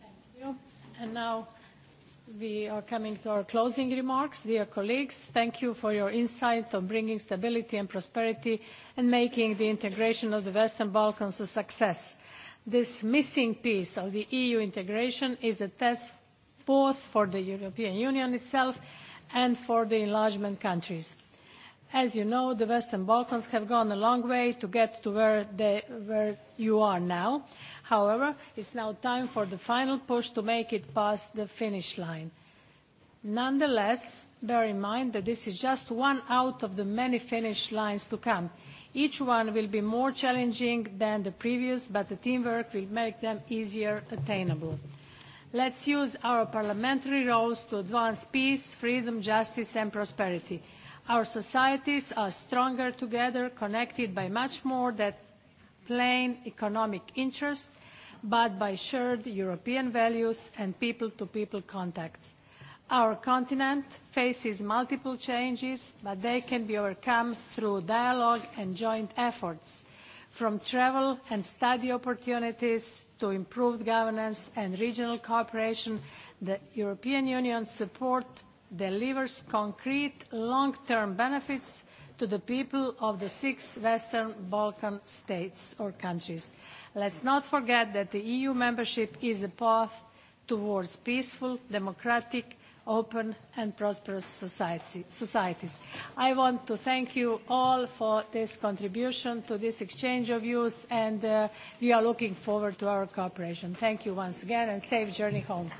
Thank you. And now We are coming to our closing remarks. Dear colleagues, thank you for your insight on bringing stability and prosperity and making the integration of the Western Balkans a success. This missing piece of the EU integration is a test both for the European Union itself and for the enlargement countries. As you know, the Western Balkans have gone a long way to get to where, you are now. However, it's now time for the final push to make it past the finish line. Nonetheless, bear in mind that this is just one out of the many finish lines to come. Each one will be more challenging than the previous, but the teamwork will make them easier attainable. Let's use our parliamentary roles to advance peace, freedom, justice and prosperity. Our societies are stronger together, connected by much more than plain economic interests, but by shared European values and people-to-people contacts. Our continent faces multiple changes, but they can be overcome through dialogue and joint efforts, from travel and study opportunities to improved governance and regional cooperation, the European Union support delivers concrete long-term benefits to the people of the six Western Balkan states or countries. Let's not forget that the EU membership is a path towards peaceful, democratic, open and prosperous society, societies. I want to thank you all for this contribution to this exchange of views and uh, we are looking forward to our cooperation. Thank you once again and safe journey home.